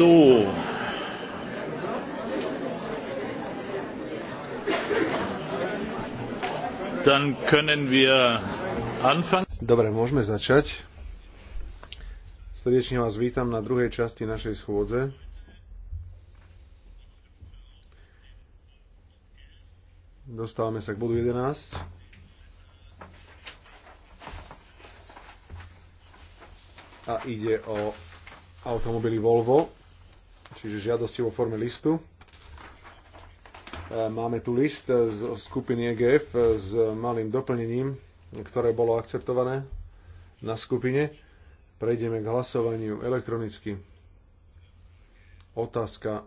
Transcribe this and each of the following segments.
So. Dann können wir anfangen. Dobre, môžeme začať. Srdečne vás vítam na druhej časti našej schôdze. Dostávame sa k bodu 11. a ide o automobily Volvo čiže žiadosti vo forme listu. E, máme tu list z skupiny EGF s malým doplnením, ktoré bolo akceptované na skupine. Prejdeme k hlasovaniu elektronicky. Otázka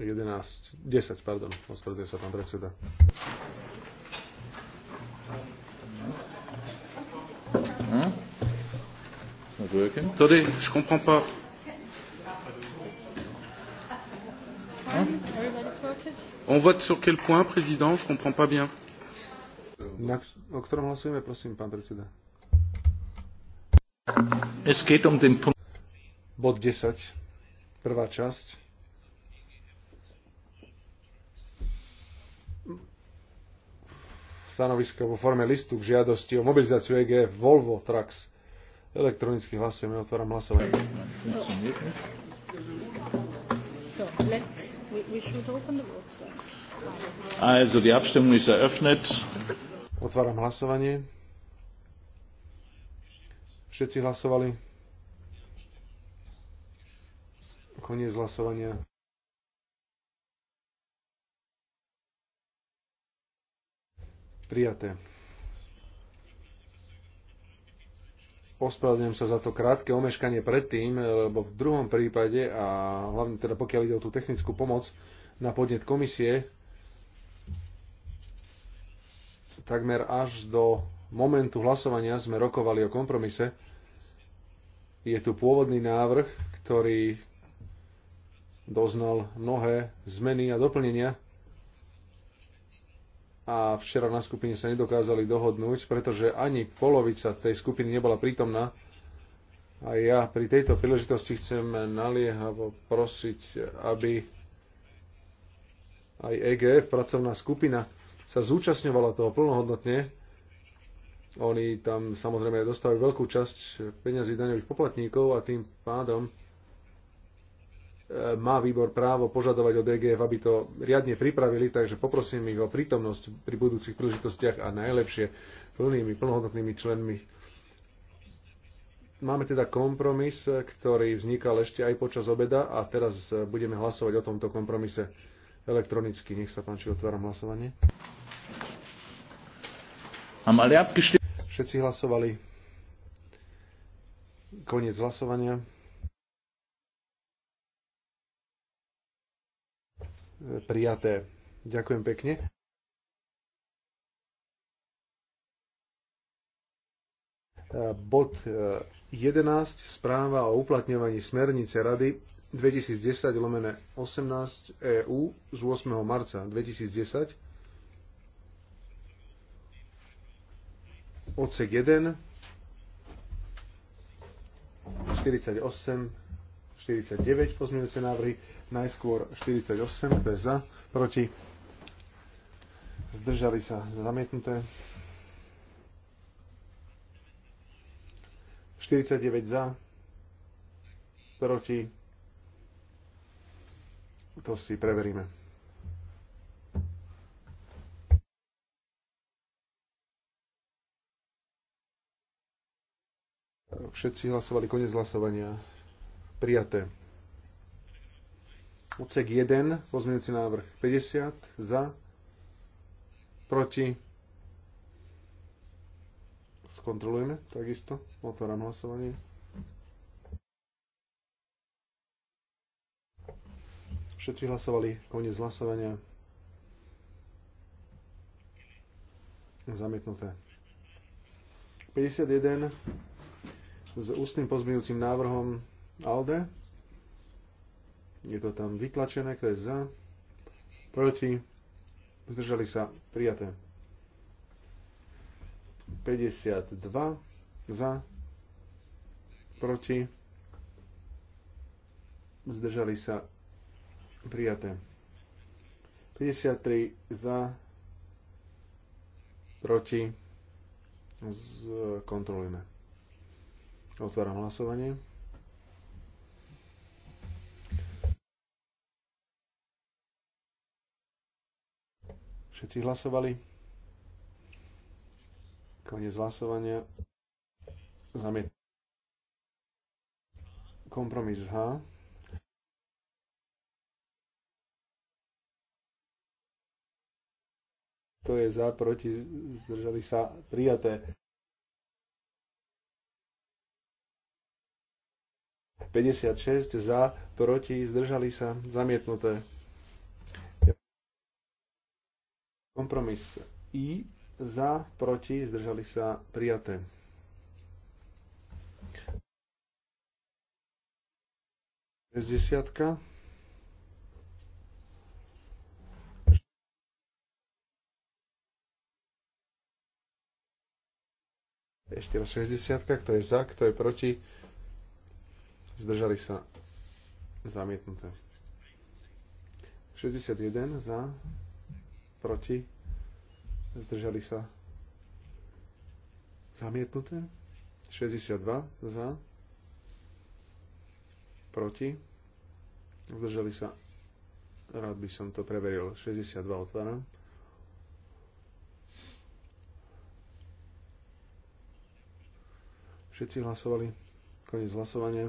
11, 10, pardon, ospravedlňuje sa pán predseda. wirken. Attendez, je comprends pas. Hein On vote sur quel point, président Je comprends pas bien. Na, o ktorom hlasujeme, prosím, pán predseda? Es geht um den Punkt. Bod 10, prvá časť. Stanovisko vo forme listu k žiadosti o mobilizáciu EGF Volvo Trucks Elektronicky hlasujeme, otváram hlasovanie. So, so we, we the Also die Abstimmung ist eröffnet. Otváram hlasovanie. Všetci hlasovali. Koniec hlasovania. Prijaté. ospravedlňujem sa za to krátke omeškanie predtým, lebo v druhom prípade a hlavne teda pokiaľ ide o tú technickú pomoc na podnet komisie, takmer až do momentu hlasovania sme rokovali o kompromise. Je tu pôvodný návrh, ktorý doznal mnohé zmeny a doplnenia a včera na skupine sa nedokázali dohodnúť, pretože ani polovica tej skupiny nebola prítomná. A ja pri tejto príležitosti chcem naliehavo prosiť, aby aj EGF, pracovná skupina, sa zúčastňovala toho plnohodnotne. Oni tam samozrejme dostávajú veľkú časť peňazí daňových poplatníkov a tým pádom má výbor právo požadovať od EGF, aby to riadne pripravili, takže poprosím ich o prítomnosť pri budúcich príležitostiach a najlepšie plnými, plnohodnotnými členmi. Máme teda kompromis, ktorý vznikal ešte aj počas obeda a teraz budeme hlasovať o tomto kompromise elektronicky. Nech sa páči, otváram hlasovanie. Všetci hlasovali. Koniec hlasovania. prijaté. Ďakujem pekne. Bod 11. E, správa o uplatňovaní smernice Rady 2010 lomene 18 EU z 8. marca 2010. Odsek 1. 48, 49 pozmeňujúce návrhy Najskôr 48, kto je za, proti. Zdržali sa zamietnuté. 49 za, proti. To si preveríme. Všetci hlasovali koniec hlasovania. Prijaté. Odsek 1, pozmeňujúci návrh 50, za, proti. Skontrolujeme takisto. Otváram hlasovanie. Všetci hlasovali. Koniec hlasovania. Zamietnuté. 51 s ústnym pozmeňujúcim návrhom ALDE. Je to tam vytlačené, kto je za, proti, zdržali sa, prijaté. 52 za, proti, zdržali sa, prijaté. 53 za, proti, kontrolujeme. Otváram hlasovanie. Všetci hlasovali. Koniec hlasovania. Zamiet. Kompromis H. To je za, proti, zdržali sa, prijaté. 56 za, proti, zdržali sa, zamietnuté. Kompromis I za, proti, zdržali sa prijaté. desiatka. Ešte raz 60, kto je za, kto je proti. Zdržali sa zamietnuté. 61 za, proti, zdržali sa zamietnuté, 62 za, proti, zdržali sa, rád by som to preveril, 62 otváram. Všetci hlasovali, koniec hlasovania,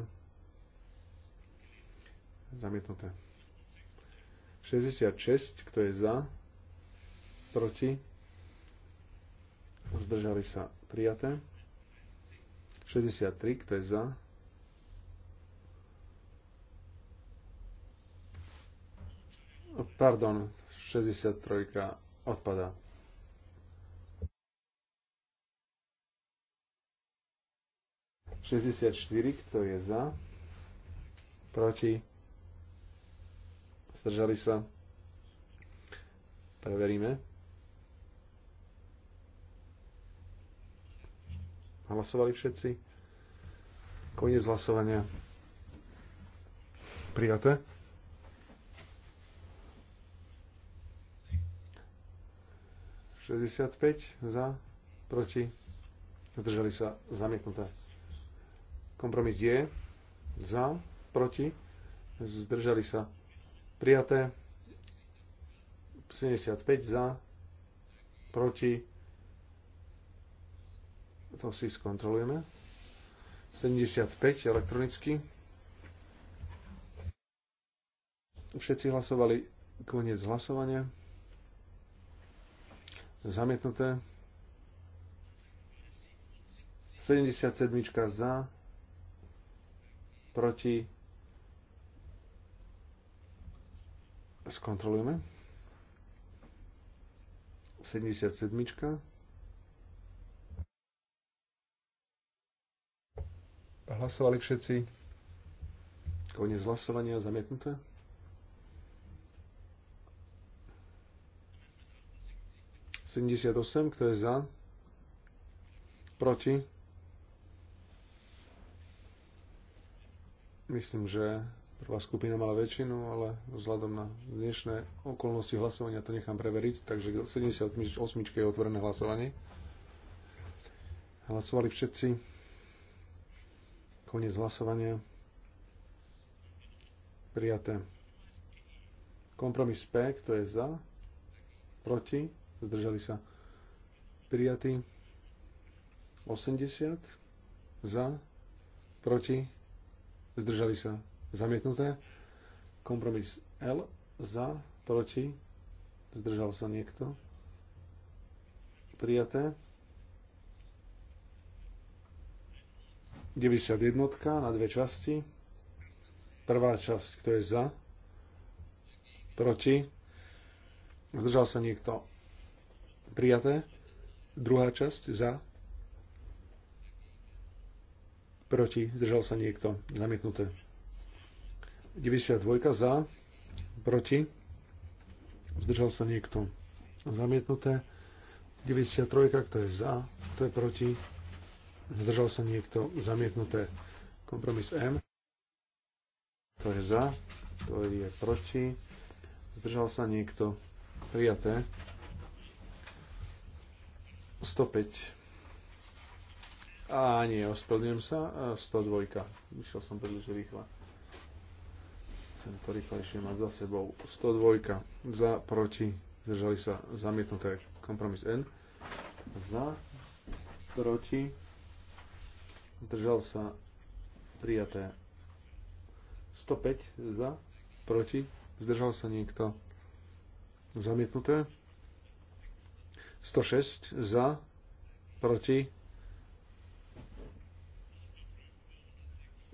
zamietnuté. 66, kto je za, proti, zdržali sa prijaté. 63, kto je za, pardon, 63 odpadá. Šesťdesiat štyri, kto je za? Proti? Zdržali sa? Preveríme. Hlasovali všetci? Koniec hlasovania. Prijaté. za, proti, zdržali sa zamietnuté. Kompromis je za, proti, zdržali sa prijaté. 75 za, proti, to si skontrolujeme. 75 elektronicky. Všetci hlasovali koniec hlasovania. Zamietnuté. 77 za. Proti. Skontrolujeme. 77. Hlasovali všetci. Koniec hlasovania zamietnuté. Sedemdesiat osem, kto je za? Proti? Myslím, že prvá skupina mala väčšinu, ale vzhľadom na dnešné okolnosti hlasovania to nechám preveriť, takže 78 je otvorené hlasovanie. Hlasovali všetci. Koniec hlasovania. Prijaté. Kompromis P, kto je za? Proti? Zdržali sa. Prijatý. 80. Za? Proti? Zdržali sa. Zamietnuté. Kompromis L. Za? Proti? Zdržal sa niekto? Prijaté. 91 na dve časti. Prvá časť, kto je za, proti, zdržal sa niekto. Prijaté. Druhá časť, za, proti, zdržal sa niekto. Zamietnuté. 92 za, proti, zdržal sa niekto. Zamietnuté. 93, kto je za, kto je proti, zdržal sa niekto, zamietnuté. Kompromis M, to je za, to je proti, zdržal sa niekto, prijaté. 105. A nie, ospravedlňujem sa, 102. Išiel som príliš rýchla. Chcem to rýchlejšie mať za sebou. 102. Za, proti, zdržali sa, zamietnuté kompromis N. Za, proti, zdržal sa, prijaté. 105 za, proti, zdržal sa niekto, zamietnuté. 106 za, proti.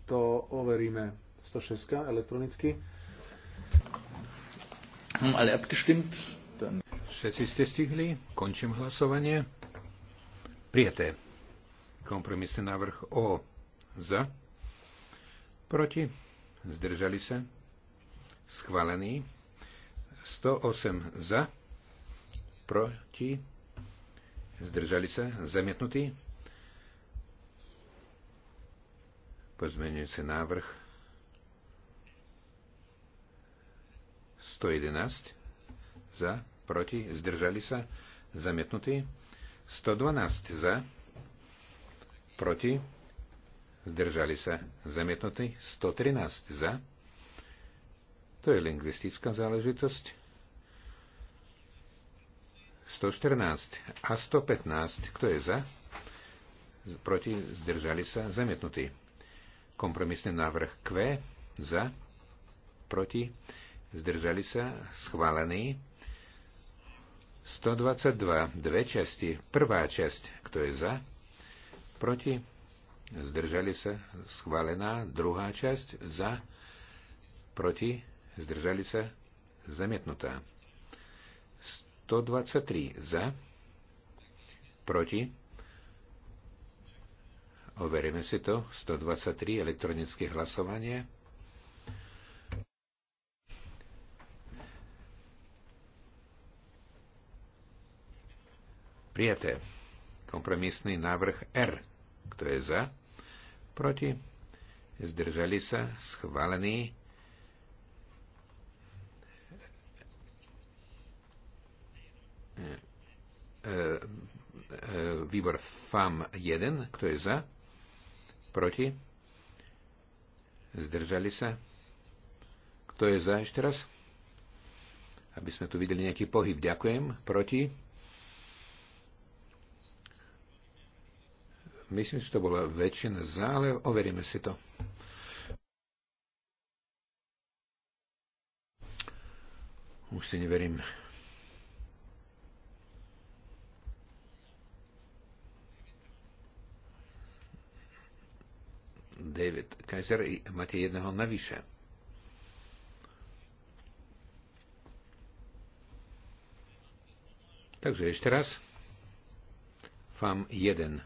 To overíme 106 elektronicky. Ale abgestimmt. Všetci ste stihli, končím hlasovanie. Prijaté. Kompromisný návrh O. Za. Proti. Zdržali sa. Schválený. 108 za. Proti. Zdržali sa. Zamietnutý. Pozmenujúci návrh 111 za, proti, zdržali sa, zamietnutý, 112 za, proti, zdržali sa zamietnutí, 113 za. To je lingvistická záležitosť. 114 a 115, kto je za? Proti, zdržali sa, zamietnutí. Kompromisný návrh Q, za, proti, zdržali sa, schválený. 122, dve časti, prvá časť, kto je za? proti, zdržali sa, schválená. Druhá časť za, proti, zdržali sa, zamietnutá. 123 za, proti, overíme si to, 123 elektronické hlasovanie. Prijaté. Kompromisný návrh R. Kto je za? Proti? Zdržali sa? Schválený. E, e, výbor FAM 1. Kto je za? Proti? Zdržali sa? Kto je za ešte raz? Aby sme tu videli nejaký pohyb. Ďakujem. Proti? Myslím, že to bola väčšina za, ale overíme si to. Už si neverím. David Kaiser, máte jedného navyše. Takže ešte raz. FAM 1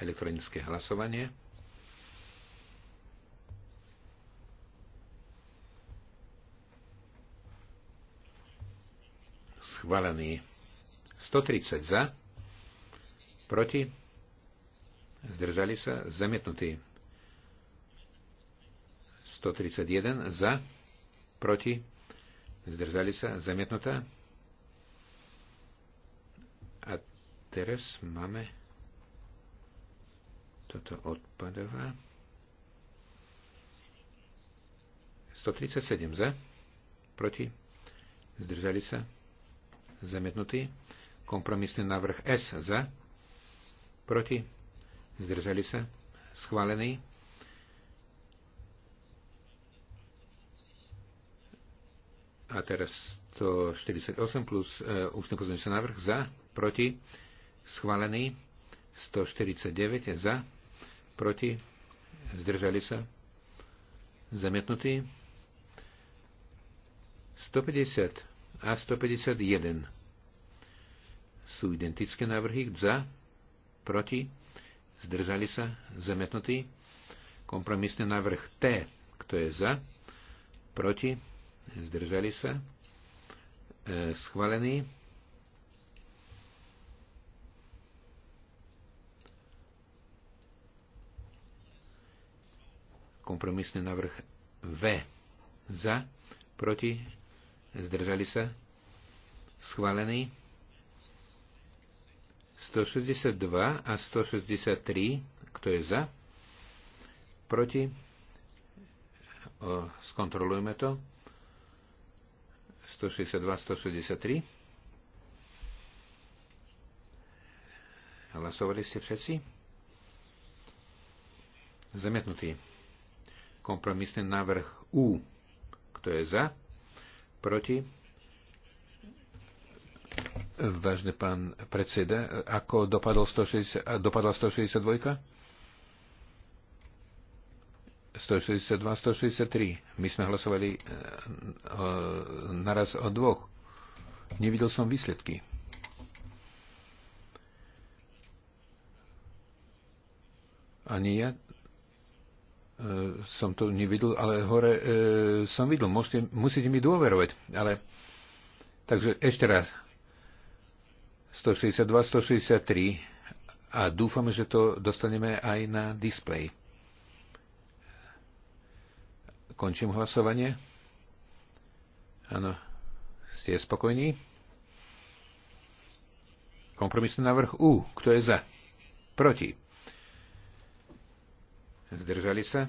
elektronické hlasovanie. Schválený 130 za, proti, zdržali sa, zamietnutý 131 za, proti, zdržali sa, zamietnutá. A teraz máme toto odpadová. 137 za. Proti. Zdržali sa. Zamietnutý. Kompromisný návrh S za. Proti. Zdržali sa. Schválený. A teraz 148 plus e, ústny pozornosť návrh za, proti, schválený, 149 za, proti, zdržali sa, zamietnutí. 150 a 151 sú identické návrhy za, proti, zdržali sa, zamietnutí. Kompromisný návrh T, kto je za, proti, zdržali sa, e, schválený. Kompromisný návrh V. Za, proti, zdržali sa, schválený. 162 a 163, kto je za, proti, o, skontrolujme to. 162, 163. Hlasovali ste všetci? Zamietnutý. Kompromisný návrh U. Kto je za? Proti? Vážny pán predseda, ako dopadol 160, dopadla 162? 162, 163. My sme hlasovali e, naraz o dvoch. Nevidel som výsledky. Ani ja E, som to nevidel, ale hore e, som videl. Môžete, musíte mi dôverovať. Ale... Takže ešte raz. 162, 163 a dúfame, že to dostaneme aj na display. Končím hlasovanie. Áno. Ste spokojní? Kompromisný návrh U. Kto je za? Proti. Zdržali sa?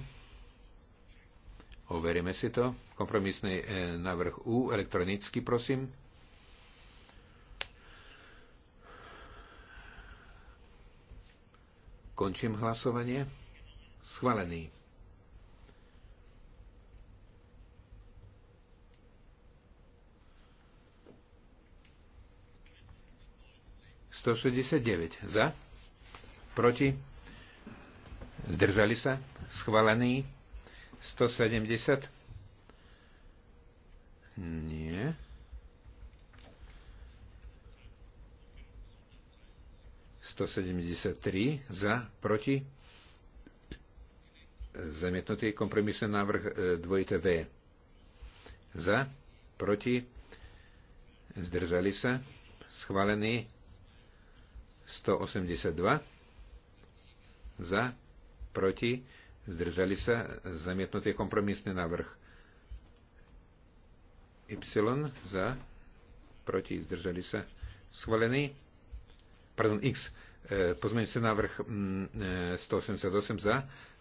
Overíme si to. Kompromisný e, návrh U, elektronicky, prosím. Končím hlasovanie. Schválený. Сто шестьдесят девять. Za? Proti? Zdržali sa? Schválený. 170? Nie. Sto sedemdesiat tri za, proti. Zamietnutý kompromisný návrh e, dvojité V. Za, proti. Zdržali sa. Schválený 182 za, proti, zdržali sa, zamietnutý kompromisný návrh. Y za, proti, zdržali sa, schválený, pardon, X, e, pozmeňujúci návrh 188 mm, e, za,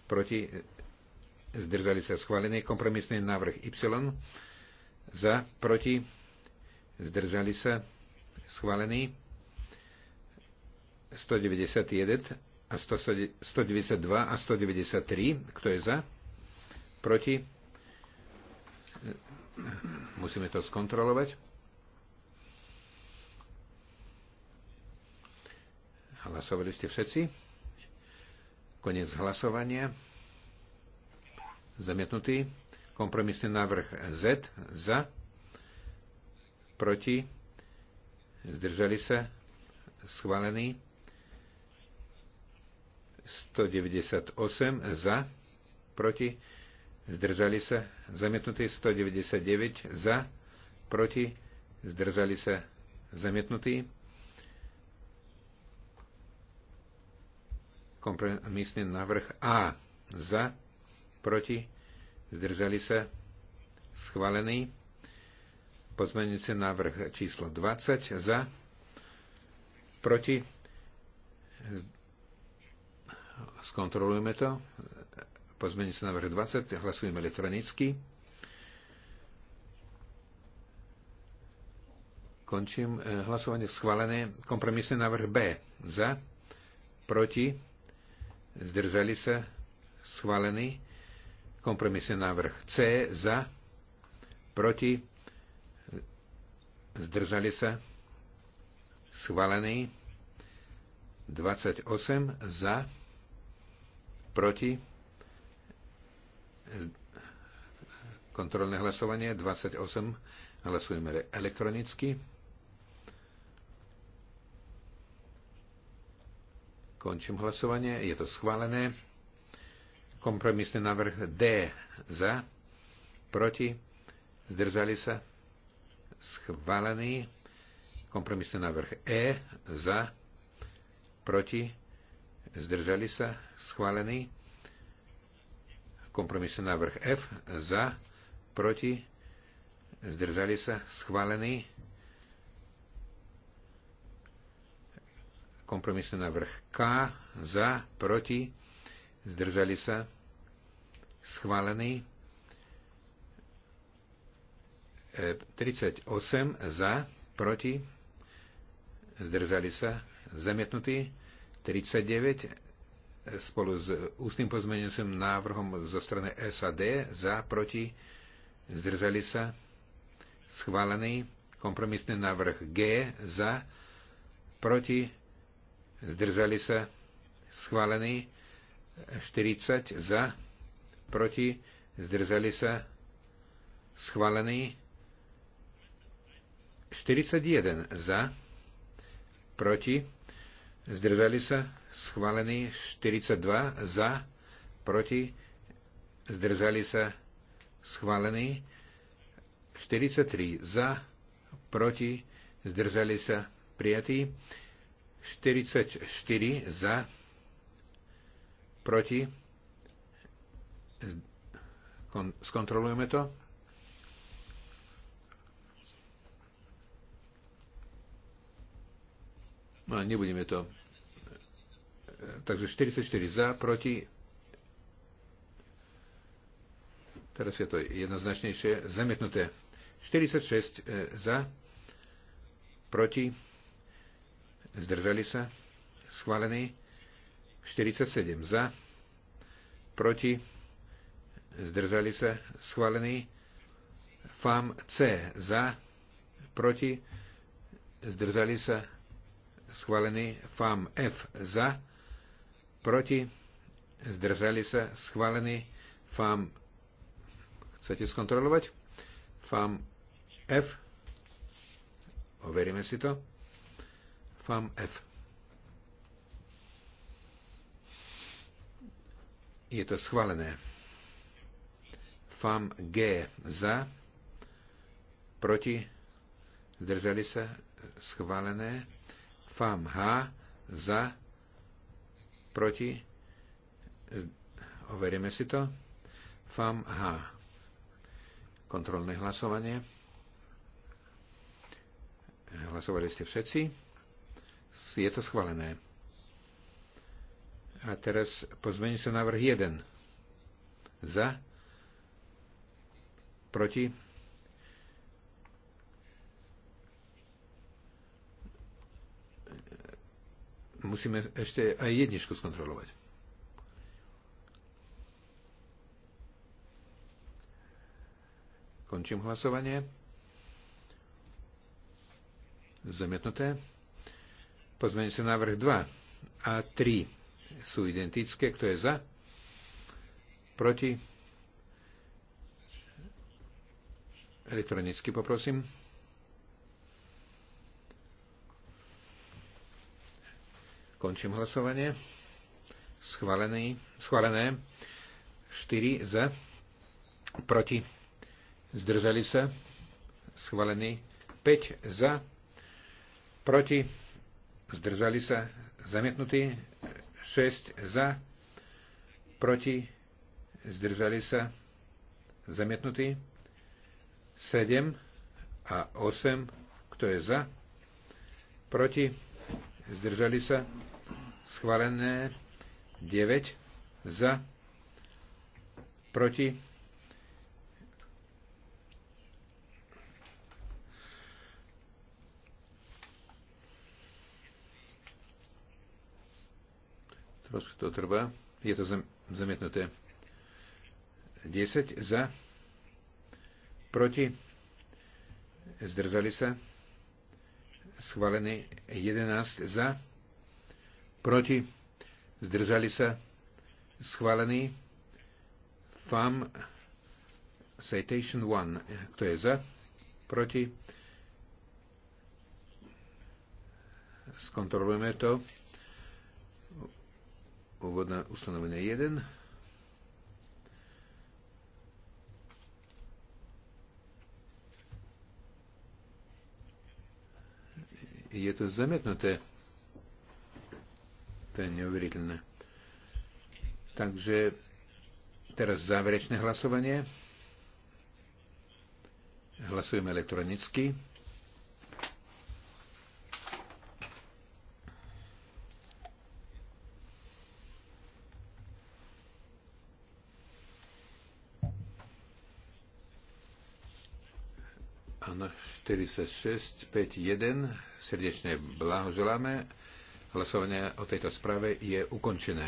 proti, zdržali sa, schválený, kompromisný návrh Y za, proti, zdržali sa, schválený, 191 a 192 a 193. Kto je za? Proti? Musíme to skontrolovať. Hlasovali ste všetci? Konec hlasovania. Zamietnutý. Kompromisný návrh Z. Za. Proti. Zdržali sa. Schválený. 198 za, proti, zdržali sa, zamietnutý 199 za, proti, zdržali sa, zamietnutý. Kompromisný návrh A za, proti, zdržali sa, schválený. Pozmeňujúci návrh číslo 20 za, proti, Skontrolujeme to. Pozmeniť sa návrh 20. Hlasujeme elektronicky. Končím e, hlasovanie schválené. Kompromisný návrh B. Za. Proti. Zdržali sa. Schválený. Kompromisný návrh C. Za. Proti. Zdržali sa. Schválený. 28 za proti, kontrolné hlasovanie 28, hlasujeme elektronicky. Končím hlasovanie, je to schválené. Kompromisný návrh D za, proti, zdržali sa, schválený. Kompromisný návrh E za, proti, zdržali sa, schválený. Kompromisný návrh F, za, proti, zdržali sa, schválený. Kompromisný návrh K, za, proti, zdržali sa, schválený. 38 e, za, proti, zdržali sa, zamietnutý. 39 spolu s ústnym pozmeňujúcim návrhom zo strany SAD za, proti, zdržali sa, schválený kompromisný návrh G za, proti, zdržali sa, schválený 40 za, proti, zdržali sa, schválený 41 za, proti, Zdržali sa schválení 42 za, proti. Zdržali sa schválení 43 za, proti. Zdržali sa prijatí 44 za, proti. Skontrolujeme to. No, nebudeme to. Takže 44 za, proti. Teraz je to jednoznačnejšie. Zamietnuté. 46 e, za, proti. Zdržali sa. Schválený. 47 za, proti. Zdržali sa. Schválený. FAM C za, proti. Zdržali sa schválený. FAM F za, proti, zdržali sa, schválený. FAM, chcete skontrolovať? FAM F, overíme si to. FAM F. Je to schválené. FAM G za, proti, zdržali sa, schválené. FAM ha za, proti, overíme si to, FAM H. Kontrolné hlasovanie. Hlasovali ste všetci. Je to schválené. A teraz pozmení sa návrh 1. Za, proti, musíme ešte aj jedničku skontrolovať. Končím hlasovanie. Zamietnuté. sa návrh 2 a 3 sú identické. Kto je za? Proti? Elektronicky poprosím. Končím hlasovanie. Schválený, schválené. 4 z. Proti. Zdržali sa. Schválený. 5 za. Proti. Zdržali sa. Zamietnutý. 6 za. Proti. Zdržali sa. Zamietnutý. 7 a 8. Kto je za? Proti? Zdržali sa? schválené 9 za, proti, trošku to trvá, je to zamietnuté 10 za, proti, zdržali sa, schválený 11 za, proti, zdržali sa, schválený. FAM Citation 1, kto je za, proti, skontrolujeme to. Úvodné ustanovenie 1. je to zametnuté. To je neuveriteľné. Takže teraz záverečné hlasovanie. Hlasujeme elektronicky. Áno, 46, 5, 1. Srdečne blahoželáme Hlasovanie o tejto správe je ukončené.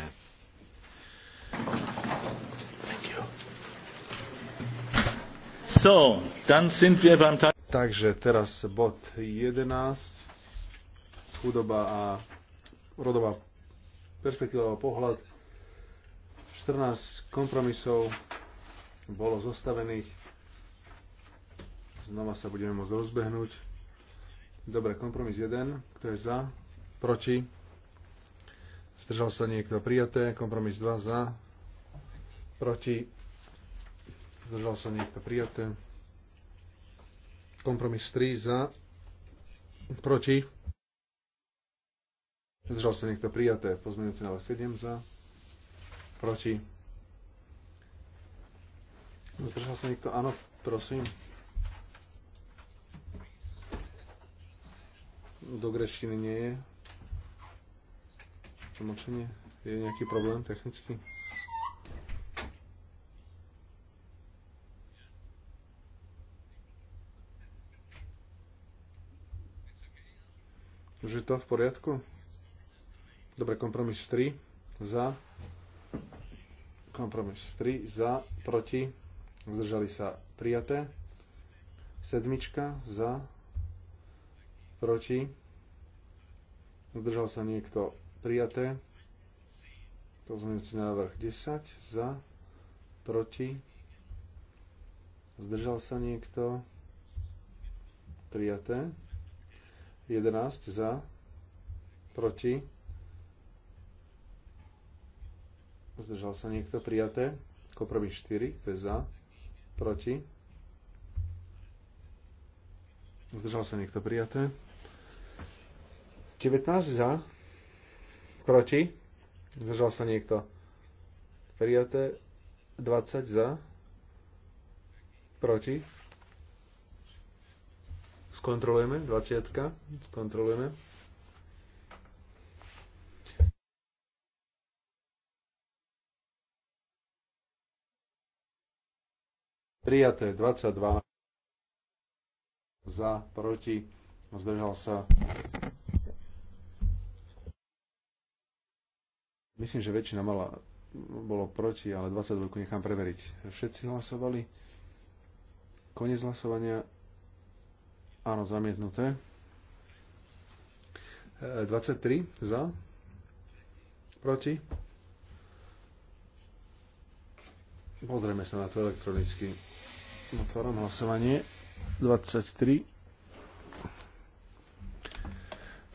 So, dann sind wir beim Takže teraz bod 11. Chudoba a rodová perspektíva a pohľad. 14 kompromisov bolo zostavených. Znova sa budeme môcť rozbehnúť. Dobre, kompromis 1. Kto je za? proti, zdržal sa niekto prijaté, kompromis 2 za, proti, zdržal sa niekto prijaté, kompromis 3 za, proti, zdržal sa niekto prijaté, pozmeňujúci návrh 7 za, proti, zdržal sa niekto, áno, prosím. do grečtiny nie je tlmočenie? Je nejaký problém technický? Už je to v poriadku? Dobre, kompromis 3 za. Kompromis 3 za, proti. Zdržali sa prijaté. Sedmička za, proti. Zdržal sa niekto prijaté. Pozmeňujúci návrh 10 za, proti, zdržal sa niekto, prijaté. 11 za, proti, zdržal sa niekto, prijaté. Kompromis 4, to je za, proti, zdržal sa niekto, prijaté. 19 za, Proti? Zdržal sa niekto. Prijaté. 20 za. Proti? Skontrolujeme. 20. Skontrolujeme. Prijaté 22 za, proti, zdržal sa Myslím, že väčšina mala, bolo proti, ale 22 nechám preveriť. Všetci hlasovali. Konec hlasovania. Áno, zamietnuté. 23 e, za. Proti. Pozrieme sa na to elektronicky. Otváram hlasovanie. 23.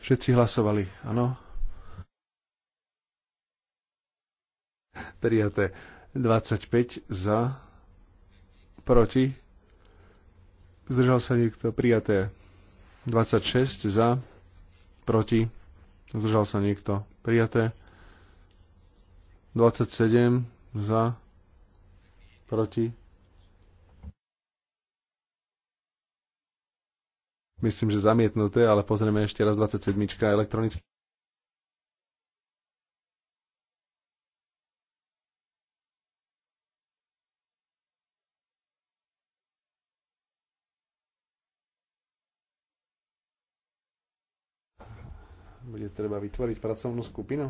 Všetci hlasovali, áno. prijaté 25 za, proti, zdržal sa niekto, prijaté 26 za, proti, zdržal sa niekto, prijaté 27 za, proti. Myslím, že zamietnuté, ale pozrieme ešte raz 27 elektronicky. Bude treba vytvoriť pracovnú skupinu?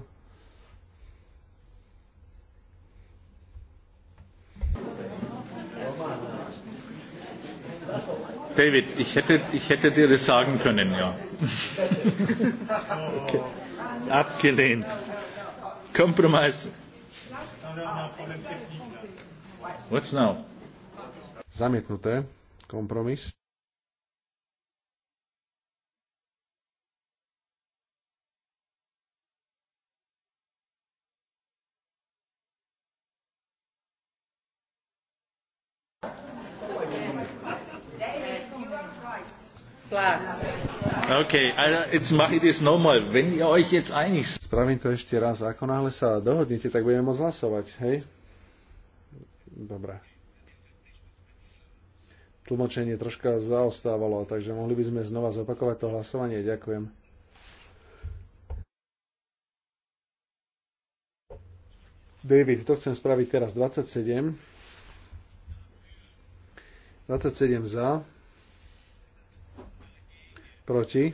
David, ich hätte, ich hätte dir das sagen können, ja. okay. Abgelehnt. Kompromiss. What's now? Zamietnuté. Kompromis. Okay, jetzt mache ich das nochmal. Wenn ihr euch jetzt einig... Spravím to ešte raz. Ako náhle sa dohodnete, tak budeme môcť hlasovať, hej? Dobre. Tlmočenie troška zaostávalo, takže mohli by sme znova zopakovať to hlasovanie. Ďakujem. David, to chcem spraviť teraz 27. 27 za, Proti?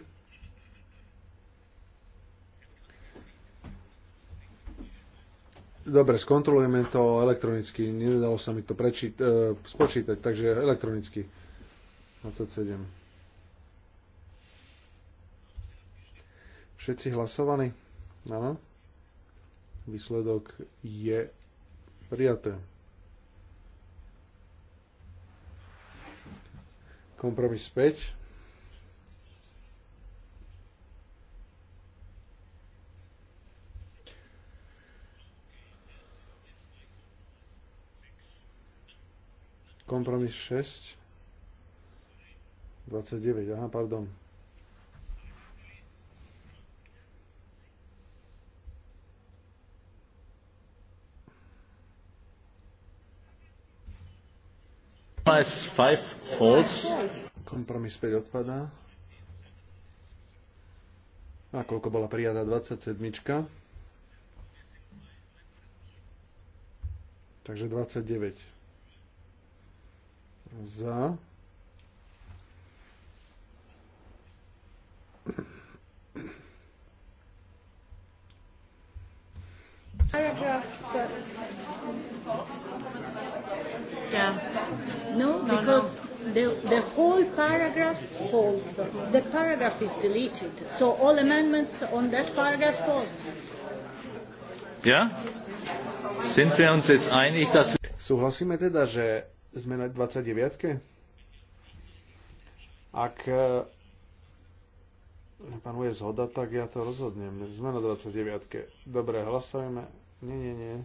Dobre, skontrolujeme to elektronicky. Nedalo sa mi to prečít, e, spočítať, takže elektronicky. 27. Všetci hlasovaní? Áno. Výsledok je prijaté. Kompromis 5. Kompromis 6. 29, aha, pardon. Kompromis 5 false. Kompromis 5 odpadá. A koľko bola prijatá 27. Takže 29 za. Yeah. No, no, no because no. the the whole paragraph falls. The paragraph is deleted, so all amendments on that paragraph falls. Ja? Sind wir uns jetzt einig, dass Súhlasíme teda, že sme na 29. Ak e, panuje zhoda, tak ja to rozhodnem. Sme na 29. Dobre, hlasujeme. Nie, nie, nie.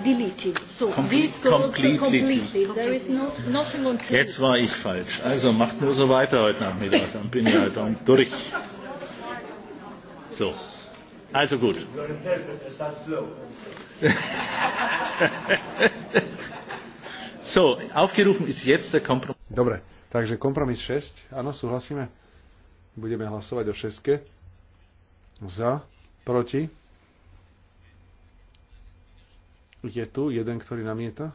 deleted. So completely. No, Jetzt war ich falsch. Also macht nur so weiter heute Nachmittag. Dann bin ich halt dann durch. So. Also gut. so, aufgerufen ist jetzt der Kompromiss. Dobre, takže kompromis 6. Áno, súhlasíme. Budeme hlasovať o 6. Za, proti. Je tu jeden, ktorý namieta.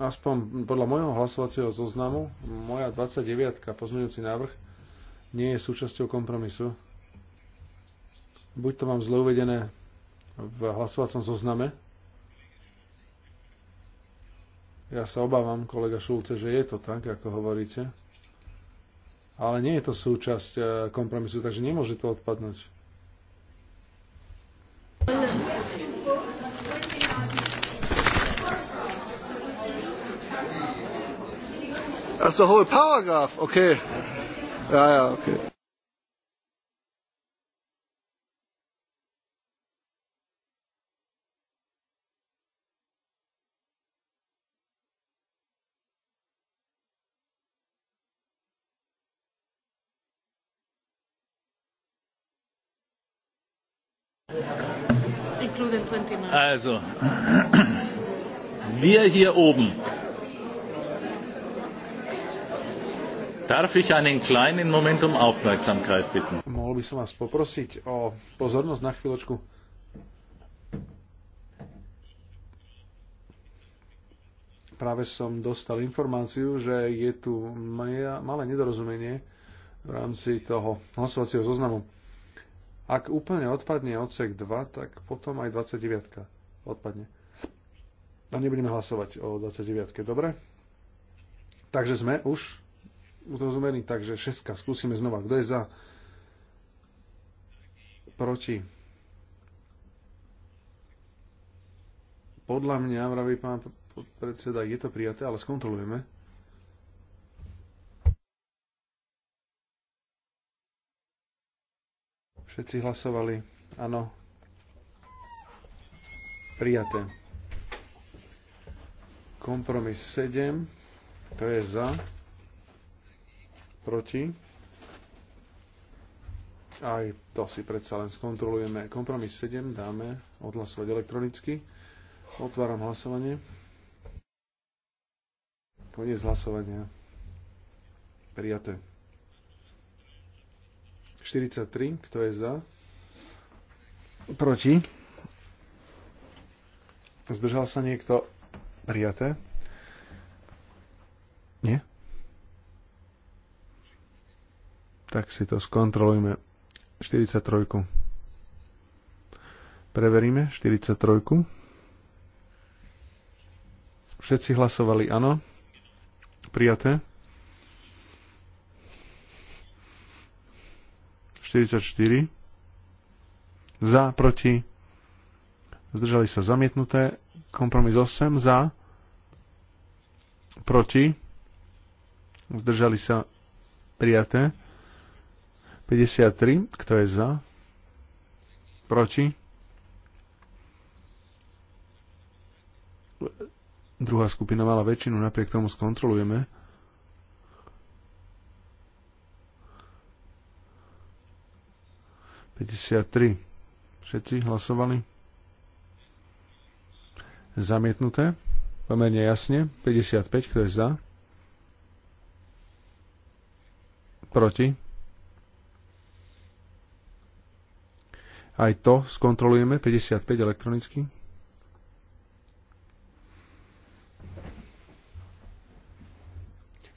Aspoň podľa môjho hlasovacieho zoznamu, moja 29. pozmeňujúci návrh nie je súčasťou kompromisu. Buď to mám zle uvedené v hlasovacom zozname. Ja sa obávam, kolega Šulce, že je to tak, ako hovoríte. Ale nie je to súčasť e, kompromisu, takže nemôže to odpadnúť. That's the whole paragraph, okay. Ja, ja, okay. Also, wir hier oben Darf ich einen kleinen Moment um Aufmerksamkeit bitten? Mohol by som vás poprosiť o pozornosť na chvíľočku. Práve som dostal informáciu, že je tu malé nedorozumenie v rámci toho hlasovacieho zoznamu. Ak úplne odpadne odsek 2, tak potom aj 29 odpadne. A nebudeme hlasovať o 29. Dobre? Takže sme už zrozumený, takže šestka. Skúsime znova. Kto je za? Proti. Podľa mňa, vraví pán predseda, je to prijaté, ale skontrolujeme. Všetci hlasovali. Áno. Prijaté. Kompromis 7. To je za proti. Aj to si predsa len skontrolujeme. Kompromis 7 dáme odhlasovať elektronicky. Otváram hlasovanie. Koniec hlasovania. Prijaté. 43, kto je za? Proti. Zdržal sa niekto? Prijaté. Nie? tak si to skontrolujme. 43. Preveríme 43. Všetci hlasovali áno. Prijaté. 44. Za, proti. Zdržali sa zamietnuté. Kompromis 8. Za. Proti. Zdržali sa prijaté. 53, kto je za? Proti? Druhá skupina mala väčšinu, napriek tomu skontrolujeme. Všetci hlasovali? Zamietnuté. Pomerne jasne. 55, kto je za? Proti? Aj to skontrolujeme, 55 elektronicky.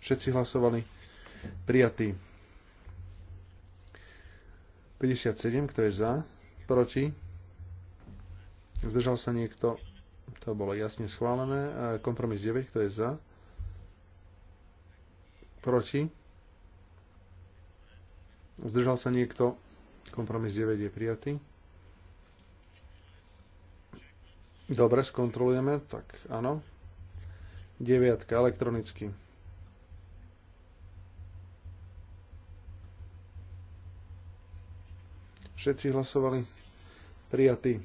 Všetci hlasovali. Prijatý. 57, kto je za? Proti? Zdržal sa niekto? To bolo jasne schválené. Kompromis 9, kto je za? Proti? Zdržal sa niekto? Kompromis 9 je prijatý. Dobre, skontrolujeme, tak áno. 9 elektronicky. Všetci hlasovali prijatý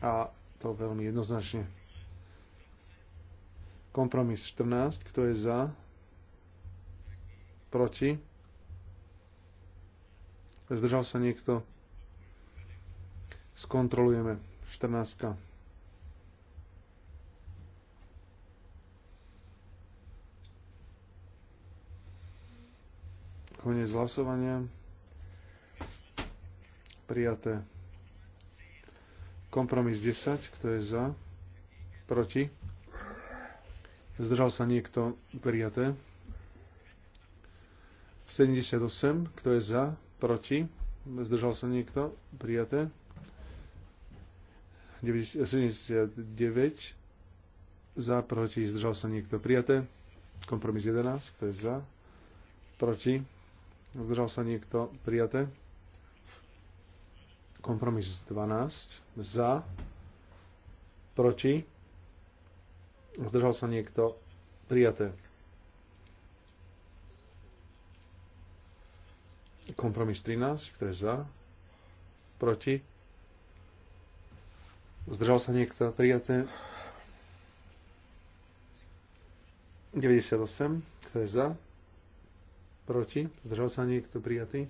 a to veľmi jednoznačne. Kompromis 14, kto je za? Proti? Zdržal sa niekto? Skontrolujeme. 14. Koniec hlasovania. Prijaté. Kompromis 10. Kto je za? Proti? Zdržal sa niekto? Prijaté. 78. Kto je za? Proti? Zdržal sa niekto? Prijaté. 79. Za, proti, zdržal sa niekto. Prijaté. Kompromis 11. Kto je za? Proti? Zdržal sa niekto? Prijaté. Kompromis 12. Za. Proti. Zdržal sa niekto? Prijaté. Kompromis 13. Kto je za? Proti. Zdržal sa niekto? Prijaté. 98. Kto je za? proti, zdržal sa niekto prijatý,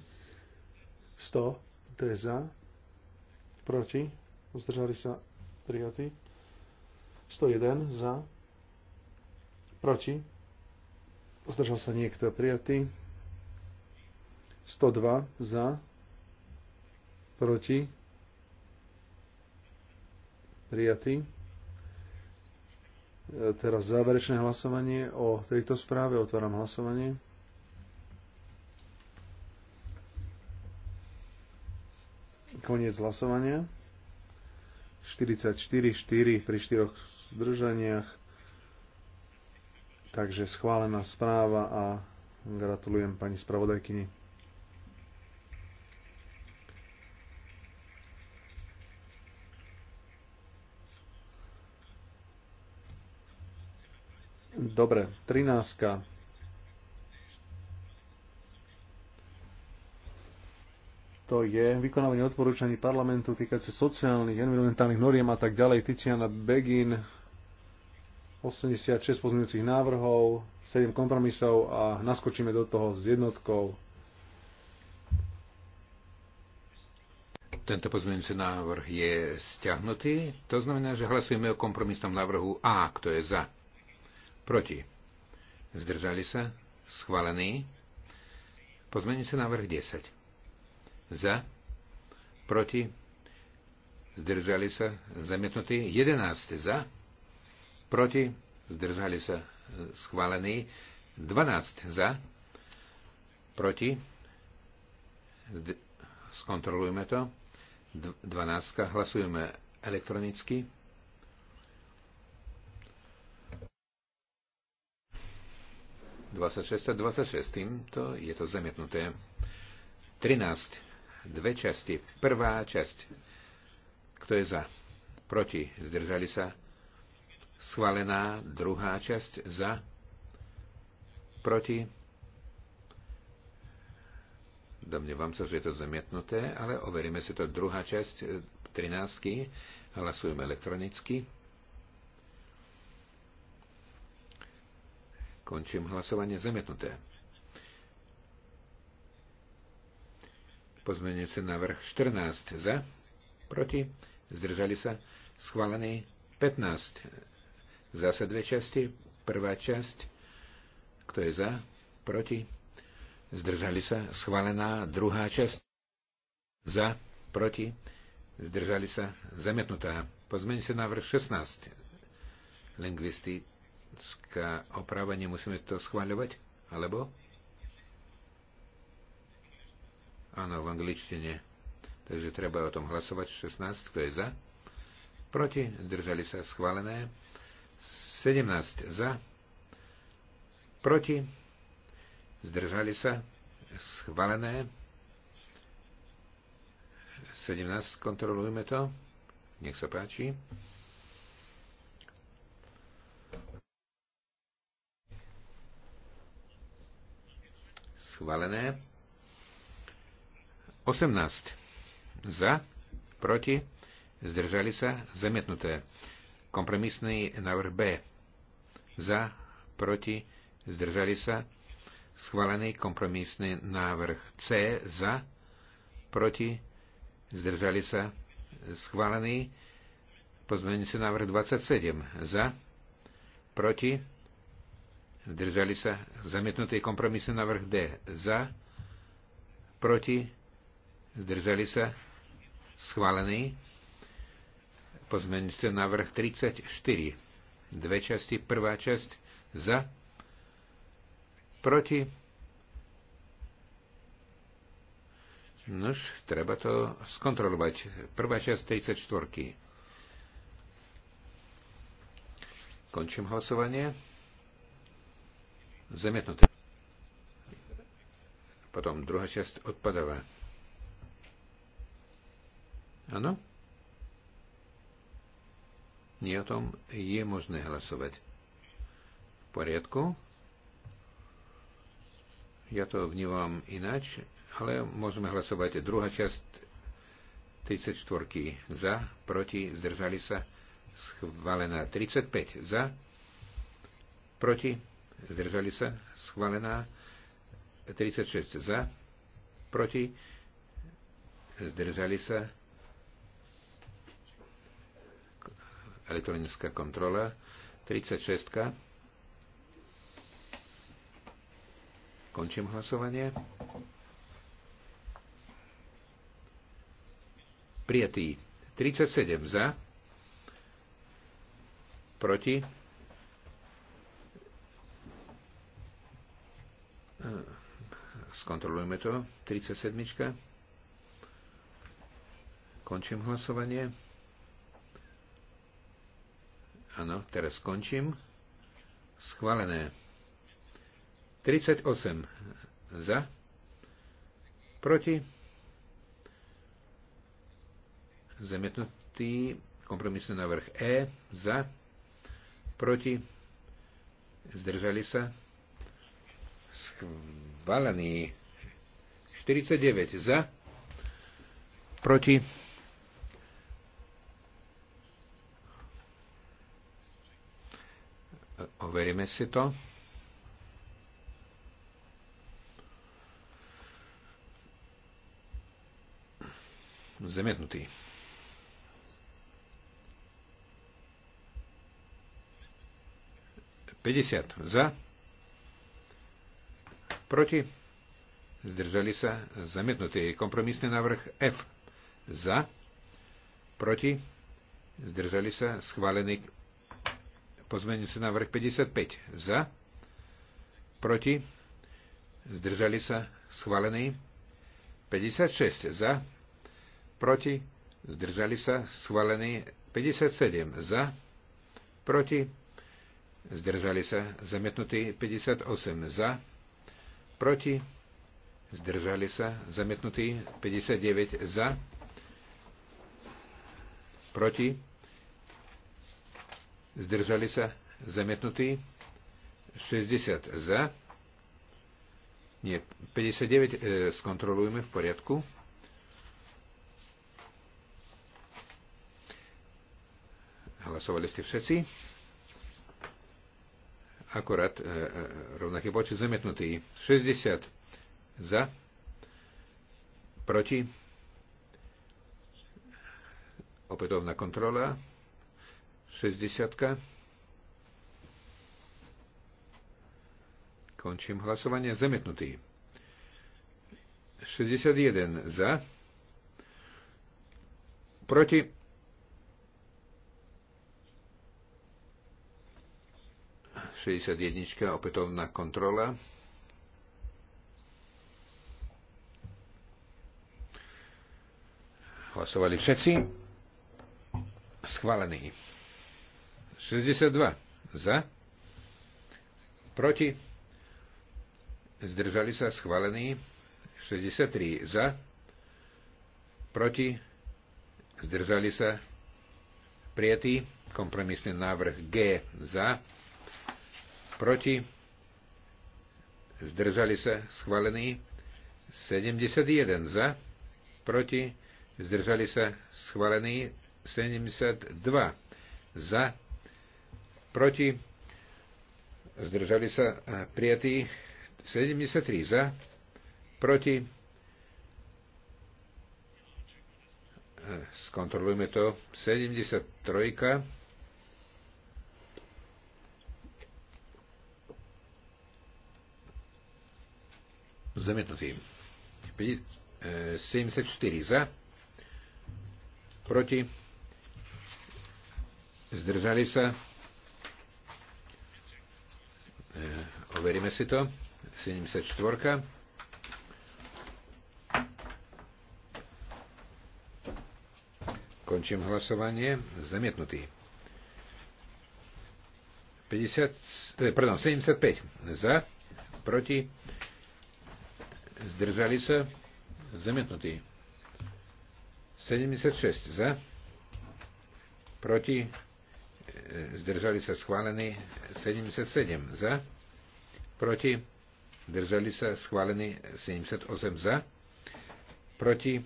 100, to je za, proti, zdržali sa prijatý, 101 za, proti, zdržal sa niekto prijatý, 102 za, proti, prijatý. E, teraz záverečné hlasovanie o tejto správe. Otváram hlasovanie. Koniec hlasovania. 44, 4 pri štyroch zdržaniach. Takže schválená správa a gratulujem pani spravodajkyni. Dobre, 13. to je vykonávanie odporúčaní parlamentu týkajúce sociálnych, environmentálnych noriem a tak ďalej. Tiziana Begin, 86 pozmeňujúcich návrhov, 7 kompromisov a naskočíme do toho s jednotkou. Tento pozmeňujúci návrh je stiahnutý. To znamená, že hlasujeme o kompromisnom návrhu A. Kto je za? Proti. Zdržali sa? Schválený. Pozmeňujúci návrh 10 za, proti, zdržali sa, zamietnutí, 11 za, proti, zdržali sa, schválení, 12 za, proti, skontrolujme to, 12 hlasujeme elektronicky, a 26 týmto je to zamietnuté. 13 dve časti. Prvá časť. Kto je za? Proti. Zdržali sa. Schválená druhá časť. Za. Proti. Domnievam sa, že je to zamietnuté, ale overíme si to. Druhá časť 13. E, Hlasujeme elektronicky. Končím hlasovanie zamietnuté. sa návrh 14 za, proti, zdržali sa, schválený 15. Zase dve časti, prvá časť, kto je za, proti, zdržali sa, schválená druhá časť, za, proti, zdržali sa, zametnutá. sa návrh 16. Lingvistická oprava, nemusíme to schváľovať, alebo? Áno, v angličtine. Takže treba o tom hlasovať. 16, kto je za? Proti, zdržali sa, schválené. 17 za, proti, zdržali sa, schválené. 17, kontrolujeme to. Nech sa páči. Schválené. 18. Za, proti, zdržali sa, zamietnuté. Kompromisný návrh B. Za, proti, zdržali sa, schválený kompromisný návrh C. Za, proti, zdržali sa, schválený pozmeňujúci návrh 27. Za, proti, zdržali sa, zamietnutý kompromisný návrh D. Za, proti, zdržali sa, schválený. Pozmeňujúci návrh 34. Dve časti, prvá časť za, proti. Nož, treba to skontrolovať. Prvá časť 34. Končím hlasovanie. Zemietnuté. Potom druhá časť odpadáva. Áno? Nie o tom je možné hlasovať. V poriadku. Ja to vnímam ináč, ale môžeme hlasovať. Druhá časť 34 za, proti, zdržali sa, schválená. 35 za, proti, zdržali sa, schválená. 36 za, proti, zdržali sa, elektronická kontrola. 36. Končím hlasovanie. Prijatý. 37 za. Proti. Skontrolujme to. 37. Končím hlasovanie. Áno, teraz skončím. Schválené. 38 za. Proti. Zemetnutý kompromisný návrh E za. Proti. Zdržali sa. Schválený. 49 za. Proti Overíme si to. Zamietnutý. Пятьдесят Za. Proti. Zdržali sa zamietnutý kompromisný návrh F. Za. Proti. Zdržali sa schválený sa návrh 55. Za. Proti. Zdržali sa. Schválený. 56. Za. Proti. Zdržali sa. Schválený. 57. Za. Proti. Zdržali sa. Zamietnutý. 58. Za. Proti. Zdržali sa. Zamietnutý 59 za. Proti zdržali sa, zamietnutí, 60 za, nie, 59 e, skontrolujeme v poriadku. Hlasovali ste všetci. Akorát e, e, rovnaký počet zamietnutý. 60 za, proti, opätovná kontrola. 60. Končím hlasovanie. Zemetnutý. 61 za. Proti. Šesťdesiat jednička, opätovná kontrola. Hlasovali všetci. Schválený. 62 za, proti, zdržali sa schválení 63 za, proti, zdržali sa prijatý kompromisný návrh G za, proti, zdržali sa schválení 71 za, proti, zdržali sa schválení 72 za, proti, zdržali sa prijatí 73 za, proti, skontrolujme to, 73 zamietnutý. 74 e, za, proti, zdržali sa Overíme si to. 74. Končím hlasovanie. Zamietnutý. 50, eh, pardon, 75 za, proti, zdržali sa, zamietnutý. 76 za, proti, e, zdržali sa schválený 77 za proti, zdržali sa, schválený 78 za, proti,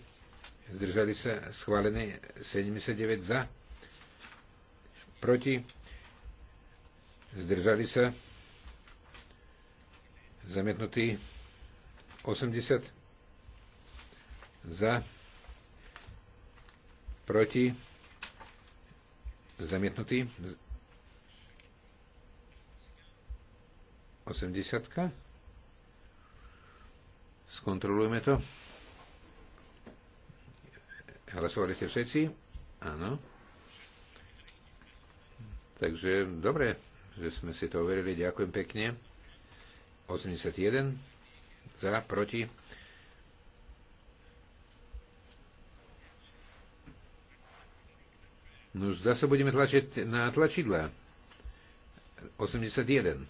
zdržali sa, schválený 79 za, proti, zdržali sa, zamietnutý 80 za, proti, zamietnutý 80. Skontrolujme to. Hlasovali ste všetci? Áno. Takže dobre, že sme si to overili. Ďakujem pekne. 81 za, proti. No už zase budeme tlačiť na tlačidla. 81.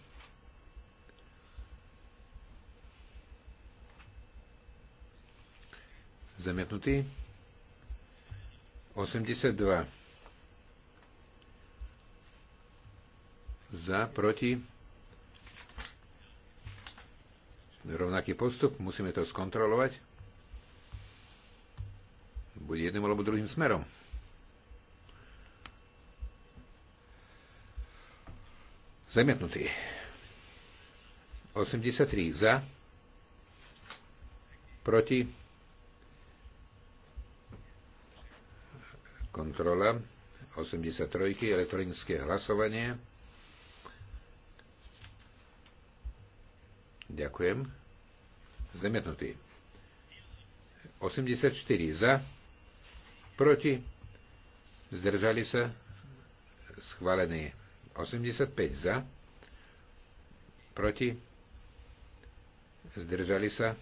Zamietnutý. 82. Za, proti. Rovnaký postup, musíme to skontrolovať. Bude jedným alebo druhým smerom. Zamietnutý. 83 za, proti kontrola 83, elektronické hlasovanie. Ďakujem. Zemetnutý. 84 za, proti, zdržali sa, schválený. 85 za, proti, zdržali sa,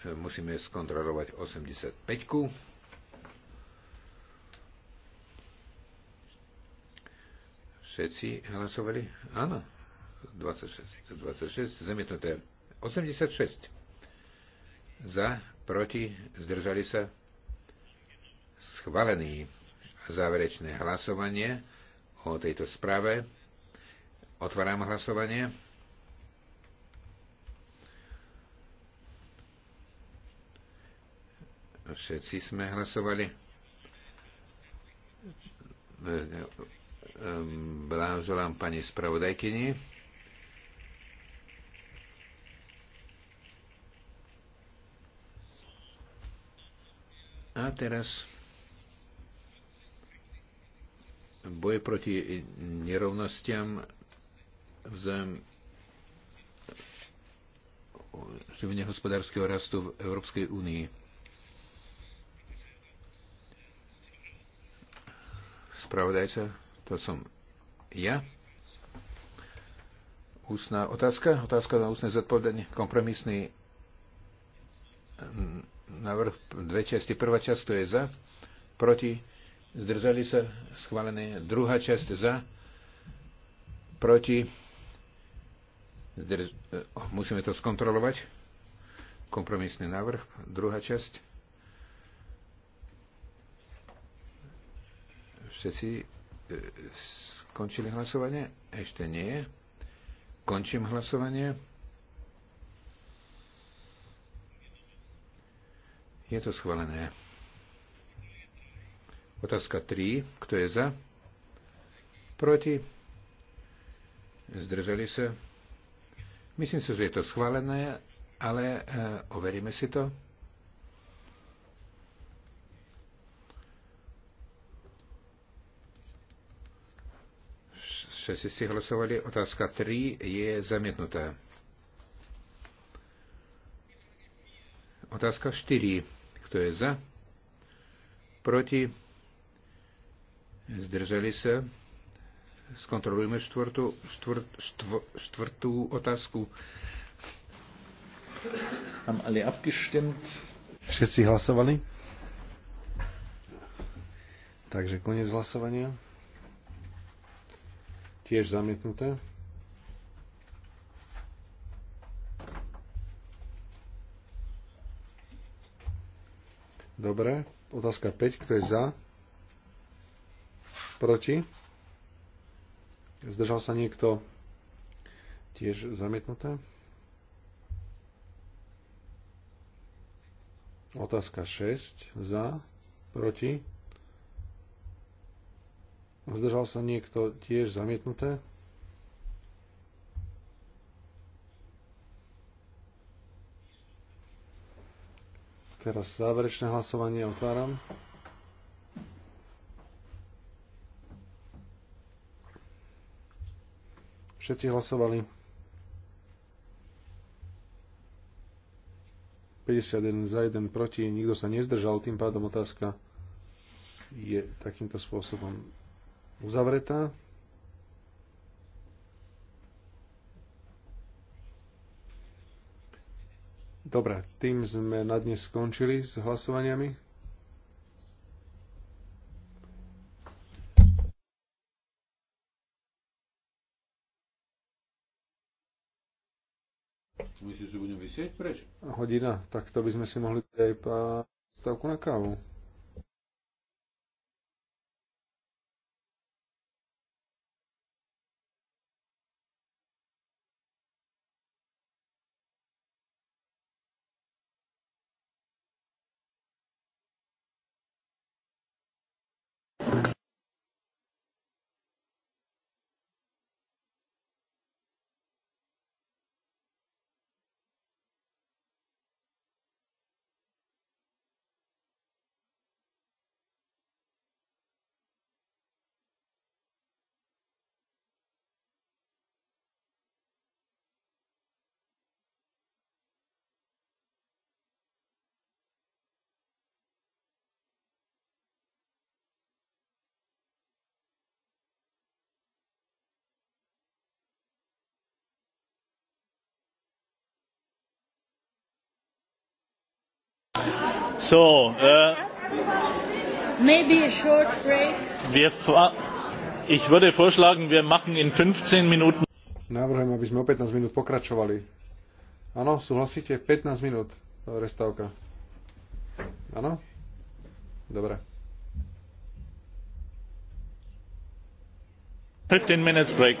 Musíme skontrolovať 85. -ku. Všetci hlasovali? Áno. 26, 26 zamietnuté. 86. Za, proti, zdržali sa. Schválený záverečné hlasovanie o tejto správe. Otváram hlasovanie. Všetci sme hlasovali. Blážolám pani spravodajkyni. A teraz boj proti nerovnostiam vzájom živne hospodárskeho rastu v Európskej únii. spravodajca, to som ja. Ústna otázka, otázka na ústne zodpovedanie, kompromisný mm, návrh dve časti. Prvá časť to je za, proti, zdržali sa, schválené. Druhá časť za, proti, zdrž... Eh, oh, musíme to skontrolovať. Kompromisný návrh, druhá časť. Všetci e, skončili hlasovanie? Ešte nie. Končím hlasovanie. Je to schválené. Otázka 3. Kto je za? Proti? Zdržali sa? Myslím si, že je to schválené, ale e, overíme si to. 6 si hlasovali. Otázka 3 je zamětnutá. Otázka 4. Kto je za? Proti? Zdrželi se? Skontrolujeme štvrtú, štvrt, štvrtú otázku. Mám ale abgestimmt? Všetci hlasovali? Takže koniec hlasovania. Tiež zamietnuté. Dobre. Otázka 5. Kto je za? Proti? Zdržal sa niekto? Tiež zamietnuté. Otázka 6. Za? Proti? Zdržal sa niekto tiež zamietnuté? Teraz záverečné hlasovanie otváram. Všetci hlasovali. 51 za 1 proti, nikto sa nezdržal, tým pádom otázka je takýmto spôsobom uzavretá. Dobre, tým sme na dnes skončili s hlasovaniami. Myslíš, že budem vysieť preč? Hodina, tak to by sme si mohli dať aj stavku na kávu. So, uh, maybe a short break. Wir ich würde vorschlagen, wir machen in 15 Minuten. Navrhujem, aby sme o 15 minút pokračovali. Áno, súhlasíte? 15 minút restavka. Áno? Dobre. 15 minutes break.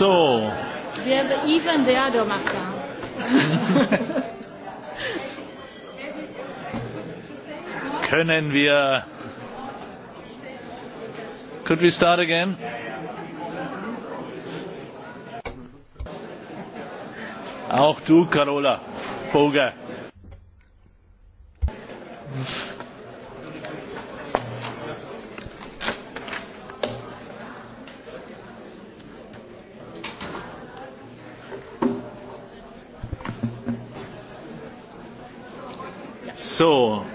soul. even the other Martin. Können wir Could we start again? Auch du, Carola Boger. So,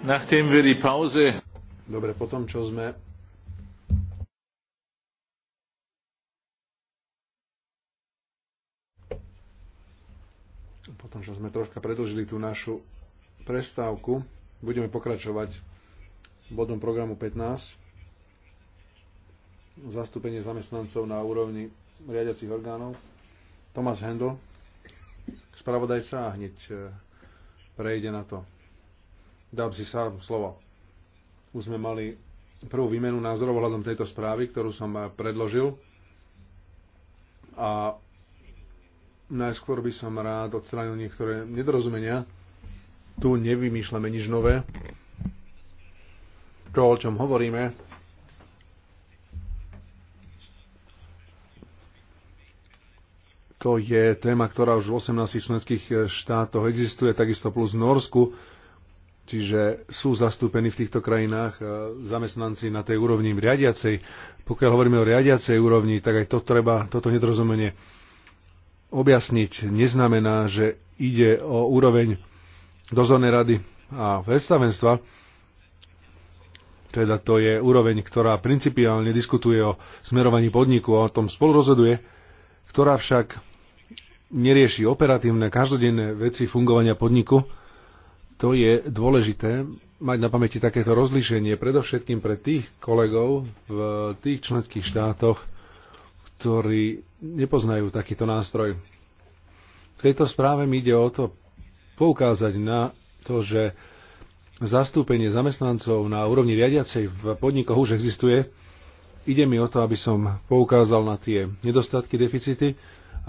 nachdem wir die Pause. Dobre, potom čo sme potom čo sme troška predlžili tú našu prestávku, budeme pokračovať bodom programu 15 zastúpenie zamestnancov na úrovni riadiacich orgánov. Tomáš Hendl, spravodajca a hneď eh, prejde na to. Dám si sám slovo. Už sme mali prvú výmenu názorov ohľadom tejto správy, ktorú som eh, predložil. A najskôr by som rád odstránil niektoré nedorozumenia. Tu nevymýšľame nič nové. To, o čom hovoríme, To je téma, ktorá už v 18 členských e, štátoch existuje, takisto plus v Norsku. Čiže sú zastúpení v týchto krajinách e, zamestnanci na tej úrovni riadiacej. Pokiaľ hovoríme o riadiacej úrovni, tak aj to treba, toto nedorozumenie objasniť. Neznamená, že ide o úroveň dozornej rady a predstavenstva. Teda to je úroveň, ktorá principiálne diskutuje o smerovaní podniku a o tom spolu rozhoduje, ktorá však nerieši operatívne, každodenné veci fungovania podniku, to je dôležité mať na pamäti takéto rozlíšenie, predovšetkým pre tých kolegov v tých členských štátoch, ktorí nepoznajú takýto nástroj. V tejto správe mi ide o to poukázať na to, že zastúpenie zamestnancov na úrovni riadiacej v podnikoch už existuje. Ide mi o to, aby som poukázal na tie nedostatky, deficity,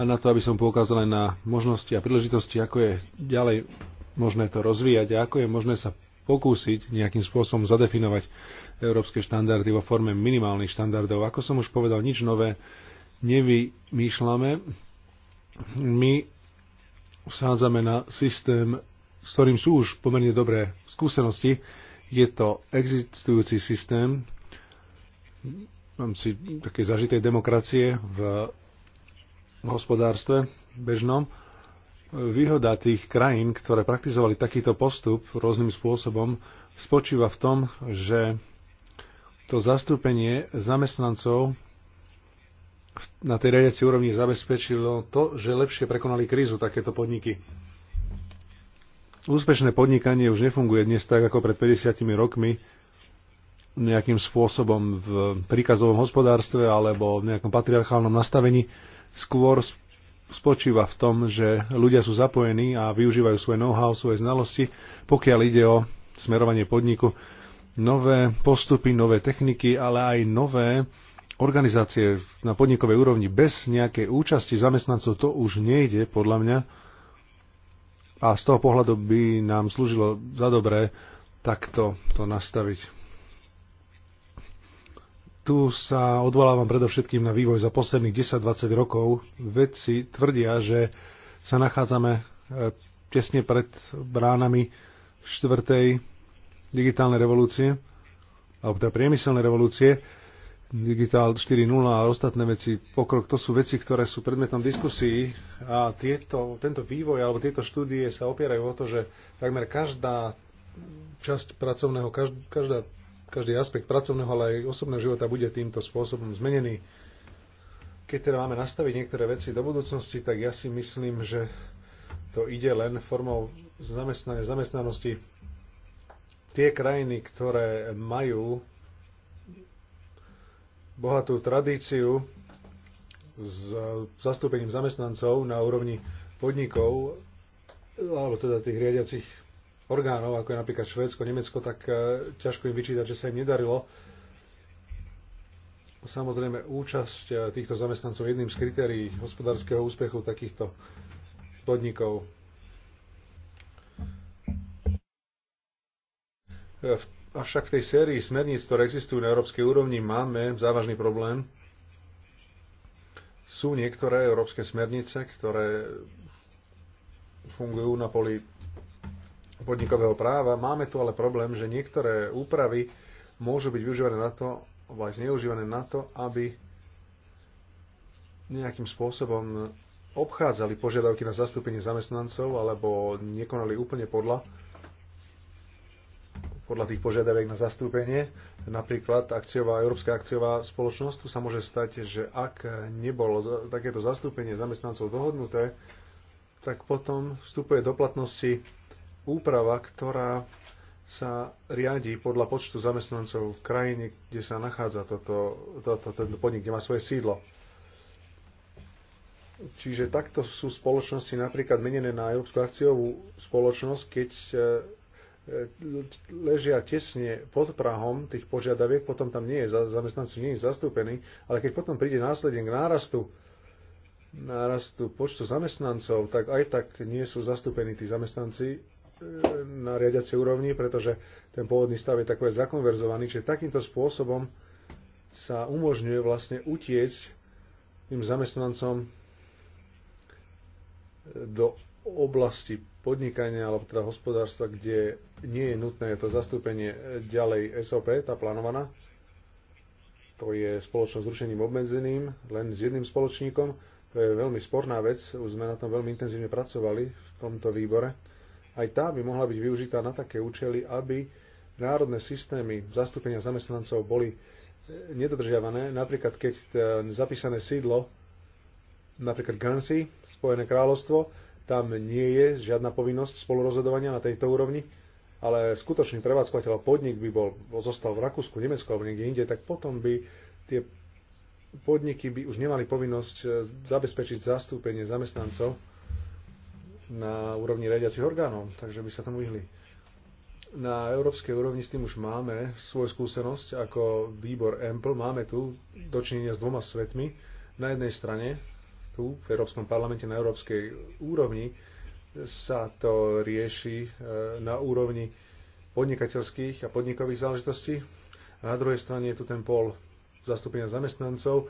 a na to, aby som poukázal aj na možnosti a príležitosti, ako je ďalej možné to rozvíjať a ako je možné sa pokúsiť nejakým spôsobom zadefinovať európske štandardy vo forme minimálnych štandardov. Ako som už povedal, nič nové nevymýšľame. My usádzame na systém, s ktorým sú už pomerne dobré skúsenosti. Je to existujúci systém v rámci takej zažitej demokracie v v hospodárstve bežnom. Výhoda tých krajín, ktoré praktizovali takýto postup rôznym spôsobom, spočíva v tom, že to zastúpenie zamestnancov na tej riadiacej úrovni zabezpečilo to, že lepšie prekonali krízu takéto podniky. Úspešné podnikanie už nefunguje dnes tak ako pred 50 rokmi nejakým spôsobom v príkazovom hospodárstve alebo v nejakom patriarchálnom nastavení skôr spočíva v tom, že ľudia sú zapojení a využívajú svoje know-how, svoje znalosti, pokiaľ ide o smerovanie podniku. Nové postupy, nové techniky, ale aj nové organizácie na podnikovej úrovni bez nejakej účasti zamestnancov to už nejde, podľa mňa. A z toho pohľadu by nám slúžilo za dobré takto to nastaviť. Tu sa odvolávam predovšetkým na vývoj za posledných 10-20 rokov. Vedci tvrdia, že sa nachádzame e, tesne pred bránami štvrtej digitálnej revolúcie, alebo teda priemyselnej revolúcie, Digitál 4.0 a ostatné veci, pokrok, to sú veci, ktoré sú predmetom diskusí a tieto, tento vývoj alebo tieto štúdie sa opierajú o to, že takmer každá časť pracovného, každá každý aspekt pracovného, ale aj osobného života bude týmto spôsobom zmenený. Keď teda máme nastaviť niektoré veci do budúcnosti, tak ja si myslím, že to ide len formou zamestnania, zamestnanosti. Tie krajiny, ktoré majú bohatú tradíciu s zastúpením zamestnancov na úrovni podnikov, alebo teda tých riadiacich orgánov, ako je napríklad Švédsko, Nemecko, tak e, ťažko im vyčítať, že sa im nedarilo. Samozrejme, účasť e, týchto zamestnancov jedným z kritérií hospodárskeho úspechu takýchto podnikov. E, avšak v tej sérii smerníc, ktoré existujú na európskej úrovni, máme závažný problém. Sú niektoré európske smernice, ktoré fungujú na poli podnikového práva. Máme tu ale problém, že niektoré úpravy môžu byť využívané na to, alebo aj zneužívané na to, aby nejakým spôsobom obchádzali požiadavky na zastúpenie zamestnancov alebo nekonali úplne podľa, podľa tých požiadaviek na zastúpenie. Napríklad akciová, Európska akciová spoločnosť, tu sa môže stať, že ak nebolo takéto zastúpenie zamestnancov dohodnuté, tak potom vstupuje do platnosti úprava, ktorá sa riadi podľa počtu zamestnancov v krajine, kde sa nachádza toto, toto, tento podnik, kde má svoje sídlo. Čiže takto sú spoločnosti napríklad menené na Európsku akciovú spoločnosť, keď e, e, ležia tesne pod Prahom tých požiadaviek, potom tam nie je, zamestnanci nie je zastúpený, ale keď potom príde následne k nárastu, nárastu počtu zamestnancov, tak aj tak nie sú zastúpení tí zamestnanci na riadiacej úrovni, pretože ten pôvodný stav je takové zakonverzovaný, čiže takýmto spôsobom sa umožňuje vlastne utiec tým zamestnancom do oblasti podnikania alebo teda hospodárstva, kde nie je nutné to zastúpenie ďalej SOP, tá plánovaná. To je spoločnosť s rušením obmedzeným, len s jedným spoločníkom. To je veľmi sporná vec, už sme na tom veľmi intenzívne pracovali v tomto výbore aj tá by mohla byť využitá na také účely, aby národné systémy zastúpenia zamestnancov boli e, nedodržiavané. Napríklad, keď e, zapísané sídlo, napríklad Guernsey, Spojené kráľovstvo, tam nie je žiadna povinnosť spolurozhodovania na tejto úrovni, ale skutočný prevádzkovateľ podnik by bol, zostal v Rakúsku, Nemecku alebo niekde inde, tak potom by tie podniky by už nemali povinnosť e, zabezpečiť zastúpenie zamestnancov na úrovni riadiacich orgánov, takže by sa tomu vyhli. Na európskej úrovni s tým už máme svoju skúsenosť ako výbor EMPL. Máme tu dočinenia s dvoma svetmi. Na jednej strane, tu v Európskom parlamente na európskej úrovni, sa to rieši e, na úrovni podnikateľských a podnikových záležitostí. A na druhej strane je tu ten pol zastúpenia zamestnancov,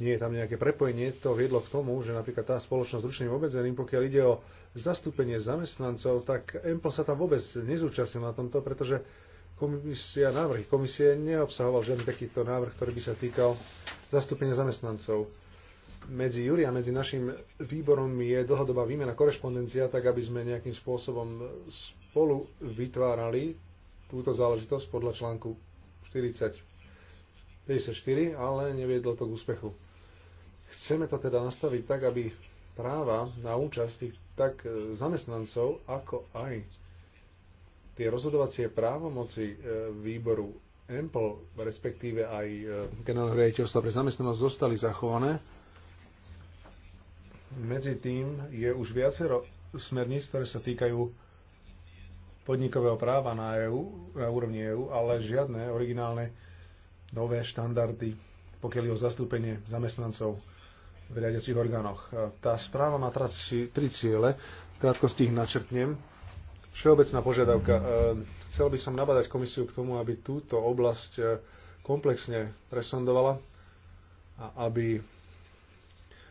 nie je tam nejaké prepojenie, to viedlo k tomu, že napríklad tá spoločnosť ručným obmedzeným, pokiaľ ide o zastúpenie zamestnancov, tak EMPL sa tam vôbec nezúčastnil na tomto, pretože komisia, návrh komisie neobsahoval žiadny takýto návrh, ktorý by sa týkal zastúpenia zamestnancov. Medzi Júri a medzi našim výborom je dlhodobá výmena korešpondencia, tak aby sme nejakým spôsobom spolu vytvárali túto záležitosť podľa článku 40 54, ale neviedlo to k úspechu. Chceme to teda nastaviť tak, aby práva na účasť tak e, zamestnancov, ako aj tie rozhodovacie právomoci e, výboru EMPL, respektíve aj e, generálneho riaditeľstva pre zamestnanosť, zostali zachované. Medzi tým je už viacero smerníc, ktoré sa týkajú podnikového práva na, EU, na úrovni EÚ, ale žiadne originálne nové štandardy, pokiaľ je o zastúpenie zamestnancov v riadiacich orgánoch. Tá správa má teraz tri ciele, v krátkosti ich načrtnem. Všeobecná požiadavka. E, chcel by som nabadať komisiu k tomu, aby túto oblasť e, komplexne presondovala a aby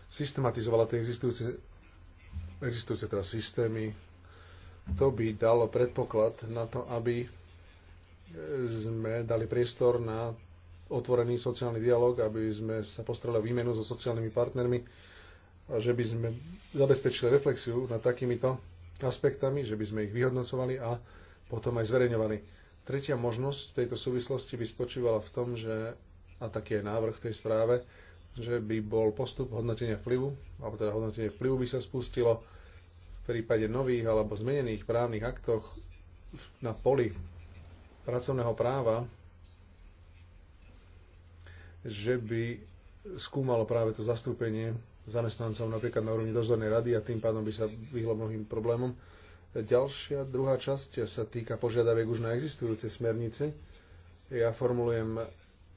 systematizovala tie existujúce, existujúce teda systémy. To by dalo predpoklad na to, aby e, sme dali priestor na otvorený sociálny dialog, aby sme sa postrali o výmenu so sociálnymi partnermi a že by sme zabezpečili reflexiu nad takýmito aspektami, že by sme ich vyhodnocovali a potom aj zverejňovali. Tretia možnosť v tejto súvislosti by spočívala v tom, že, a taký je návrh v tej správe, že by bol postup hodnotenia vplyvu, alebo teda hodnotenie vplyvu by sa spustilo v prípade nových alebo zmenených právnych aktoch na poli pracovného práva že by skúmalo práve to zastúpenie zamestnancov napríklad na úrovni dozornej rady a tým pádom by sa vyhlo mnohým problémom. Ďalšia, druhá časť sa týka požiadaviek už na existujúce smernice. Ja formulujem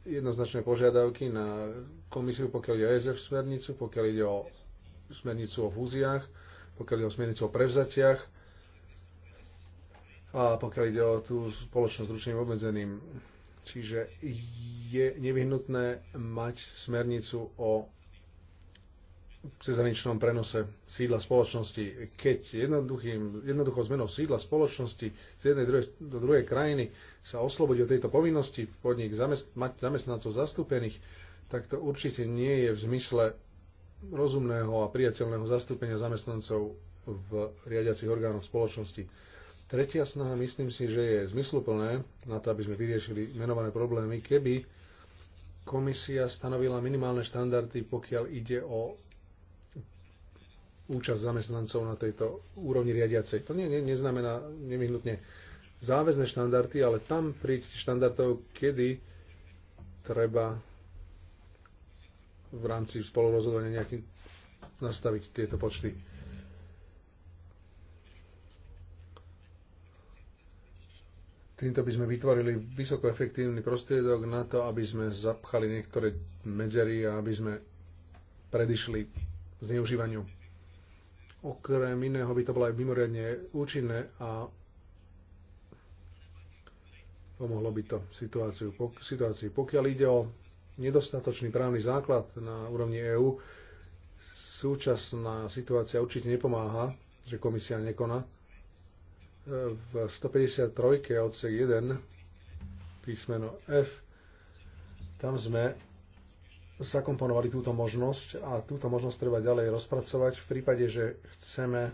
jednoznačné požiadavky na komisiu, pokiaľ ide o ESF smernicu, pokiaľ ide o smernicu o fúziách, pokiaľ ide o smernicu o prevzatiach a pokiaľ ide o tú spoločnosť s ručným obmedzeným Čiže je nevyhnutné mať smernicu o cezhraničnom prenose sídla spoločnosti. Keď jednoduchou zmenou sídla spoločnosti z jednej druhej, do druhej krajiny sa oslobodí od tejto povinnosti podnik zamest, mať zamestnancov zastúpených, tak to určite nie je v zmysle rozumného a priateľného zastúpenia zamestnancov v riadiacich orgánoch spoločnosti. Tretia snaha, myslím si, že je zmysluplné na to, aby sme vyriešili menované problémy, keby komisia stanovila minimálne štandardy, pokiaľ ide o účasť zamestnancov na tejto úrovni riadiacej. To nie, nie, neznamená nevyhnutne záväzne štandardy, ale tam pri štandardov, kedy treba v rámci spolurozhodovania nejakým nastaviť tieto počty. Týmto by sme vytvorili vysoko efektívny prostriedok na to, aby sme zapchali niektoré medzery a aby sme predišli zneužívaniu. Okrem iného by to bolo aj mimoriadne účinné a pomohlo by to situáciu, pok- situácii. Pokiaľ ide o nedostatočný právny základ na úrovni EÚ, súčasná situácia určite nepomáha, že komisia nekoná v 153. odsek 1 písmeno F. Tam sme zakomponovali túto možnosť a túto možnosť treba ďalej rozpracovať v prípade, že chceme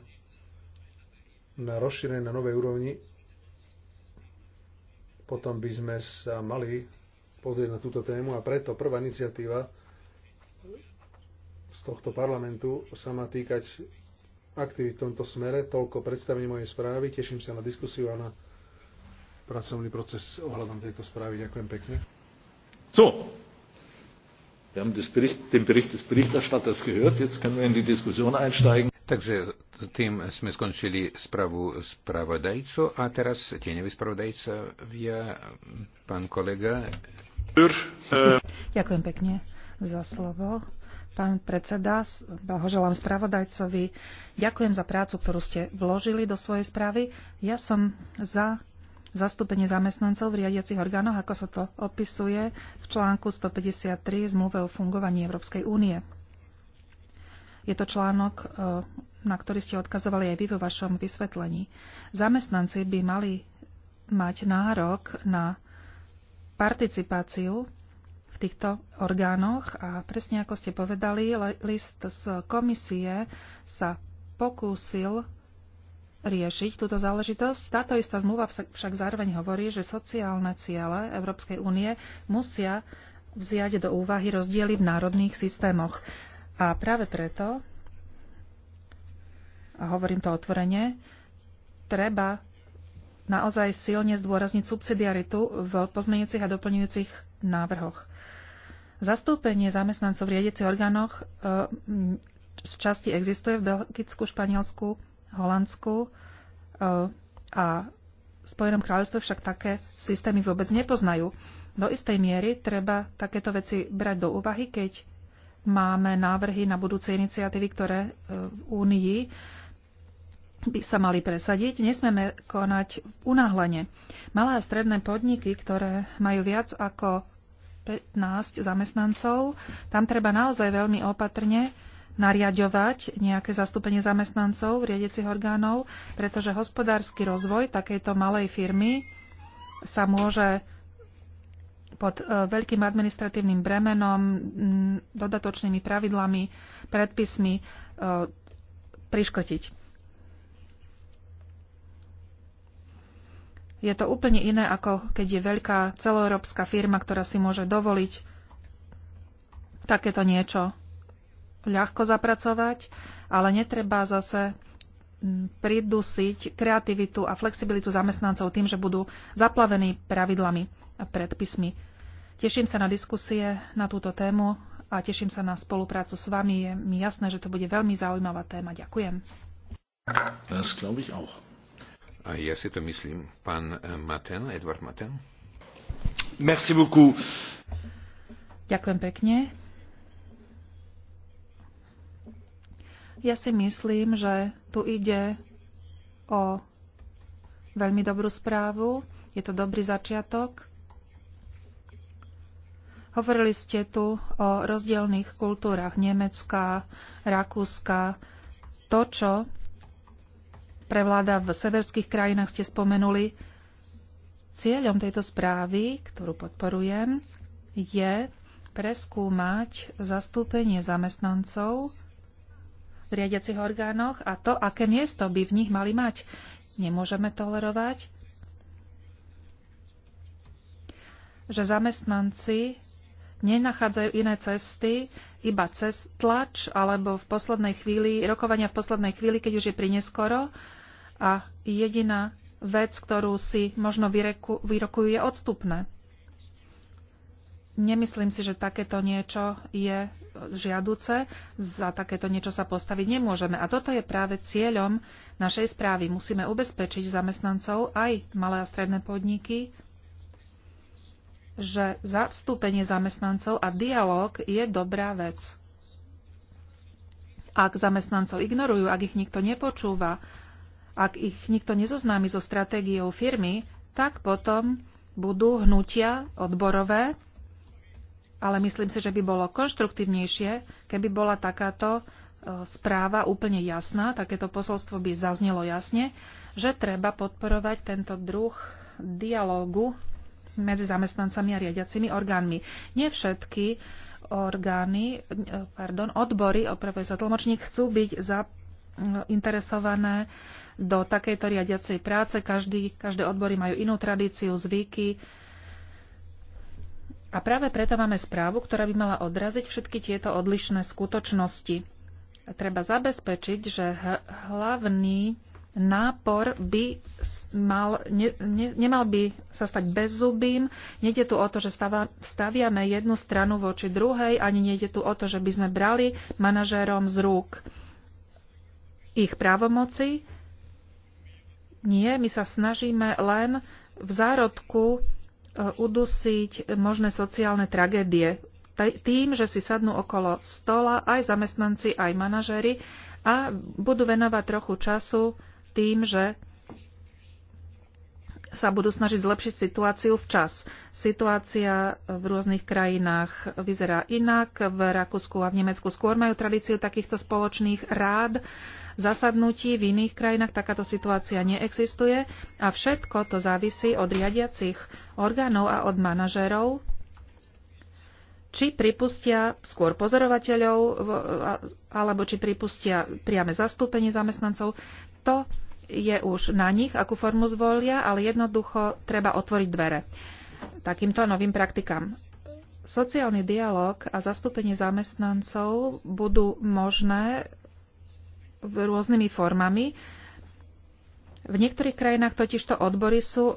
na rozšírenie na novej úrovni, potom by sme sa mali pozrieť na túto tému a preto prvá iniciatíva z tohto parlamentu sa má týkať aktivít v tomto smere. Toľko predstavenie mojej správy. Teším sa na diskusiu a na pracovný proces ohľadom tejto správy. Ďakujem pekne. So, wir haben das Bericht, den Bericht des Berichterstatters gehört. Jetzt können wir in die Diskussion einsteigen. Takže tým sme skončili spravu spravodajcu a teraz tieňový spravodajca via pán kolega. Eh. Ďakujem pekne za slovo. Pán predseda, blahoželám spravodajcovi. Ďakujem za prácu, ktorú ste vložili do svojej správy. Ja som za zastúpenie zamestnancov v riadiacich orgánoch, ako sa to opisuje v článku 153 zmluve o fungovaní Európskej únie. Je to článok, e, na ktorý ste odkazovali aj vy vo vašom vysvetlení. Zamestnanci by mali mať nárok na participáciu týchto orgánoch a presne ako ste povedali, list z komisie sa pokúsil riešiť túto záležitosť. Táto istá zmluva však zároveň hovorí, že sociálne ciele Európskej únie musia vziať do úvahy rozdiely v národných systémoch. A práve preto, a hovorím to otvorene, treba naozaj silne zdôrazniť subsidiaritu v pozmeňujúcich a doplňujúcich návrhoch. Zastúpenie zamestnancov v riadiacich orgánoch e, z časti existuje v Belgicku, Španielsku, Holandsku e, a Spojenom kráľovstve však také systémy vôbec nepoznajú. Do istej miery treba takéto veci brať do úvahy, keď máme návrhy na budúce iniciatívy, ktoré e, v Únii by sa mali presadiť, nesmieme konať unáhlene. Malé a stredné podniky, ktoré majú viac ako 15 zamestnancov. Tam treba naozaj veľmi opatrne nariadovať nejaké zastúpenie zamestnancov, riadiacich orgánov, pretože hospodársky rozvoj takejto malej firmy sa môže pod e, veľkým administratívnym bremenom, dodatočnými pravidlami, predpismi e, priškrtiť. je to úplne iné, ako keď je veľká celoeurópska firma, ktorá si môže dovoliť takéto niečo ľahko zapracovať, ale netreba zase mm, pridusiť kreativitu a flexibilitu zamestnancov tým, že budú zaplavení pravidlami a predpismi. Teším sa na diskusie na túto tému a teším sa na spoluprácu s vami. Je mi jasné, že to bude veľmi zaujímavá téma. Ďakujem. Das glaube ich auch. A ja si to myslím. Pán eh, Maten, Edward Maten. Merci beaucoup. Ďakujem pekne. Ja si myslím, že tu ide o veľmi dobrú správu. Je to dobrý začiatok. Hovorili ste tu o rozdielných kultúrach Nemecka, Rakúska. To, čo prevláda v severských krajinách, ste spomenuli. Cieľom tejto správy, ktorú podporujem, je preskúmať zastúpenie zamestnancov v riadiacich orgánoch a to, aké miesto by v nich mali mať. Nemôžeme tolerovať, že zamestnanci nenachádzajú iné cesty, iba cez tlač alebo v poslednej chvíli, rokovania v poslednej chvíli, keď už je prineskoro, a jediná vec, ktorú si možno vyreku, vyrokujú, je odstupné. Nemyslím si, že takéto niečo je žiaduce. Za takéto niečo sa postaviť nemôžeme. A toto je práve cieľom našej správy. Musíme ubezpečiť zamestnancov aj malé a stredné podniky, že zastúpenie zamestnancov a dialog je dobrá vec. Ak zamestnancov ignorujú, ak ich nikto nepočúva, ak ich nikto nezoznámi so stratégiou firmy, tak potom budú hnutia odborové, ale myslím si, že by bolo konštruktívnejšie, keby bola takáto e, správa úplne jasná, takéto posolstvo by zaznelo jasne, že treba podporovať tento druh dialógu medzi zamestnancami a riadiacimi orgánmi. Nie všetky orgány, e, pardon, odbory, opravuje sa tlmočník, chcú byť za interesované do takejto riadiacej práce. Každý, každé odbory majú inú tradíciu, zvyky. A práve preto máme správu, ktorá by mala odraziť všetky tieto odlišné skutočnosti. Treba zabezpečiť, že hlavný nápor by mal, ne, ne, nemal by sa stať bezzubým. Nede tu o to, že stava, staviame jednu stranu voči druhej, ani nejde tu o to, že by sme brali manažérom z rúk ich právomoci. Nie, my sa snažíme len v zárodku e, udusiť možné sociálne tragédie tým, že si sadnú okolo stola aj zamestnanci, aj manažery a budú venovať trochu času tým, že sa budú snažiť zlepšiť situáciu včas. Situácia v rôznych krajinách vyzerá inak. V Rakúsku a v Nemecku skôr majú tradíciu takýchto spoločných rád zasadnutí v iných krajinách takáto situácia neexistuje a všetko to závisí od riadiacich orgánov a od manažérov, či pripustia skôr pozorovateľov alebo či pripustia priame zastúpenie zamestnancov. To je už na nich, akú formu zvolia, ale jednoducho treba otvoriť dvere takýmto novým praktikám. Sociálny dialog a zastúpenie zamestnancov budú možné rôznymi formami. V niektorých krajinách totižto odbory sú e,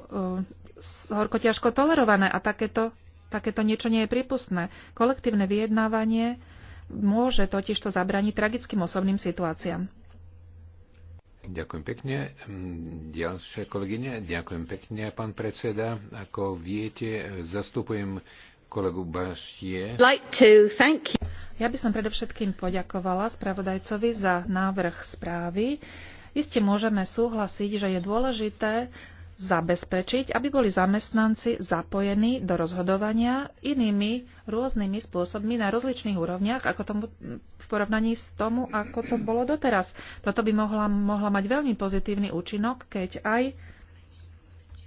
horko ťažko tolerované a takéto, takéto niečo nie je prípustné. Kolektívne vyjednávanie môže totižto zabraniť tragickým osobným situáciám. Ďakujem pekne. Hm, ďalšia kolegyne, ďakujem pekne, pán predseda. Ako viete, zastupujem ja by som predovšetkým poďakovala spravodajcovi za návrh správy. Isté môžeme súhlasiť, že je dôležité zabezpečiť, aby boli zamestnanci zapojení do rozhodovania inými rôznymi spôsobmi na rozličných úrovniach, ako tomu v porovnaní s tomu, ako to bolo doteraz. Toto by mohla, mohla mať veľmi pozitívny účinok, keď aj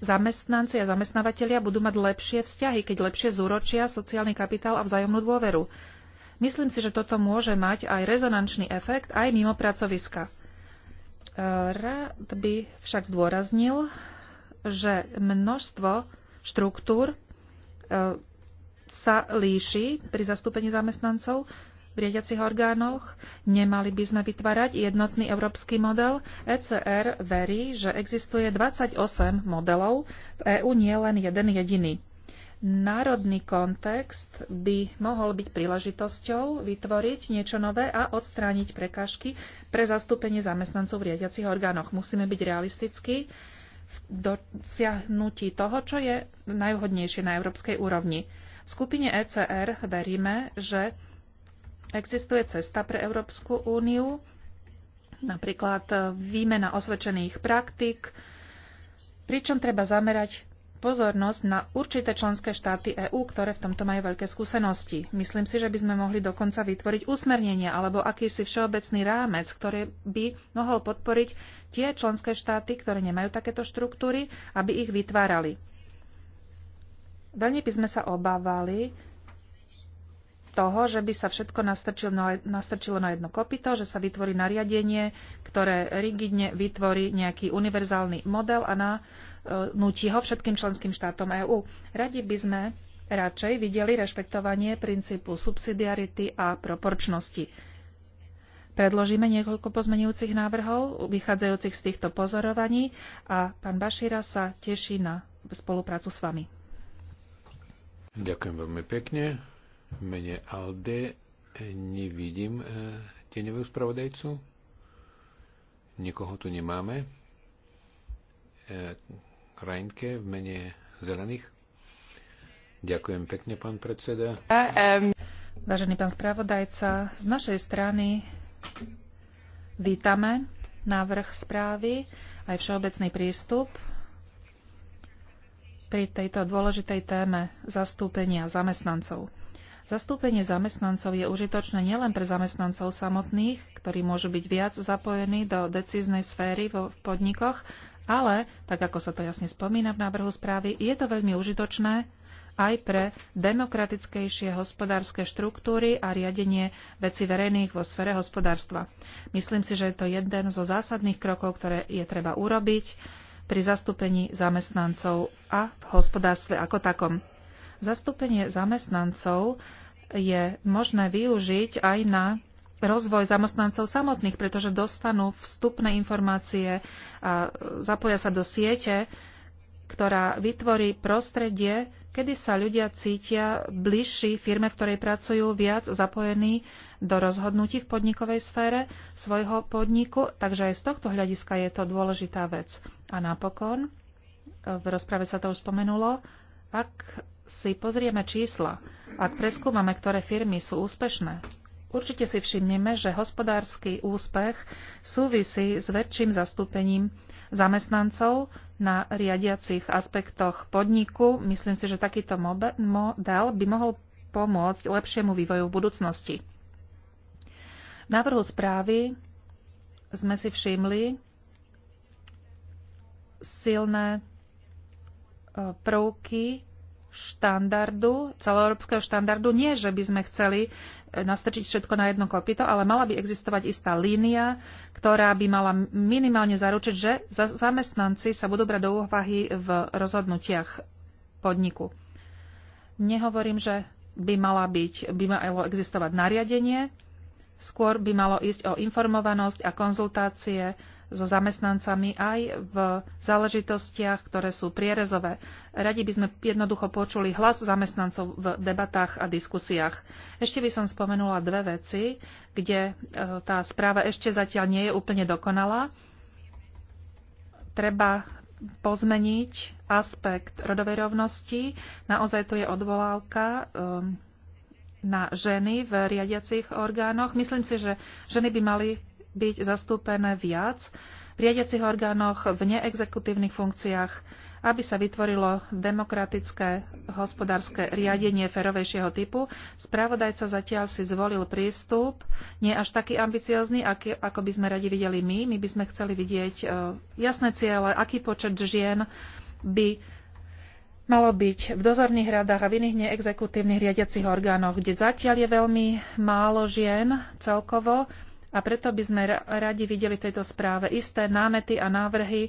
zamestnanci a zamestnávateľia budú mať lepšie vzťahy, keď lepšie zúročia sociálny kapitál a vzájomnú dôveru. Myslím si, že toto môže mať aj rezonančný efekt aj mimo pracoviska. E, rád by však zdôraznil, že množstvo štruktúr e, sa líši pri zastúpení zamestnancov v riadiacich orgánoch? Nemali by sme vytvárať jednotný európsky model? ECR verí, že existuje 28 modelov, v EÚ nie len jeden jediný. Národný kontext by mohol byť príležitosťou vytvoriť niečo nové a odstrániť prekážky pre zastúpenie zamestnancov v riadiacich orgánoch. Musíme byť realistickí v dosiahnutí toho, čo je najvhodnejšie na európskej úrovni. V skupine ECR veríme, že Existuje cesta pre Európsku úniu, napríklad e, výmena osvedčených praktik, pričom treba zamerať pozornosť na určité členské štáty EÚ, ktoré v tomto majú veľké skúsenosti. Myslím si, že by sme mohli dokonca vytvoriť usmernenie alebo akýsi všeobecný rámec, ktorý by mohol podporiť tie členské štáty, ktoré nemajú takéto štruktúry, aby ich vytvárali. Veľmi by sme sa obávali, toho, že by sa všetko nastrčilo na, nastrčilo na jedno kopito, že sa vytvorí nariadenie, ktoré rigidne vytvorí nejaký univerzálny model a na, e, nutí ho všetkým členským štátom EÚ. Radi by sme radšej videli rešpektovanie princípu subsidiarity a proporčnosti. Predložíme niekoľko pozmenujúcich návrhov, vychádzajúcich z týchto pozorovaní a pán Bašíra sa teší na spoluprácu s vami. Ďakujem veľmi pekne. V mene Alde e, nevidím e, tieňového spravodajcu. Nikoho tu nemáme. Krajinke e, v mene Zelených. Ďakujem pekne, pán predseda. Vážený pán spravodajca, z našej strany vítame návrh správy aj všeobecný prístup pri tejto dôležitej téme zastúpenia zamestnancov. Zastúpenie zamestnancov je užitočné nielen pre zamestnancov samotných, ktorí môžu byť viac zapojení do decíznej sféry v podnikoch, ale, tak ako sa to jasne spomína v návrhu správy, je to veľmi užitočné aj pre demokratickejšie hospodárske štruktúry a riadenie veci verejných vo sfere hospodárstva. Myslím si, že je to jeden zo zásadných krokov, ktoré je treba urobiť pri zastúpení zamestnancov a v hospodárstve ako takom. Zastúpenie zamestnancov je možné využiť aj na rozvoj zamestnancov samotných, pretože dostanú vstupné informácie a zapoja sa do siete, ktorá vytvorí prostredie, kedy sa ľudia cítia bližší firme, v ktorej pracujú, viac zapojení do rozhodnutí v podnikovej sfére svojho podniku. Takže aj z tohto hľadiska je to dôležitá vec. A napokon, v rozprave sa to už spomenulo, ak si pozrieme čísla, ak preskúmame, ktoré firmy sú úspešné, určite si všimneme, že hospodársky úspech súvisí s väčším zastúpením zamestnancov na riadiacich aspektoch podniku. Myslím si, že takýto model by mohol pomôcť lepšiemu vývoju v budúcnosti. V návrhu správy sme si všimli silné e, prvky štandardu, celoeurópskeho štandardu. Nie, že by sme chceli e, nastrčiť všetko na jedno kopito, ale mala by existovať istá línia, ktorá by mala minimálne zaručiť, že zamestnanci sa budú brať do úvahy v rozhodnutiach podniku. Nehovorím, že by, mala byť, by malo existovať nariadenie, skôr by malo ísť o informovanosť a konzultácie so zamestnancami aj v záležitostiach, ktoré sú prierezové. Radi by sme jednoducho počuli hlas zamestnancov v debatách a diskusiách. Ešte by som spomenula dve veci, kde e, tá správa ešte zatiaľ nie je úplne dokonalá. Treba pozmeniť aspekt rodovej rovnosti. Naozaj to je odvolávka e, na ženy v riadiacich orgánoch. Myslím si, že ženy by mali byť zastúpené viac v riadiacich orgánoch, v neexekutívnych funkciách, aby sa vytvorilo demokratické hospodárske riadenie ferovejšieho typu. Spravodajca zatiaľ si zvolil prístup, nie až taký ambiciózny, ako by sme radi videli my. My by sme chceli vidieť e, jasné ciele, aký počet žien by malo byť v dozorných radách a v iných neexekutívnych riadiacich orgánoch, kde zatiaľ je veľmi málo žien celkovo a preto by sme radi videli v tejto správe isté námety a návrhy,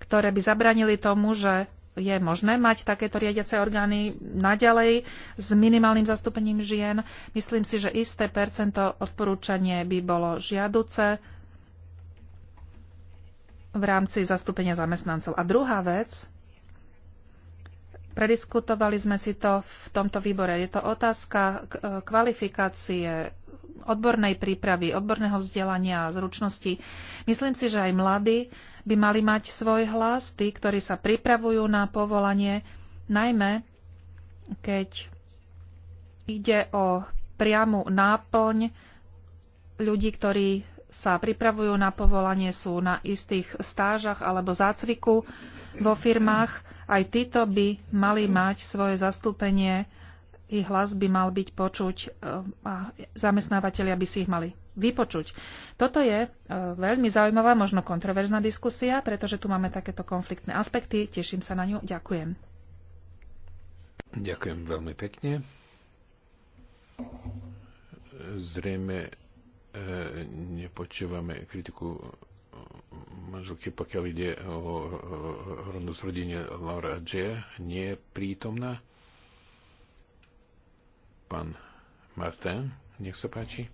ktoré by zabranili tomu, že je možné mať takéto riadiace orgány naďalej s minimálnym zastúpením žien. Myslím si, že isté percento odporúčanie by bolo žiaduce v rámci zastúpenia zamestnancov. A druhá vec, prediskutovali sme si to v tomto výbore, je to otázka kvalifikácie odbornej prípravy, odborného vzdelania a zručnosti. Myslím si, že aj mladí by mali mať svoj hlas, tí, ktorí sa pripravujú na povolanie, najmä keď ide o priamu náplň ľudí, ktorí sa pripravujú na povolanie, sú na istých stážach alebo zácviku vo firmách. Aj títo by mali mať svoje zastúpenie ich hlas by mal byť počuť e, a zamestnávateľia by si ich mali vypočuť. Toto je e, veľmi zaujímavá, možno kontroverzná diskusia, pretože tu máme takéto konfliktné aspekty. Teším sa na ňu. Ďakujem. Ďakujem veľmi pekne. Zrejme e, nepočúvame kritiku manželky, pokiaľ ide o rovnosť rodine Laura G. nie je prítomná pán Martin. Nech sa páči.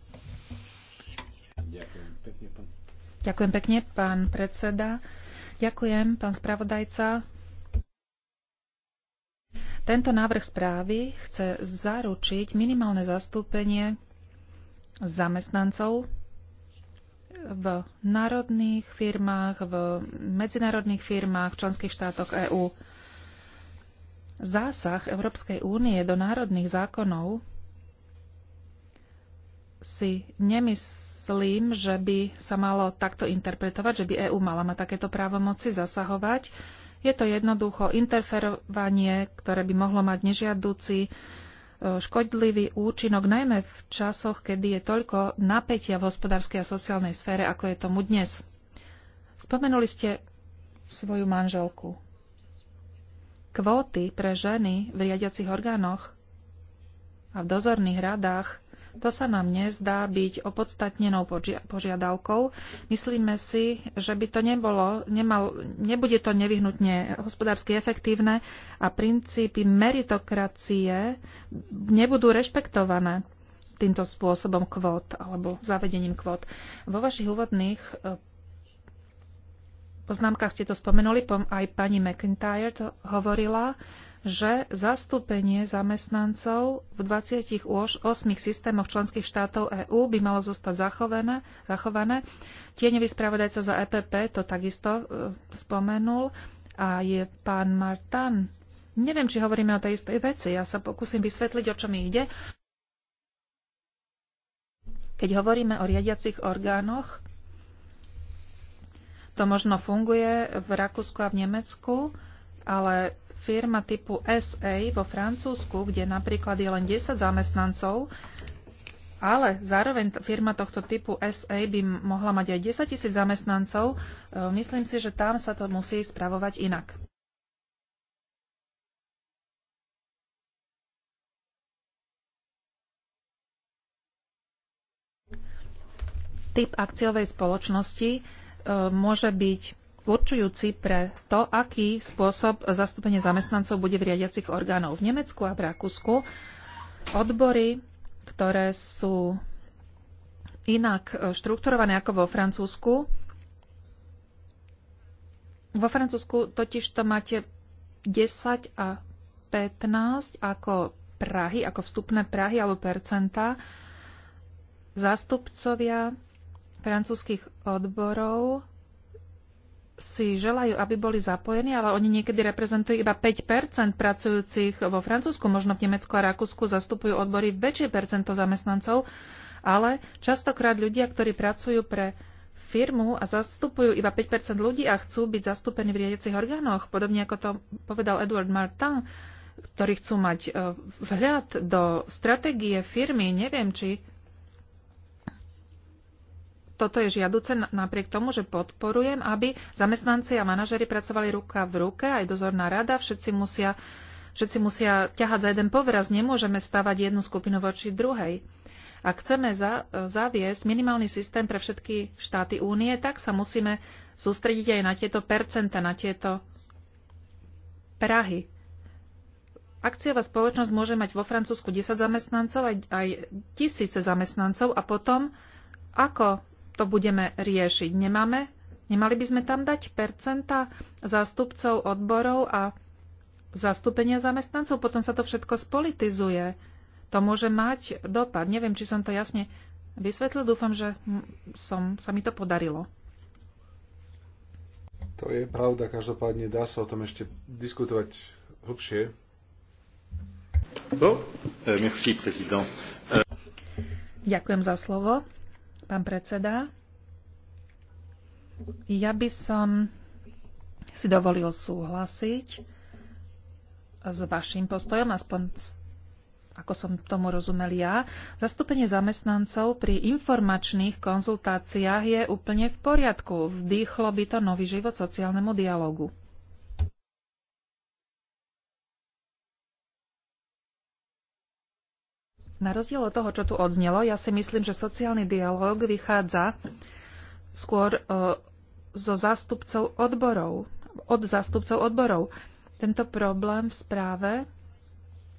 Ďakujem pekne, pán. Ďakujem pekne, pán predseda. Ďakujem, pán spravodajca. Tento návrh správy chce zaručiť minimálne zastúpenie zamestnancov v národných firmách, v medzinárodných firmách, v členských štátoch EÚ. Zásah Európskej únie do národných zákonov si nemyslím, že by sa malo takto interpretovať, že by EÚ mala mať takéto právomoci zasahovať. Je to jednoducho interferovanie, ktoré by mohlo mať nežiaduci e, škodlivý účinok, najmä v časoch, kedy je toľko napätia v hospodárskej a sociálnej sfére, ako je tomu dnes. Spomenuli ste svoju manželku kvóty pre ženy v riadiacich orgánoch a v dozorných radách, to sa nám nezdá byť opodstatnenou požiadavkou. Myslíme si, že by to nebolo, nemal, nebude to nevyhnutne hospodársky efektívne a princípy meritokracie nebudú rešpektované týmto spôsobom kvót alebo zavedením kvót. Vo vašich úvodných poznámkach ste to spomenuli, aj pani McIntyre to hovorila, že zastúpenie zamestnancov v 28 systémoch členských štátov EÚ by malo zostať zachované. zachované. Tieňový spravodajca za EPP to takisto e, spomenul a je pán Martan. Neviem, či hovoríme o tej istej veci. Ja sa pokúsim vysvetliť, o čo mi ide. Keď hovoríme o riadiacich orgánoch, to možno funguje v Rakúsku a v Nemecku, ale firma typu SA vo Francúzsku, kde napríklad je len 10 zamestnancov, ale zároveň firma tohto typu SA by mohla mať aj 10 tisíc zamestnancov. E, myslím si, že tam sa to musí spravovať inak. Typ akciovej spoločnosti E, môže byť určujúci pre to, aký spôsob zastúpenie zamestnancov bude v riadiacich orgánov. V Nemecku a v Rakúsku odbory, ktoré sú inak e, štrukturované ako vo Francúzsku, vo Francúzsku totiž to máte 10 a 15 ako Prahy, ako vstupné Prahy alebo percenta. Zástupcovia francúzskych odborov si želajú, aby boli zapojení, ale oni niekedy reprezentujú iba 5 pracujúcich vo Francúzsku, možno v Nemecku a Rakúsku zastupujú odbory väčšie percento zamestnancov, ale častokrát ľudia, ktorí pracujú pre firmu a zastupujú iba 5 ľudí a chcú byť zastúpení v riadiacich orgánoch, podobne ako to povedal Edward Martin, ktorí chcú mať eh, vhľad do stratégie firmy, neviem, či toto je žiaduce napriek tomu, že podporujem, aby zamestnanci a manažeri pracovali ruka v ruke, aj dozorná rada, všetci musia, všetci musia ťahať za jeden povraz, nemôžeme stavať jednu skupinu voči druhej. Ak chceme za, zaviesť minimálny systém pre všetky štáty únie, tak sa musíme sústrediť aj na tieto percenta, na tieto prahy. Akciová spoločnosť môže mať vo Francúzsku 10 zamestnancov, aj, aj tisíce zamestnancov a potom ako to budeme riešiť. Nemáme? Nemali by sme tam dať percenta zástupcov odborov a zastúpenia zamestnancov? Potom sa to všetko spolitizuje. To môže mať dopad. Neviem, či som to jasne vysvetlil. Dúfam, že som, sa mi to podarilo. To je pravda, každopádne dá sa o tom ešte diskutovať hlbšie. No? Merci, prezident. Euh, Ďakujem za slovo. Pán predseda, ja by som si dovolil súhlasiť s vašim postojom, aspoň ako som tomu rozumel ja. Zastúpenie zamestnancov pri informačných konzultáciách je úplne v poriadku. Vdýchlo by to nový život sociálnemu dialogu. Na rozdiel od toho, čo tu odznelo, ja si myslím, že sociálny dialog vychádza skôr e, zo zástupcov odborov, od zástupcov odborov. Tento problém v správe,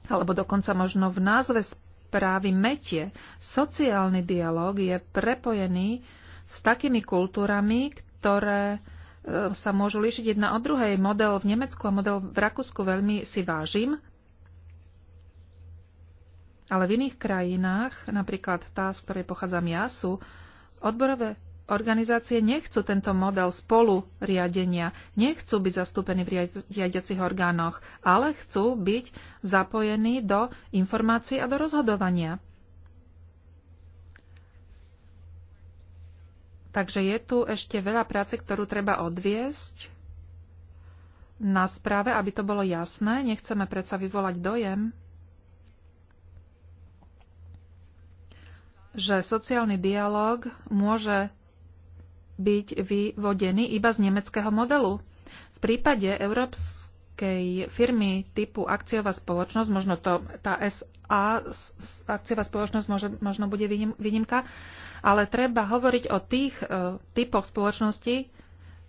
alebo dokonca možno v názve správy metie, sociálny dialog je prepojený s takými kultúrami, ktoré e, sa môžu líšiť jedna od druhej. Model v Nemecku a model v Rakúsku veľmi si vážim. Ale v iných krajinách, napríklad tá, z ktorej pochádzam ja, sú odborové organizácie nechcú tento model spolu riadenia, nechcú byť zastúpení v riadiacich orgánoch, ale chcú byť zapojení do informácií a do rozhodovania. Takže je tu ešte veľa práce, ktorú treba odviesť na správe, aby to bolo jasné. Nechceme predsa vyvolať dojem, že sociálny dialog môže byť vyvodený iba z nemeckého modelu. V prípade európskej firmy typu akciová spoločnosť, možno to, tá SA, akciová spoločnosť môže, možno bude výnimka, ale treba hovoriť o tých e, typoch spoločnosti,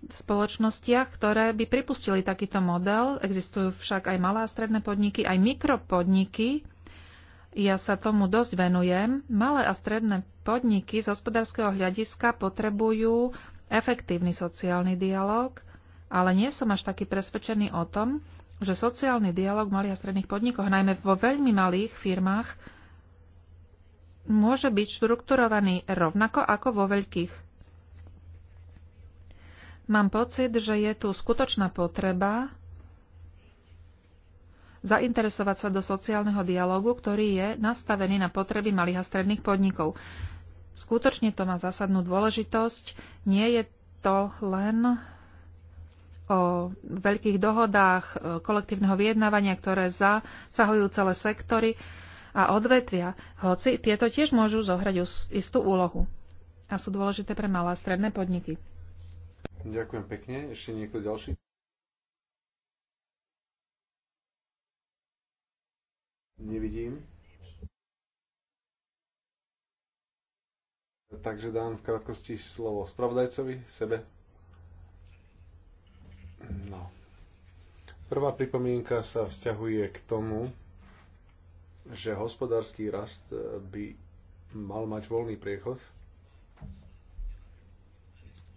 spoločnostiach, ktoré by pripustili takýto model. Existujú však aj malé a stredné podniky, aj mikropodniky, ja sa tomu dosť venujem. Malé a stredné podniky z hospodárskeho hľadiska potrebujú efektívny sociálny dialog, ale nie som až taký presvedčený o tom, že sociálny dialog v malých a stredných podnikoch, najmä vo veľmi malých firmách, môže byť štrukturovaný rovnako ako vo veľkých Mám pocit, že je tu skutočná potreba zainteresovať sa do sociálneho dialogu, ktorý je nastavený na potreby malých a stredných podnikov. Skutočne to má zásadnú dôležitosť. Nie je to len o veľkých dohodách e, kolektívneho vyjednávania, ktoré zasahujú celé sektory a odvetvia, hoci tieto tiež môžu zohrať istú úlohu a sú dôležité pre malé a stredné podniky. Ďakujem pekne. Ešte niekto ďalší? Nevidím. Takže dám v krátkosti slovo spravodajcovi, sebe. No. Prvá pripomienka sa vzťahuje k tomu, že hospodársky rast eh, by mal mať voľný priechod.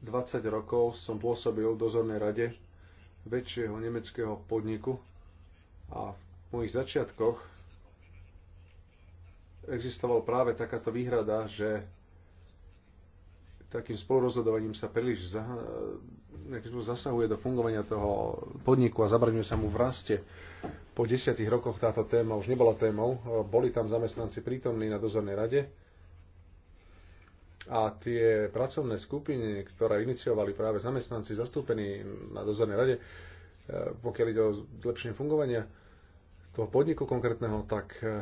20 rokov som pôsobil v dozornej rade väčšieho nemeckého podniku a v mojich začiatkoch existoval práve takáto výhrada, že takým spolurozhodovaním sa príliš za, zasahuje do fungovania toho podniku a zabraňuje sa mu v raste. Po desiatich rokoch táto téma už nebola témou. Boli tam zamestnanci prítomní na dozornej rade a tie pracovné skupiny, ktoré iniciovali práve zamestnanci zastúpení na dozornej rade, eh, pokiaľ ide o zlepšenie fungovania toho podniku konkrétneho, tak eh,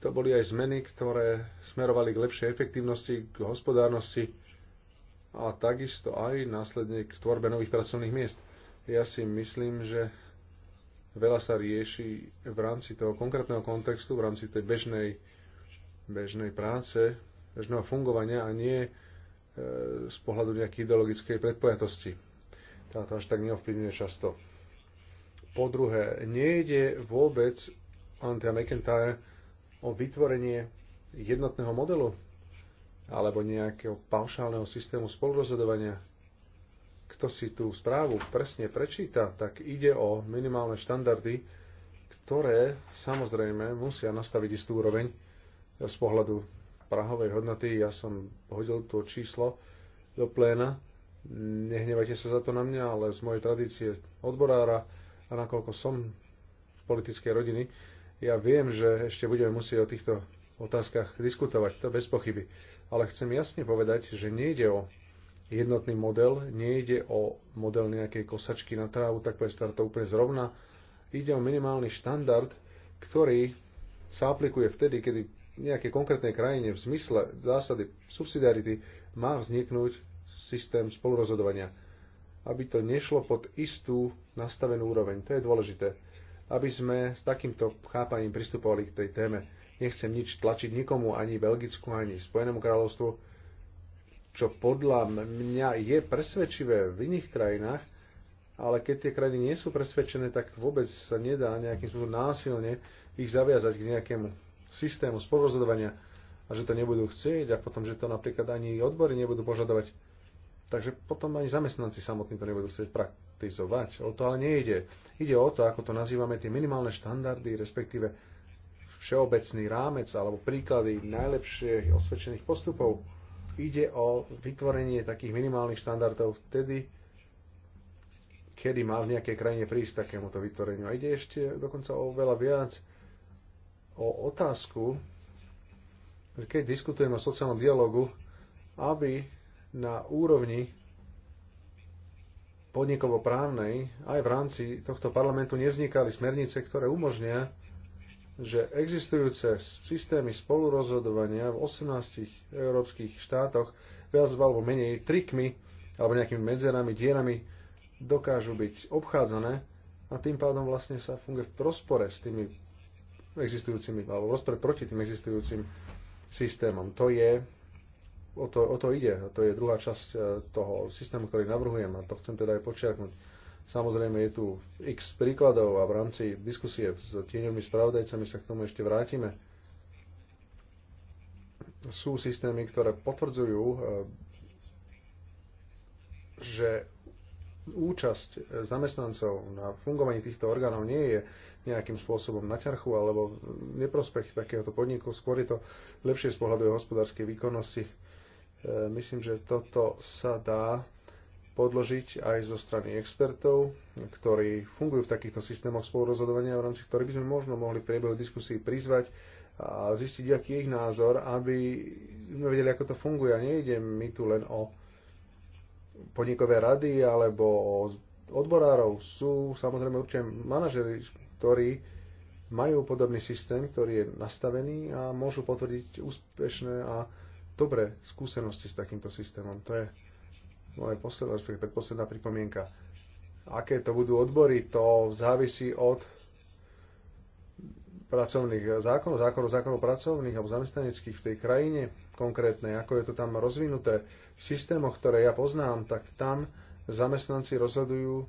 to boli aj zmeny, ktoré smerovali k lepšej efektívnosti, k hospodárnosti a takisto aj následne k tvorbe nových pracovných miest. Ja si myslím, že veľa sa rieši v rámci toho konkrétneho kontextu, v rámci tej bežnej, bežnej práce, bežného fungovania a nie e, z pohľadu nejakej ideologickej predpojatosti. Táto až tak neovplyvňuje často. Po druhé, nejde vôbec Antia McIntyre o vytvorenie jednotného modelu alebo nejakého paušálneho systému spolurozhodovania. Kto si tú správu presne prečíta, tak ide o minimálne štandardy, ktoré samozrejme musia nastaviť istú úroveň z pohľadu prahovej hodnoty. Ja som hodil to číslo do pléna. Nehnevajte sa za to na mňa, ale z mojej tradície odborára a nakoľko som z politickej rodiny, ja viem, že ešte budeme musieť o týchto otázkach diskutovať, to bez pochyby. Ale chcem jasne povedať, že nejde o jednotný model, nejde o model nejakej kosačky na trávu, tak povedať, ktorá to úplne zrovna. Ide o minimálny štandard, ktorý sa aplikuje vtedy, kedy nejaké konkrétnej krajine v zmysle zásady subsidiarity má vzniknúť systém spolurozhodovania. Aby to nešlo pod istú nastavenú úroveň. To je dôležité aby sme s takýmto chápaním pristupovali k tej téme. Nechcem nič tlačiť nikomu, ani Belgicku, ani Spojenému kráľovstvu, čo podľa mňa je presvedčivé v iných krajinách, ale keď tie krajiny nie sú presvedčené, tak vôbec sa nedá nejakým spôsobom násilne ich zaviazať k nejakému systému spolurozhodovania a že to nebudú chcieť a potom, že to napríklad ani odbory nebudú požadovať. Takže potom ani zamestnanci samotní to nebudú chcieť v štandardizovať. O to ale nejde. Ide o to, ako to nazývame, tie minimálne štandardy, respektíve všeobecný rámec alebo príklady najlepších osvedčených postupov. Ide o vytvorenie takých minimálnych štandardov vtedy, kedy má v nejakej krajine prísť takémuto vytvoreniu. A ide ešte dokonca o veľa viac o otázku, keď diskutujeme o sociálnom dialogu, aby na úrovni podnikovo-právnej aj v rámci tohto parlamentu nevznikali smernice, ktoré umožnia, že existujúce systémy spolurozhodovania v 18 európskych štátoch viac alebo menej trikmi alebo nejakými medzerami, dierami dokážu byť obchádzané a tým pádom vlastne sa funguje v rozpore s tými existujúcimi, alebo v rozpore proti tým existujúcim systémom. To je o to, o to ide. A to je druhá časť e, toho systému, ktorý navrhujem a to chcem teda aj počiarknúť. Samozrejme je tu x príkladov a v rámci diskusie s tieňovými spravodajcami sa k tomu ešte vrátime. Sú systémy, ktoré potvrdzujú, e, že účasť zamestnancov na fungovaní týchto orgánov nie je nejakým spôsobom na ťarchu alebo neprospech takéhoto podniku, skôr je to lepšie z pohľadu hospodárskej výkonnosti E, myslím, že toto sa dá podložiť aj zo strany expertov, ktorí fungujú v takýchto systémoch spolurozhodovania, v rámci ktorých by sme možno mohli v priebehu diskusí prizvať a zistiť, aký je ich názor, aby sme vedeli, ako to funguje. A nejde mi tu len o podnikové rady alebo o odborárov. Sú samozrejme určite manažery, ktorí majú podobný systém, ktorý je nastavený a môžu potvrdiť úspešné a dobré skúsenosti s takýmto systémom. To je moje posledná, predposledná pripomienka. Aké to budú odbory, to závisí od pracovných zákonov, zákonov, zákonov pracovných alebo zamestnaneckých v tej krajine konkrétnej, ako je to tam rozvinuté. V systémoch, ktoré ja poznám, tak tam zamestnanci rozhodujú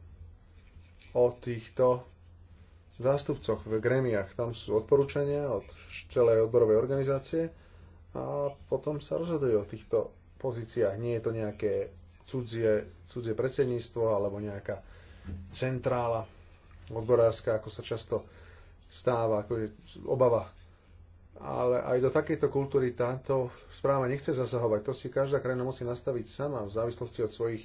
o týchto zástupcoch v gremiách. Tam sú odporúčania od celej odborovej organizácie a potom sa rozhoduje o týchto pozíciách. Nie je to nejaké cudzie, cudzie predsedníctvo alebo nejaká centrála odborárska, ako sa často stáva, ako je obava. Ale aj do takejto kultúry táto správa nechce zasahovať. To si každá krajina musí nastaviť sama v závislosti od svojich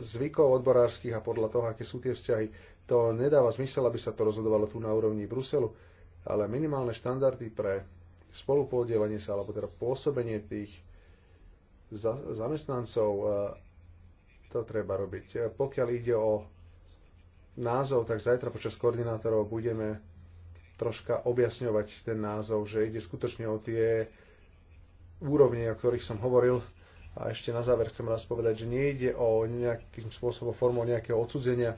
zvykov odborárskych a podľa toho, aké sú tie vzťahy. To nedáva zmysel, aby sa to rozhodovalo tu na úrovni Bruselu, ale minimálne štandardy pre spolupodielanie sa, alebo teda pôsobenie tých za, zamestnancov, e, to treba robiť. E, pokiaľ ide o názov, tak zajtra počas koordinátorov budeme troška objasňovať ten názov, že ide skutočne o tie úrovne, o ktorých som hovoril. A ešte na záver chcem raz povedať, že nejde o nejakým spôsobom formou nejakého odsudzenia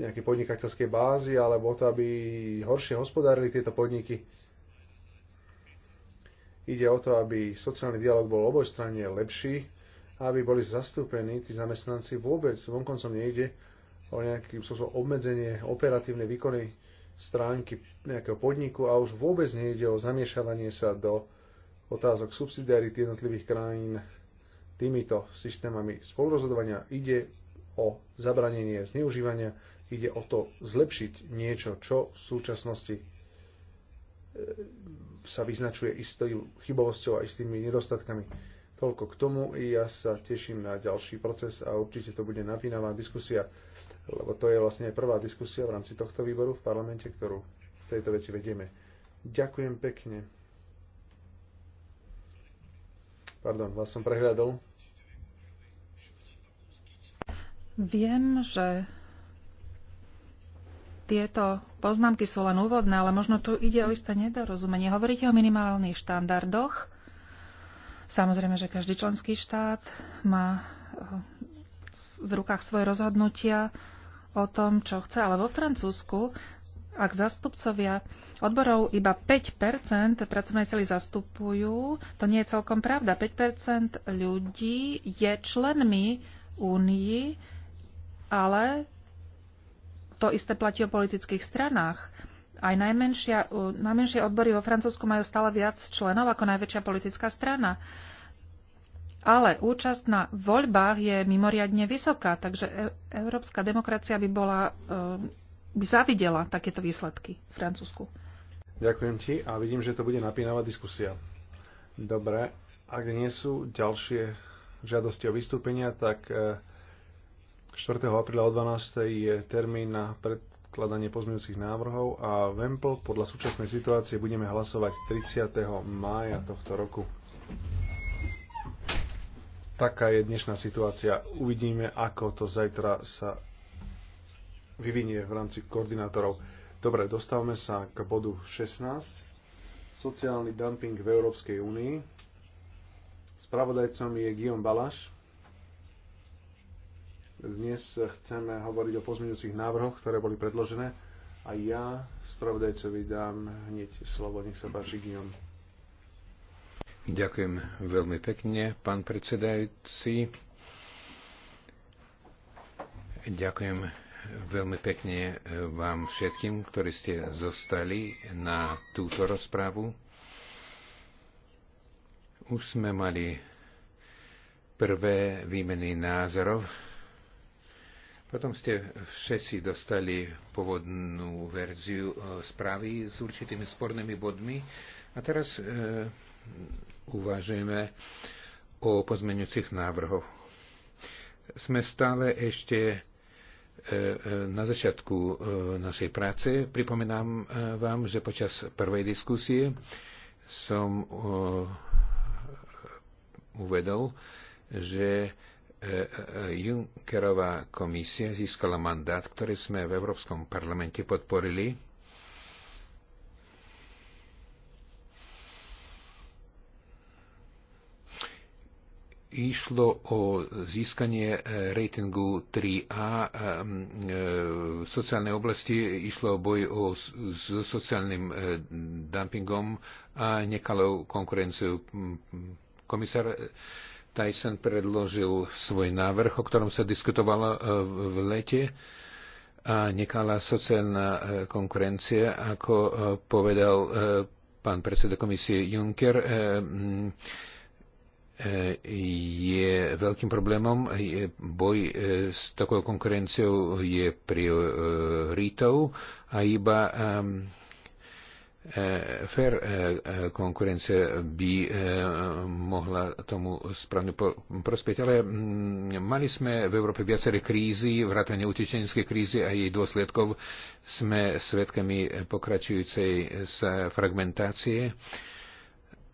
nejakej podnikateľskej bázy, alebo to, aby horšie hospodárili tieto podniky. Ide o to, aby sociálny dialog bol obojstranne lepší, aby boli zastúpení tí zamestnanci vôbec. Vonkoncom nejde o nejakým spôsobom obmedzenie operatívnej výkony stránky nejakého podniku a už vôbec nejde o zamiešavanie sa do otázok subsidiarity jednotlivých krajín týmito systémami spolurozhodovania. Ide o zabranenie zneužívania, ide o to zlepšiť niečo, čo v súčasnosti sa vyznačuje istou chybovosťou a istými nedostatkami. Toľko k tomu. Ja sa teším na ďalší proces a určite to bude napínavá diskusia, lebo to je vlastne prvá diskusia v rámci tohto výboru v parlamente, ktorú v tejto veci vedieme. Ďakujem pekne. Pardon, vás som prehľadol. Viem, že tieto poznámky sú len úvodné, ale možno tu ide o isté nedorozumenie. Hovoríte o minimálnych štandardoch. Samozrejme, že každý členský štát má eh, v rukách svoje rozhodnutia o tom, čo chce, ale vo Francúzsku ak zastupcovia odborov iba 5 pracovnej sily zastupujú, to nie je celkom pravda. 5 ľudí je členmi únii, ale to isté platí o politických stranách. Aj najmenšia, najmenšie odbory vo Francúzsku majú stále viac členov ako najväčšia politická strana. Ale účasť na voľbách je mimoriadne vysoká, takže e európska demokracia by bola e, by zavidela takéto výsledky v Francúzsku. Ďakujem ti a vidím, že to bude napínavá diskusia. Dobre, ak nie sú ďalšie žiadosti o vystúpenia, tak e, 4. apríla o 12. je termín na predkladanie pozmeňujúcich návrhov a VEMPL podľa súčasnej situácie budeme hlasovať 30. mája tohto roku. Taká je dnešná situácia. Uvidíme, ako to zajtra sa vyvinie v rámci koordinátorov. Dobre, dostávame sa k bodu 16. Sociálny dumping v Európskej únii. Spravodajcom je Guillaume Balaš. Dnes chceme hovoriť o pozmeňujúcich návrhoch, ktoré boli predložené a ja spravodajcovi dám hneď slovo. Nech sa páči, Guillaume. Ďakujem veľmi pekne, pán predsedajúci. Ďakujem veľmi pekne eh, vám všetkým, ktorí ste zostali na túto rozprávu. Už sme mali prvé výmeny názorov potom ste všetci dostali pôvodnú verziu e, správy s určitými spornými bodmi a teraz e, uvažujeme o pozmeňujúcich návrhoch. Sme stále ešte e, e, na začiatku našej práce. pripomínam vám, že počas prvej diskusie som uvedol, že E, e, Junckerová komisia získala mandát, ktorý sme v Európskom parlamente podporili. Išlo o získanie e, ratingu 3A v sociálnej oblasti, išlo o boj o, s sociálnym dumpingom a nekalou konkurenciou. Komisár Tyson predložil svoj návrh, o ktorom sa diskutovalo e, v lete a nekalá sociálna e, konkurencia, ako e, povedal pán predseda komisie Juncker, je veľkým problémom. Boj s takou konkurenciou je prioritou a iba Eh, fair eh, eh, konkurencia by mohla tomu správne prospieť, ale mm, mali sme v Európe viaceré krízy, vrátane utečenskej krízy a jej dôsledkov sme svedkami pokračujúcej sa fragmentácie.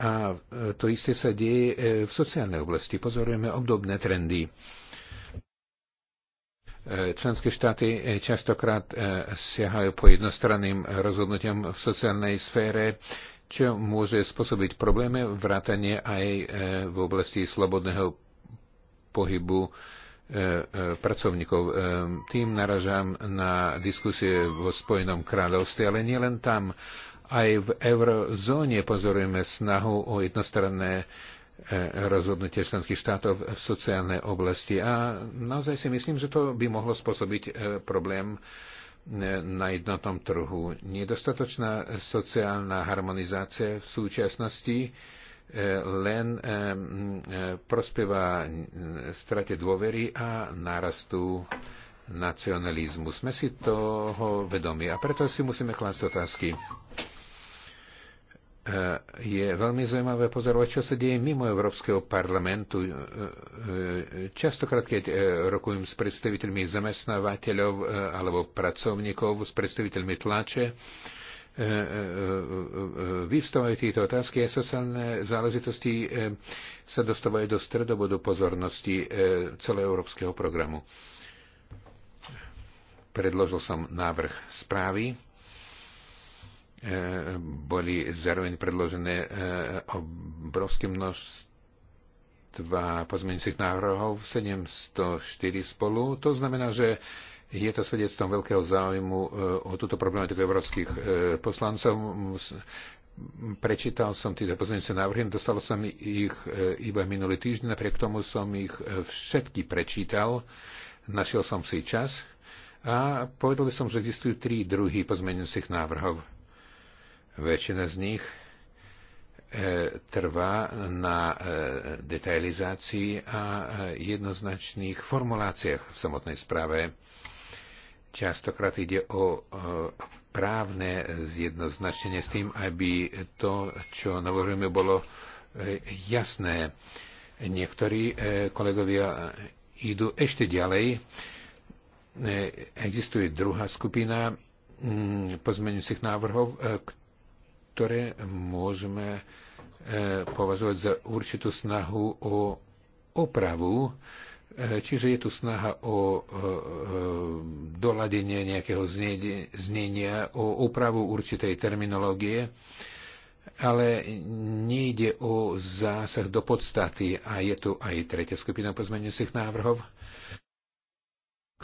A to isté sa deje v sociálnej oblasti. Pozorujeme obdobné trendy. E, členské štáty e, častokrát e, siahajú po jednostranným rozhodnutiam v sociálnej sfére, čo môže spôsobiť problémy vrátane aj v oblasti slobodného pohybu pracovníkov. Tým naražam na diskusie vo Spojenom kráľovstve, ale nielen tam. Aj v eurozóne pozorujeme snahu o jednostranné E, rozhodnutie členských štátov v sociálnej oblasti. A naozaj si myslím, že to by mohlo spôsobiť e, problém e, na jednotnom trhu. Nedostatočná sociálna harmonizácia v súčasnosti len prospieva strate dôvery a nárastu nacionalizmu. Sme si toho vedomi a preto si musíme klásť otázky. E, je veľmi zaujímavé pozorovať, čo sa deje mimo Európskeho parlamentu. E, e, častokrát, keď rokujem s predstaviteľmi zamestnávateľov alebo pracovníkov, s predstaviteľmi tlače, vyvstávajú tieto otázky a sociálne záležitosti sa dostávajú do stredobodu pozornosti Európskeho programu. Predložil som návrh správy Eh, boli zároveň predložené eh, obrovské množstva pozmeňujúcich návrhov, 704 spolu. To znamená, že je to svedectvom veľkého záujmu eh, o túto problematiku európskych poslancov. Prečítal som tieto pozmeňujúce návrhy, dostal som ich iba minulý týždeň, napriek tomu som ich všetky prečítal, našiel som si čas a povedal som, že existujú tri druhy pozmeňujúcich návrhov Väčšina z nich e, trvá na e, detailizácii a e, jednoznačných formuláciách v samotnej správe. Častokrát ide o právne zjednoznačenie s tým, aby to, čo navrhujeme, bolo jasné. Niektorí kolegovia idú ešte ďalej. Existuje druhá skupina pozmeňujúcich návrhov, ktoré môžeme e, považovať za určitú snahu o opravu, e, čiže je tu snaha o e, doladenie nejakého znenia, o opravu určitej terminológie, ale nejde o zásah do podstaty a je tu aj tretia skupina pozmeniacich návrhov,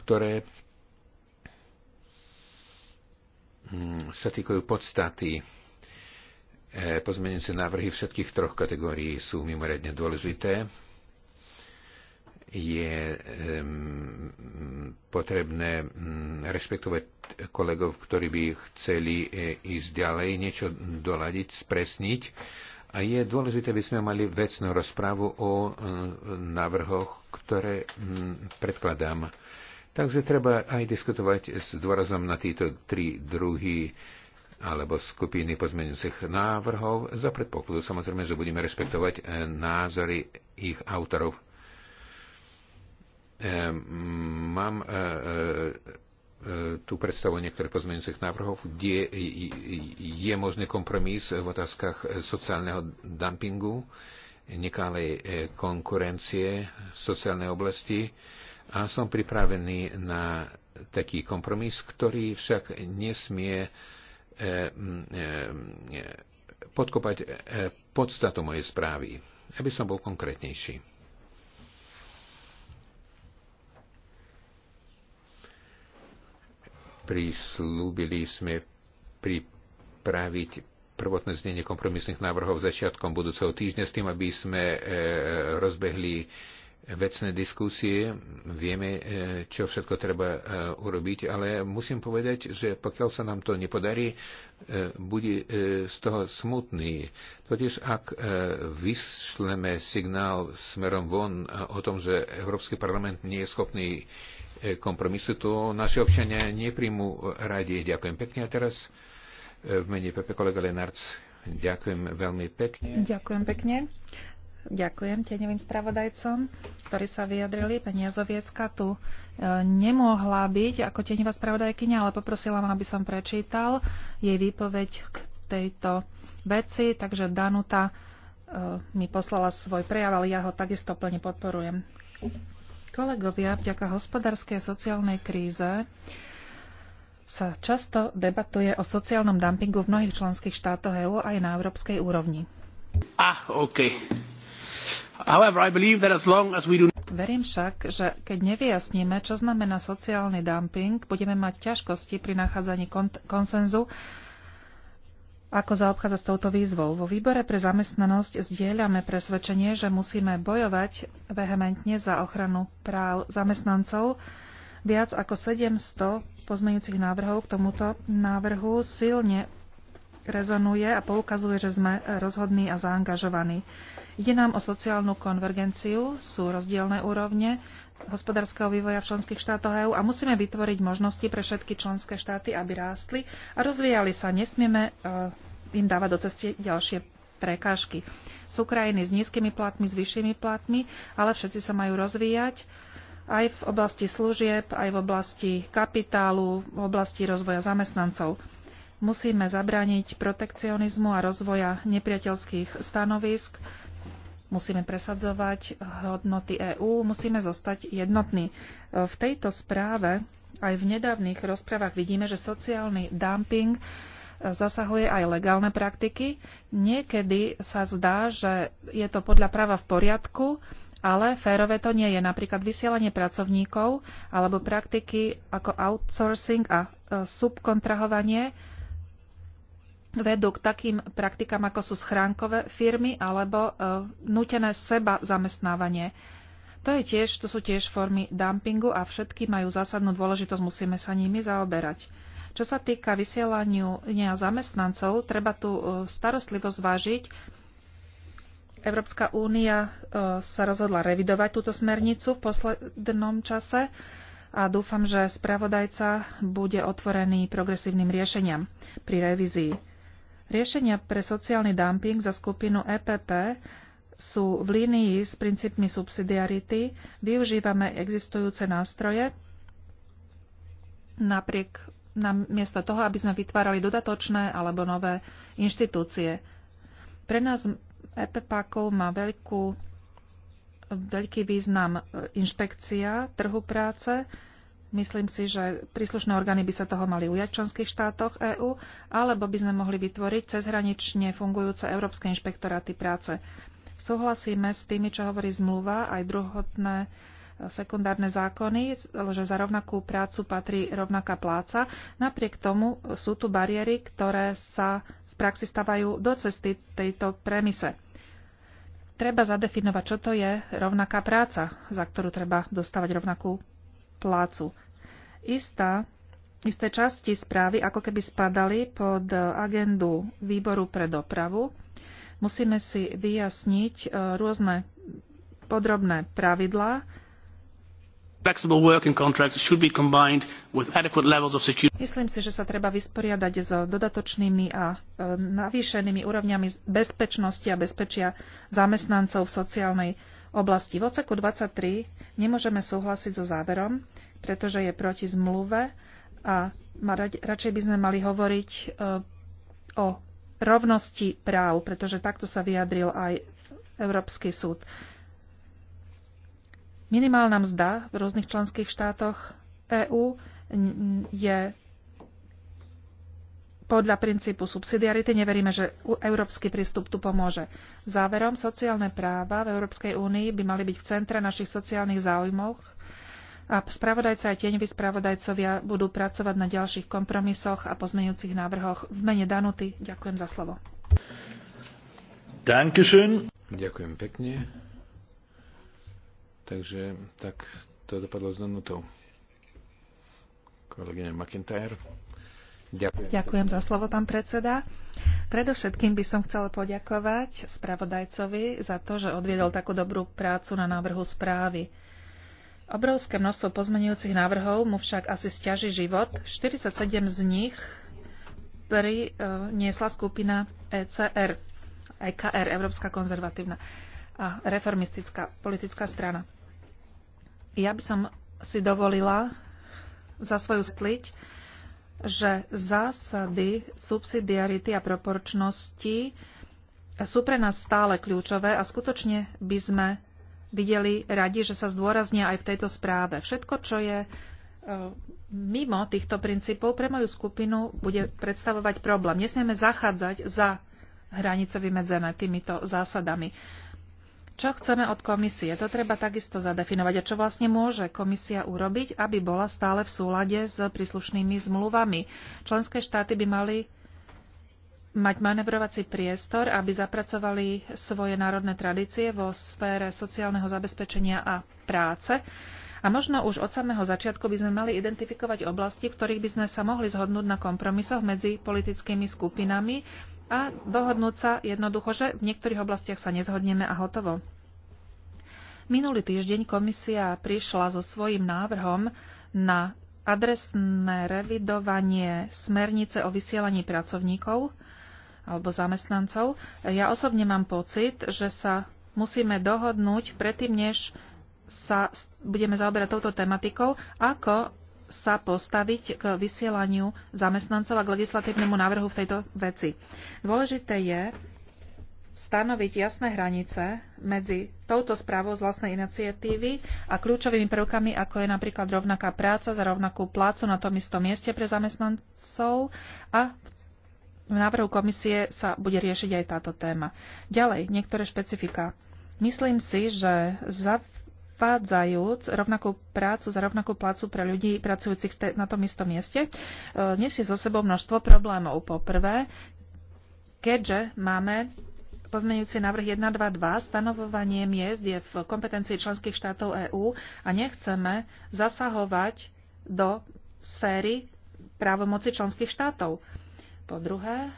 ktoré hm, sa týkajú podstaty E, pozmeňujúce návrhy všetkých troch kategórií sú mimoriadne dôležité. Je potrebné mm, rešpektovať kolegov, ktorí by chceli e, ísť ďalej, niečo doladiť, spresniť. A je dôležité, aby sme mali vecnú rozprávu o e, návrhoch, ktoré mm, predkladám. Takže treba aj diskutovať s dôrazom na tieto tri druhy alebo skupiny pozmeňujúcich návrhov za predpokladu samozrejme, že budeme rešpektovať e, názory ich autorov. E, mám e, tu predstavu niektorých pozmeňujúcich návrhov, kde je možný kompromis v otázkach sociálneho dumpingu, nekalej konkurencie v sociálnej oblasti a som pripravený na taký kompromis, ktorý však nesmie Eh, mm, eh, podkopať eh, podstatu mojej správy, aby som bol konkrétnejší. Prislúbili sme pripraviť prvotné znenie kompromisných návrhov začiatkom budúceho týždňa s tým, aby sme rozbehli vecné diskusie, vieme, e, čo všetko treba e, urobiť, ale musím povedať, že pokiaľ sa nám to nepodarí, e, bude z toho smutný. Totiž ak vyšleme signál smerom von o tom, že Európsky parlament nie je schopný kompromisu, to naši občania nepríjmu radi. Ďakujem pekne a teraz v mene Pepe kolega Lenarc. Ďakujem veľmi pekne. Ďakujem pekne. Ďakujem tieňovým spravodajcom, ktorí sa vyjadrili. Pani Jazoviecka tu e, nemohla byť ako tieňová spravodajkynia, ale poprosila ma, aby som prečítal jej výpoveď k tejto veci. Takže Danuta e, mi poslala svoj prejav, ale ja ho takisto plne podporujem. Kolegovia, vďaka hospodárskej a sociálnej kríze sa často debatuje o sociálnom dumpingu v mnohých členských štátoch EÚ aj na európskej úrovni. Ah, okay. Verím však, že keď nevyjasníme, čo znamená sociálny dumping, budeme mať ťažkosti pri nachádzaní konsenzu, ako zaobchádzať s touto výzvou. Vo výbore pre zamestnanosť zdieľame presvedčenie, že musíme bojovať vehementne za ochranu práv zamestnancov. Viac ako 700 pozmeňujúcich návrhov k tomuto návrhu silne rezonuje a poukazuje, že sme rozhodní a zaangažovaní. Ide nám o sociálnu konvergenciu, sú rozdielne úrovne hospodárskeho vývoja v členských štátoch EÚ a musíme vytvoriť možnosti pre všetky členské štáty, aby rástli a rozvíjali sa. Nesmieme eh, im dávať do cesty ďalšie prekážky. Sú krajiny s nízkymi platmi, s vyššími platmi, ale všetci sa majú rozvíjať aj v oblasti služieb, aj v oblasti kapitálu, v oblasti rozvoja zamestnancov. Musíme zabrániť protekcionizmu a rozvoja nepriateľských stanovisk, musíme presadzovať hodnoty EÚ, musíme zostať jednotní. V tejto správe aj v nedávnych rozprávach vidíme, že sociálny dumping e, zasahuje aj legálne praktiky. Niekedy sa zdá, že je to podľa práva v poriadku, ale férové to nie je. Napríklad vysielanie pracovníkov alebo praktiky ako outsourcing a e, subkontrahovanie vedú k takým praktikám, ako sú schránkové firmy alebo e, nutené seba zamestnávanie. To, je tiež, to sú tiež formy dumpingu a všetky majú zásadnú dôležitosť, musíme sa nimi zaoberať. Čo sa týka vysielania zamestnancov, treba tu e, starostlivosť vážiť. Európska únia e, sa rozhodla revidovať túto smernicu v poslednom čase a dúfam, že spravodajca bude otvorený progresívnym riešeniam pri revízii. Riešenia pre sociálny dumping za skupinu EPP sú v línii s princípmi subsidiarity, využívame existujúce nástroje, napriek namiesto toho, aby sme vytvárali dodatočné alebo nové inštitúcie. Pre nás EPPákov má veľkú, veľký význam e, inšpekcia trhu práce, Myslím si, že príslušné orgány by sa toho mali ujať v členských štátoch EÚ, alebo by sme mohli vytvoriť cezhranične fungujúce Európske inšpektoráty práce. Súhlasíme s tými, čo hovorí zmluva, aj druhotné e, sekundárne zákony, že za rovnakú prácu patrí rovnaká pláca. Napriek tomu sú tu bariéry, ktoré sa v praxi stavajú do cesty tejto premise. Treba zadefinovať, čo to je rovnaká práca, za ktorú treba dostávať rovnakú plácu. Istá, isté časti správy ako keby spadali pod agendu výboru pre dopravu. Musíme si vyjasniť e, rôzne podrobné pravidlá, Myslím si, že sa treba vysporiadať s dodatočnými a e, navýšenými úrovňami bezpečnosti a bezpečia zamestnancov v sociálnej oblasti. V oceku 23 nemôžeme súhlasiť so záverom, pretože je proti zmluve a radšej by sme mali hovoriť e, o rovnosti práv, pretože takto sa vyjadril aj Európsky súd. Minimálna mzda v rôznych členských štátoch EÚ je podľa princípu subsidiarity neveríme, že európsky prístup tu pomôže. Záverom, sociálne práva v Európskej únii by mali byť v centre našich sociálnych záujmov a spravodajca a tieňoví spravodajcovia budú pracovať na ďalších kompromisoch a pozmeňujúcich návrhoch. V mene Danuty ďakujem za slovo. Dankeschön. Ďakujem pekne. Takže tak to dopadlo s Danutou. Kolegyňa McIntyre. Ďakujem. Ďakujem za slovo, pán predseda. Predovšetkým by som chcela poďakovať spravodajcovi za to, že odviedol takú dobrú prácu na návrhu správy. Obrovské množstvo pozmenujúcich návrhov mu však asi stiaží život. 47 z nich priniesla skupina ECR, EKR, Európska konzervatívna a reformistická politická strana. Ja by som si dovolila za svoju stliť, že zásady subsidiarity a proporčnosti sú pre nás stále kľúčové a skutočne by sme videli radi, že sa zdôraznia aj v tejto správe. Všetko, čo je e, mimo týchto princípov pre moju skupinu bude predstavovať problém. Nesmieme zachádzať za hranice vymedzené týmito zásadami. Čo chceme od komisie? To treba takisto zadefinovať. A čo vlastne môže komisia urobiť, aby bola stále v súlade s príslušnými zmluvami? Členské štáty by mali mať manevrovací priestor, aby zapracovali svoje národné tradície vo sfére sociálneho zabezpečenia a práce. A možno už od samého začiatku by sme mali identifikovať oblasti, v ktorých by sme sa mohli zhodnúť na kompromisoch medzi politickými skupinami, a dohodnúť sa jednoducho, že v niektorých oblastiach sa nezhodneme a hotovo. Minulý týždeň komisia prišla so svojím návrhom na adresné revidovanie smernice o vysielaní pracovníkov alebo zamestnancov. Ja osobne mám pocit, že sa musíme dohodnúť predtým, než sa budeme zaoberať touto tematikou, ako sa postaviť k vysielaniu zamestnancov a k legislatívnemu návrhu v tejto veci. Dôležité je stanoviť jasné hranice medzi touto správou z vlastnej iniciatívy a kľúčovými prvkami, ako je napríklad rovnaká práca za rovnakú plácu na tom istom mieste pre zamestnancov a v návrhu komisie sa bude riešiť aj táto téma. Ďalej, niektoré špecifika. Myslím si, že odvádzajúc rovnakú prácu za rovnakú plácu pre ľudí pracujúcich na tom istom mieste, e, nesie so sebou množstvo problémov. Poprvé, keďže máme pozmeňujúci návrh 122, stanovovanie miest je v kompetencii členských štátov EÚ a nechceme zasahovať do sféry právomoci členských štátov. Po druhé,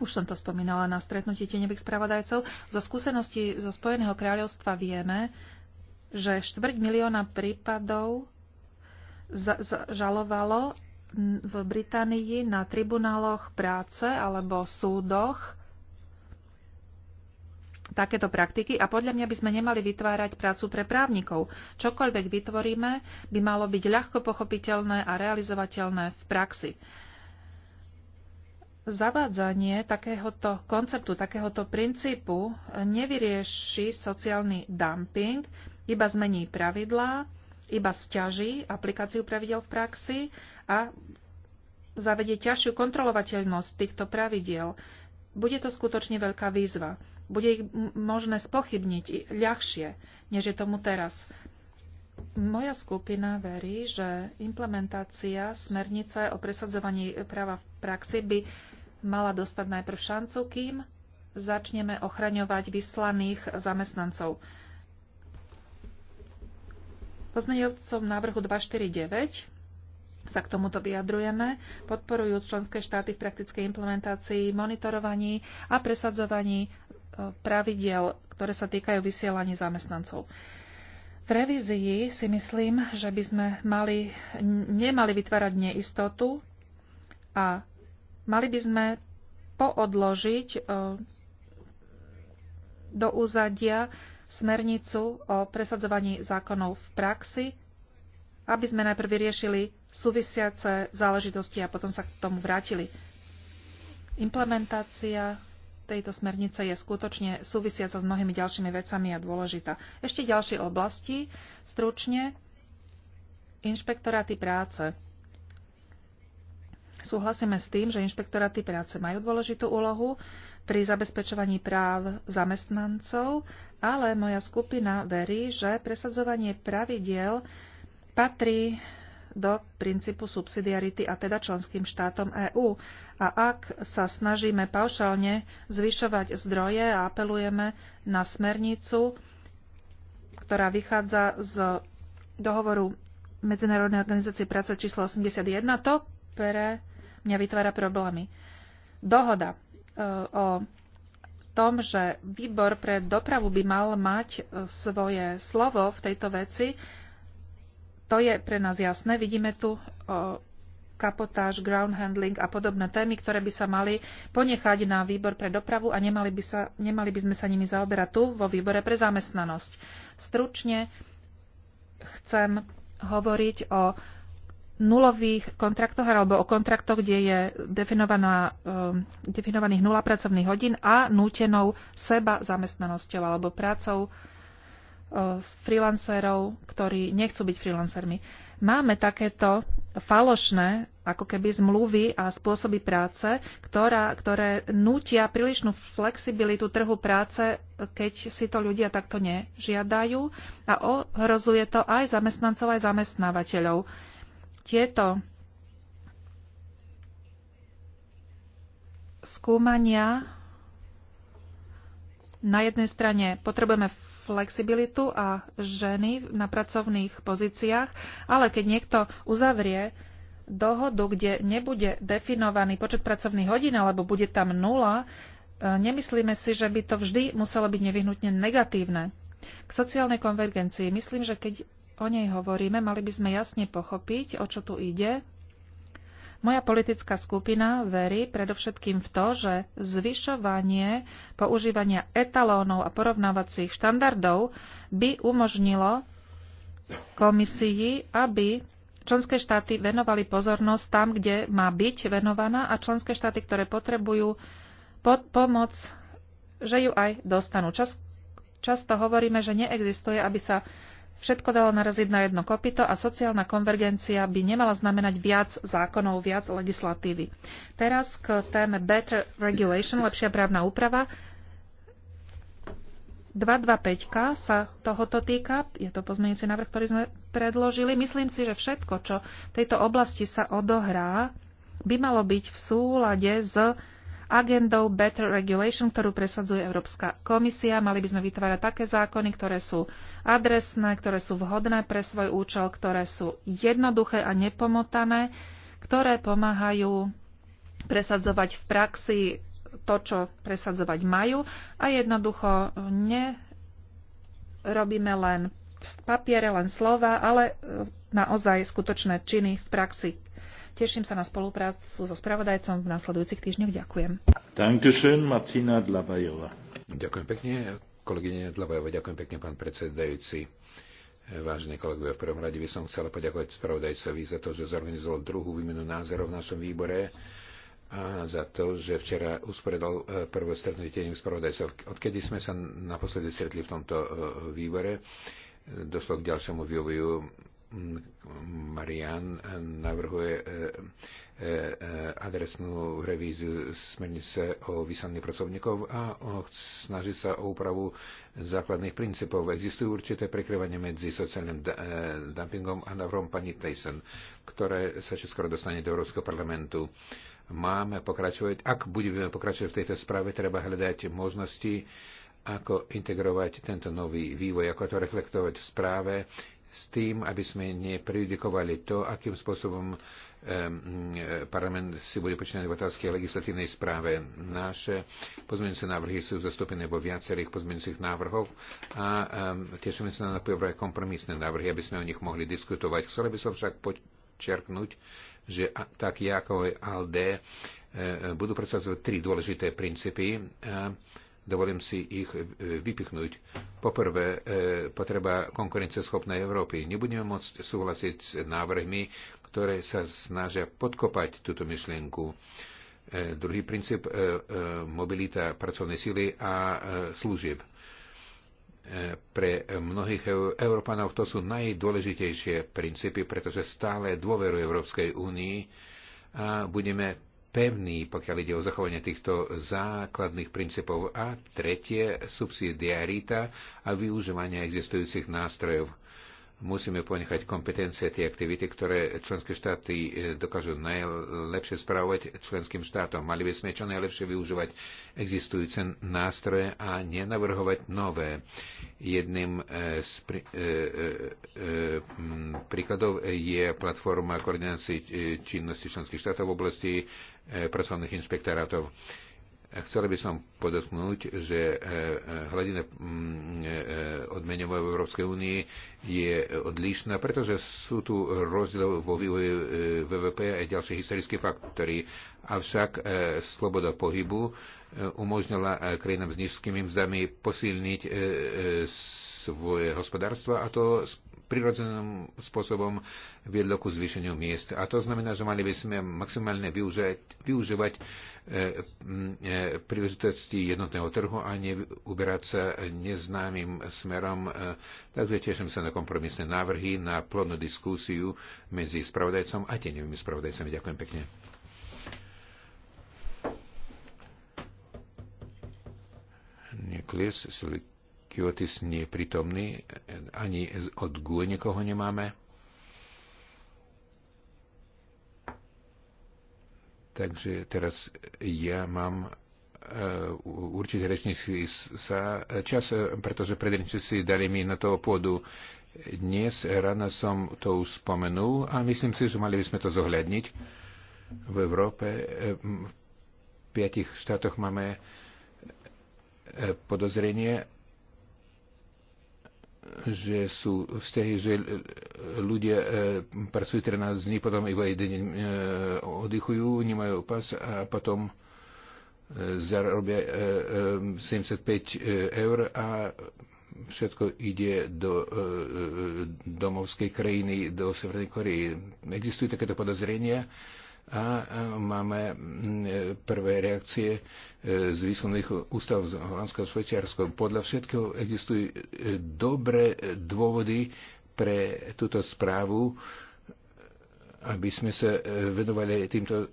už som to spomínala na stretnutí tenevých spravodajcov. Zo skúseností zo Spojeného kráľovstva vieme, že štvrť milióna prípadov žalovalo v Británii na tribunáloch práce alebo súdoch takéto praktiky a podľa mňa by sme nemali vytvárať prácu pre právnikov. Čokoľvek vytvoríme, by malo byť ľahko pochopiteľné a realizovateľné v praxi. Zavádzanie takéhoto konceptu, takéhoto princípu nevyrieši sociálny dumping, iba zmení pravidlá, iba stiaží aplikáciu pravidel v praxi a zavedie ťažšiu kontrolovateľnosť týchto pravidiel. Bude to skutočne veľká výzva. Bude ich možné spochybniť ľahšie, než je tomu teraz. Moja skupina verí, že implementácia smernice o presadzovaní práva v praxi by mala dostať najprv šancu, kým začneme ochraňovať vyslaných zamestnancov. Pozmeňovcom návrhu 249 sa k tomuto vyjadrujeme, podporujú členské štáty v praktickej implementácii, monitorovaní a presadzovaní e, pravidiel, ktoré sa týkajú vysielaní zamestnancov revízii si myslím, že by sme mali, nemali vytvárať neistotu a mali by sme poodložiť e, do úzadia smernicu o presadzovaní zákonov v praxi, aby sme najprv vyriešili súvisiace záležitosti a potom sa k tomu vrátili. Implementácia tejto smernice je skutočne súvisiaca s mnohými ďalšími vecami a dôležitá. Ešte ďalšie oblasti, stručne, inšpektoráty práce. Súhlasíme s tým, že inšpektoráty práce majú dôležitú úlohu pri zabezpečovaní práv zamestnancov, ale moja skupina verí, že presadzovanie pravidiel patrí do princípu subsidiarity a teda členským štátom EÚ. A ak sa snažíme paušálne zvyšovať zdroje a apelujeme na smernicu, ktorá vychádza z dohovoru Medzinárodnej organizácie práce číslo 81, to pre mňa vytvára problémy. Dohoda e, o tom, že výbor pre dopravu by mal mať e, svoje slovo v tejto veci, to je pre nás jasné. Vidíme tu kapotáž, ground handling a podobné témy, ktoré by sa mali ponechať na výbor pre dopravu a nemali by, sa, nemali by sme sa nimi zaoberať tu vo výbore pre zamestnanosť. Stručne chcem hovoriť o nulových kontraktoch alebo o kontraktoch, kde je definovaná, e, definovaných nula pracovných hodín a nútenou seba zamestnanosťou alebo prácou freelancerov, ktorí nechcú byť freelancermi. Máme takéto falošné ako keby zmluvy a spôsoby práce, ktorá, ktoré nútia prílišnú flexibilitu trhu práce, keď si to ľudia takto nežiadajú a ohrozuje to aj zamestnancov, aj zamestnávateľov. Tieto skúmania na jednej strane potrebujeme flexibilitu a ženy na pracovných pozíciách, ale keď niekto uzavrie dohodu, kde nebude definovaný počet pracovných hodín alebo bude tam nula, e, nemyslíme si, že by to vždy muselo byť nevyhnutne negatívne. K sociálnej konvergencii myslím, že keď o nej hovoríme, mali by sme jasne pochopiť, o čo tu ide moja politická skupina verí predovšetkým v to, že zvyšovanie používania etalónov a porovnávacích štandardov by umožnilo komisii, aby členské štáty venovali pozornosť tam, kde má byť venovaná a členské štáty, ktoré potrebujú pomoc, že ju aj dostanú. Čas, často hovoríme, že neexistuje, aby sa všetko dalo naraziť na jedno kopito a sociálna konvergencia by nemala znamenať viac zákonov, viac legislatívy. Teraz k téme Better Regulation, lepšia právna úprava. 225 sa tohoto týka, je to pozmeňujúci návrh, ktorý sme predložili. Myslím si, že všetko, čo v tejto oblasti sa odohrá, by malo byť v súlade s agendou Better Regulation, ktorú presadzuje Európska komisia. Mali by sme vytvárať také zákony, ktoré sú adresné, ktoré sú vhodné pre svoj účel, ktoré sú jednoduché a nepomotané, ktoré pomáhajú presadzovať v praxi to, čo presadzovať majú a jednoducho nerobíme len papiere, len slova, ale e, naozaj skutočné činy v praxi. Teším sa na spoluprácu so spravodajcom v nasledujúcich týždňoch. Ďakujem. Dankeschön, Martina Dlabajová. Ďakujem pekne, kolegyne Dlabajová. Ďakujem pekne, pán predsedajúci. Vážení kolegovia, v prvom rade by som chcela poďakovať spravodajcovi za to, že zorganizoval druhú výmenu názorov v našom výbore a za to, že včera usporedal eh, prvé stretnutie spravodajcov. Odkedy sme sa naposledy stretli v tomto eh, výbore, došlo k ďalšiemu vývoju Marian navrhuje e, e, e, adresnú revíziu smernice o vysaní pracovníkov a snaží sa o úpravu základných princípov. Existujú určité prekryvanie medzi sociálnym dumpingom a návrhom pani Tyson, ktoré sa čoskoro dostane do Európskeho parlamentu. Máme pokračovať, ak budeme pokračovať v tejto správe, treba hľadať možnosti, ako integrovať tento nový vývoj, ako to reflektovať v správe, s tým, aby sme neprejudikovali to, akým spôsobom parlament si bude počínať v otázke legislatívnej správe. Naše pozmeňujúce návrhy sú zastúpené vo viacerých pozmeňujúcich návrhoch a tešíme sa na prvé kompromisné návrhy, aby sme o nich mohli diskutovať. Chcel by som však počerknúť, že tak ja ako aj ALDE e, e, budú predstavovať tri dôležité princípy. A e, Dovolím si ich e, vypichnúť. Poprvé, e, potreba konkurenceschopnej Európy. Nebudeme môcť súhlasiť s návrhmi, ktoré sa snažia podkopať túto myšlienku. E, druhý princíp, mobilita pracovnej sily a služieb. Pre mnohých Európanov to sú najdôležitejšie princípy, pretože stále dôveru Európskej únii a budeme pevný, pokiaľ ide o zachovanie týchto základných princípov. A tretie, subsidiarita a využívanie existujúcich nástrojov. Musíme ponechať kompetencie tie aktivity, ktoré členské štáty e, dokážu najlepšie spravovať členským štátom. Mali by sme čo najlepšie využívať existujúce nástroje a nenavrhovať nové. Jedným e, z prí, e, príkladov je platforma koordinácie činnosti členských štátov v oblasti E, pracovných inšpektorátov. Chcel by som podotknúť, že e, e, hladina odmene v Európskej únii je odlišná, pretože sú tu rozdiel vo vývoji VVP a ďalšie historické faktory. Avšak sloboda pohybu umožnila krajinám s nízkymi mzdami posilniť svoje hospodárstva a to prirodzeným spôsobom viedlo ku zvýšeniu miest. A to znamená, že mali by sme maximálne využať, využívať e, e, príležitosti jednotného trhu a neuberať sa neznámym smerom. E, Takže teším sa na kompromisné návrhy, na plodnú diskusiu medzi spravodajcom a tenevými spravodajcami. Ďakujem pekne. Nicholas Silik Kiotis nie je prítomný, ani od GUE nikoho nemáme. Takže teraz ja mám e, určite rečníci sa čas, pretože predrečníci dali mi na to pôdu. Dnes ráno som to už spomenul a myslím si, že mali by sme to zohľadniť. V Európe e, v piatich štátoch máme e, podozrenie že sú vzťahy, že ľudia e, pracujú 13 teda dní, potom iba jeden deň oddychujú, nemajú pas a potom e, zarobia 75 e, eur a všetko ide do domovskej krajiny, do Severnej Koreji. Existujú takéto podozrenia a máme mm, e, prvé reakcie e, z výskumných ústav z Holandského Švajčiarského. Podľa všetkého existujú e, dobré dôvody pre túto správu, aby sme sa venovali týmto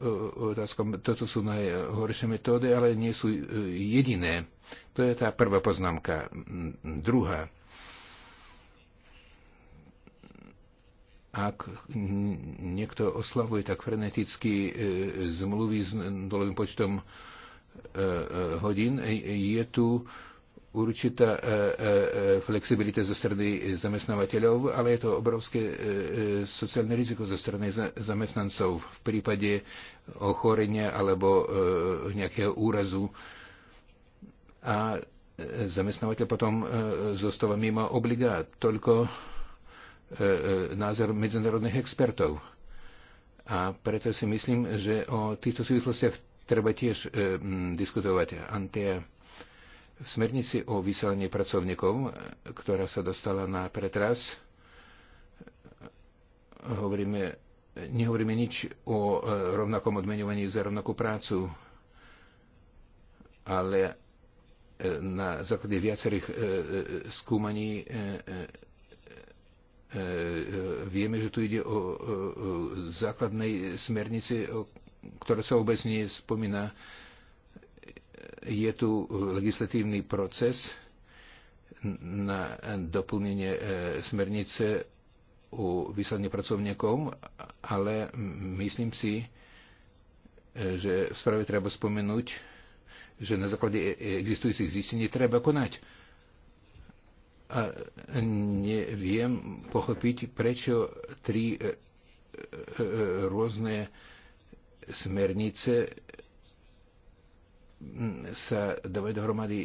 otázkom. Toto sú najhoršie metódy, ale nie sú jediné. To je tá prvá poznámka. Mm, druhá ak niekto oslavuje tak freneticky e, zmluvy s dolovým počtom e, e, hodín, je tu určitá flexibilita zo strany zamestnávateľov, ale je to obrovské sociálne riziko zo strany zamestnancov v prípade ochorenia alebo nejakého úrazu. A zamestnávateľ potom zostáva mimo obligát. Toľko E, e, názor medzinárodných expertov. A preto si myslím, že o týchto súvislostiach treba tiež e, diskutovať. Antia v smernici o vyselení pracovníkov, ktorá sa dostala na pretras, hovoríme, nehovoríme nič o rovnakom odmenovaní za rovnakú prácu, ale na základe viacerých skúmaní E, e, vieme, že tu ide o, základnej smernici, ktorá sa obecne spomína. Je tu legislatívny proces na doplnenie e, smernice u vyslaní pracovníkom, ale myslím si, že v správe treba spomenúť, že na základe existujúcich zistení treba konať a neviem pochopiť, prečo tri e, e, e, rôzne smernice sa dávajú dohromady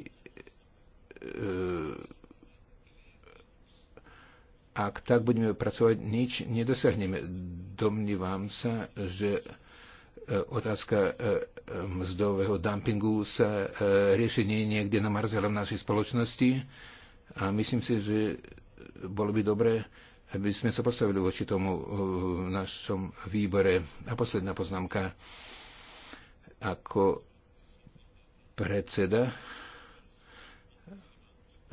ak tak budeme pracovať, nič nedosiahneme. Domnívam sa, že otázka mzdového dumpingu sa rieši nie niekde na marzele v našej spoločnosti a myslím si, že bolo by dobré, aby sme sa postavili voči tomu eh, v našom výbore. A posledná poznámka. Ako predseda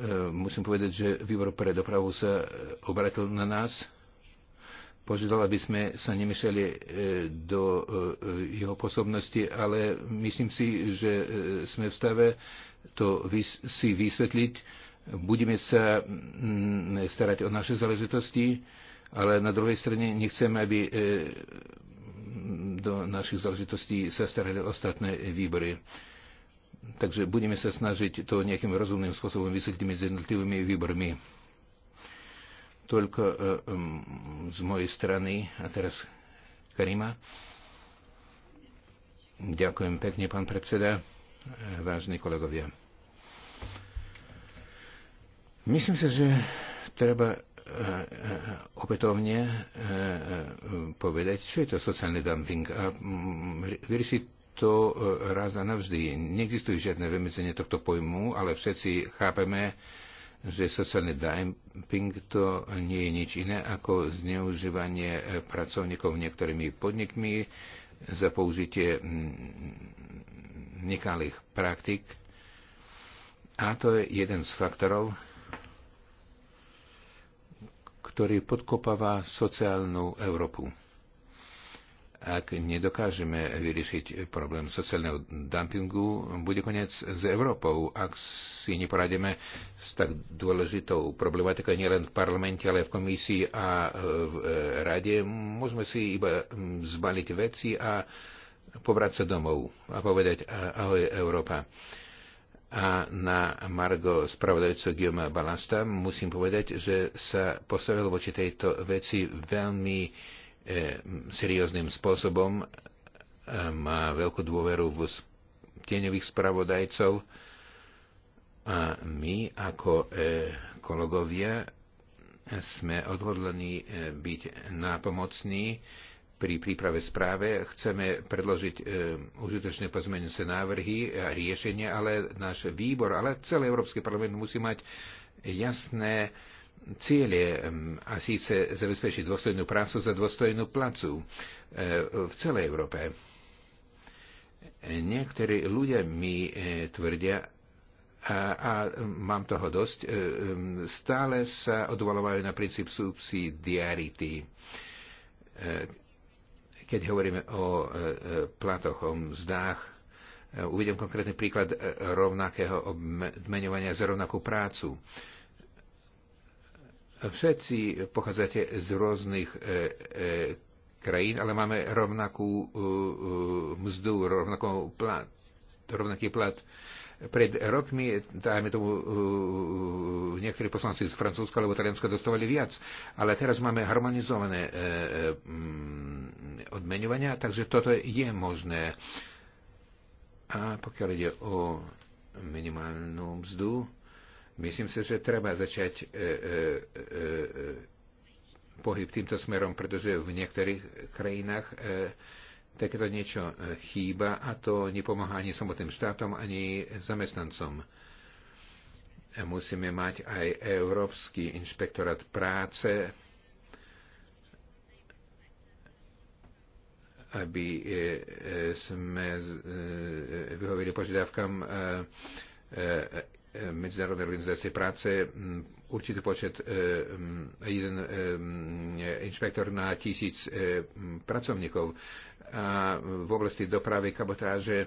eh, musím povedať, že výbor pre dopravu sa obratil na nás, požiadal, aby sme sa nemýšľali eh, do jeho posobnosti, ale myslím si, že sme v stave to si vysvetliť budeme sa mm, starať o naše záležitosti, ale na druhej strane nechceme, aby e, do našich záležitostí sa starali ostatné výbory. Takže budeme sa snažiť to nejakým rozumným spôsobom vysvetliť medzi jednotlivými výbormi. Toľko e, z mojej strany. A teraz Karima. Ďakujem pekne, pán predseda, vážni kolegovia. Myslím si, že treba eh, eh, opätovne eh, povedať, čo je to sociálny dumping a mm, mm, vyriešiť to raz a navždy. Neexistuje žiadne vymedzenie tohto pojmu, ale všetci chápeme, že sociálny dumping to nie je nič iné ako zneužívanie pracovníkov niektorými podnikmi za použitie mm, nekalých praktik. A to je jeden z faktorov, ktorý podkopáva sociálnu Európu. Ak nedokážeme vyriešiť problém sociálneho dumpingu, bude koniec s Európou, ak si neporadíme s tak dôležitou problematikou nielen v parlamente, ale aj v komisii a e, v e, rade. Môžeme si iba zbaliť veci a pobrať sa domov a povedať ahoj Európa. A na Margo spravodajúco Guillaume Balasta musím povedať, že sa postavil voči tejto veci veľmi e, serióznym spôsobom. E, má veľkú dôveru v tieňových spravodajcov a my ako e, kolegovia sme odhodlení byť nápomocní pri príprave správe. Chceme predložiť e, užitočné pozmeňujúce návrhy a riešenia, ale náš výbor, ale celý Európsky parlament musí mať jasné cieľe a síce zabezpečiť dôstojnú prácu za dôstojnú placu e, v celej Európe. Niektorí ľudia mi e, tvrdia, a, a mám toho dosť, e, stále sa odvalovajú na princíp subsidiarity. Keď hovoríme o e, e, platoch, o mzdách, e, uvidím konkrétny príklad rovnakého obmenovania za rovnakú prácu. Všetci pochádzate z rôznych krajín, ale máme rovnakú mzdu, rovnakú plat, rovnaký plat. Pred rokmi, dajme tomu, uh, uh, niektorí poslanci z Francúzska alebo Talianska dostávali viac, ale teraz máme harmonizované eh, eh, mm, odmenovania, takže toto je možné. A pokiaľ ide o minimálnu mzdu, myslím si, že treba začať eh, pohyb týmto smerom, pretože v niektorých krajinách e, takéto niečo e, chýba a to nepomáha ani samotným štátom, ani zamestnancom. E, musíme mať aj Európsky inšpektorát práce, aby e, sme vyhovili požiadavkám Medzinárodnej organizácie práce určitý počet, jeden inšpektor na tisíc pracovníkov a v oblasti dopravy kabotáže e, e,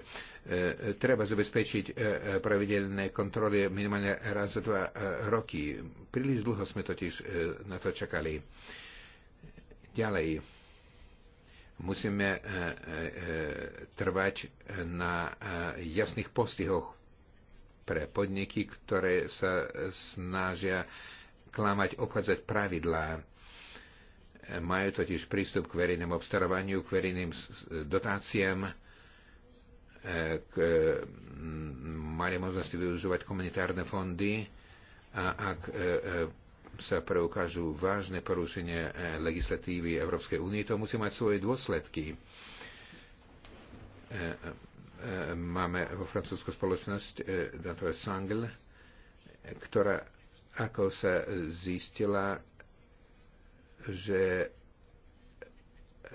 treba zabezpečiť e, pravidelné kontroly minimálne raz za dva roky. Príliš dlho sme totiž na to čakali. Ďalej musíme trvať na jasných postihoch pre podniky, ktoré sa snažia klamať, obchádzať pravidlá majú totiž prístup k verejnému obstarovaniu, k verejným dotáciám, e, k, e, mali možnosti využívať komunitárne fondy a ak e, sa preukážu vážne porušenie legislatívy Európskej únie, to musí mať svoje dôsledky. Máme vo Francúzsku spoločnosť Dantois Sangl, ktorá, ako sa zistila, že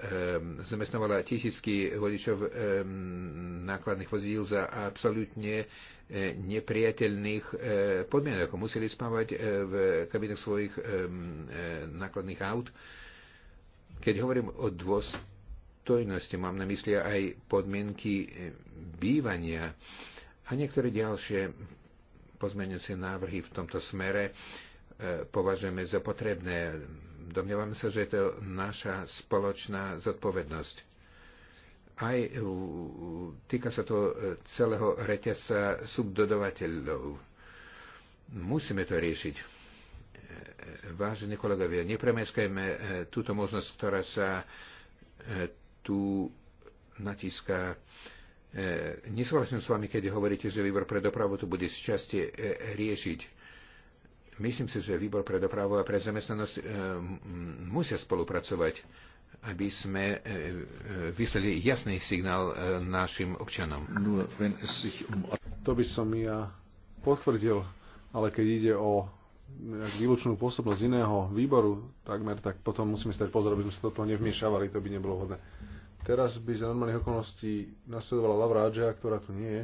ehm, zamestnávala tisícky vodičov ehm, nákladných vozidel za absolútne e, nepriateľných e, podmienok. Museli spávať e, v kabinách svojich ehm, nákladných aut. Keď hovorím o dôstojnosti, mám na mysli aj podmienky bývania a niektoré ďalšie pozmeňujúce návrhy v tomto smere považujeme za potrebné Domnievame sa, že je to naša spoločná zodpovednosť. Aj týka sa to celého reťazca subdodovateľov. Musíme to riešiť. Vážení kolegovia, nepremeškajme e, túto možnosť, ktorá sa e, tu natíska. E, nesúhlasím s vami, keď hovoríte, že výbor pre dopravu to bude z časti riešiť Myslím si, že výbor pre dopravu a pre zamestnanosť e, musia spolupracovať, aby sme e, e, vyslali jasný signál našim občanom. Um to by som ja potvrdil, ale keď ide o výlučnú pôsobnosť iného výboru takmer, tak potom musíme stať pozor, aby sme sa do toho nevmiešavali, to by nebolo vhodné. Teraz by za normálnych okolností nasledovala Lavra Adžia, ktorá tu nie je.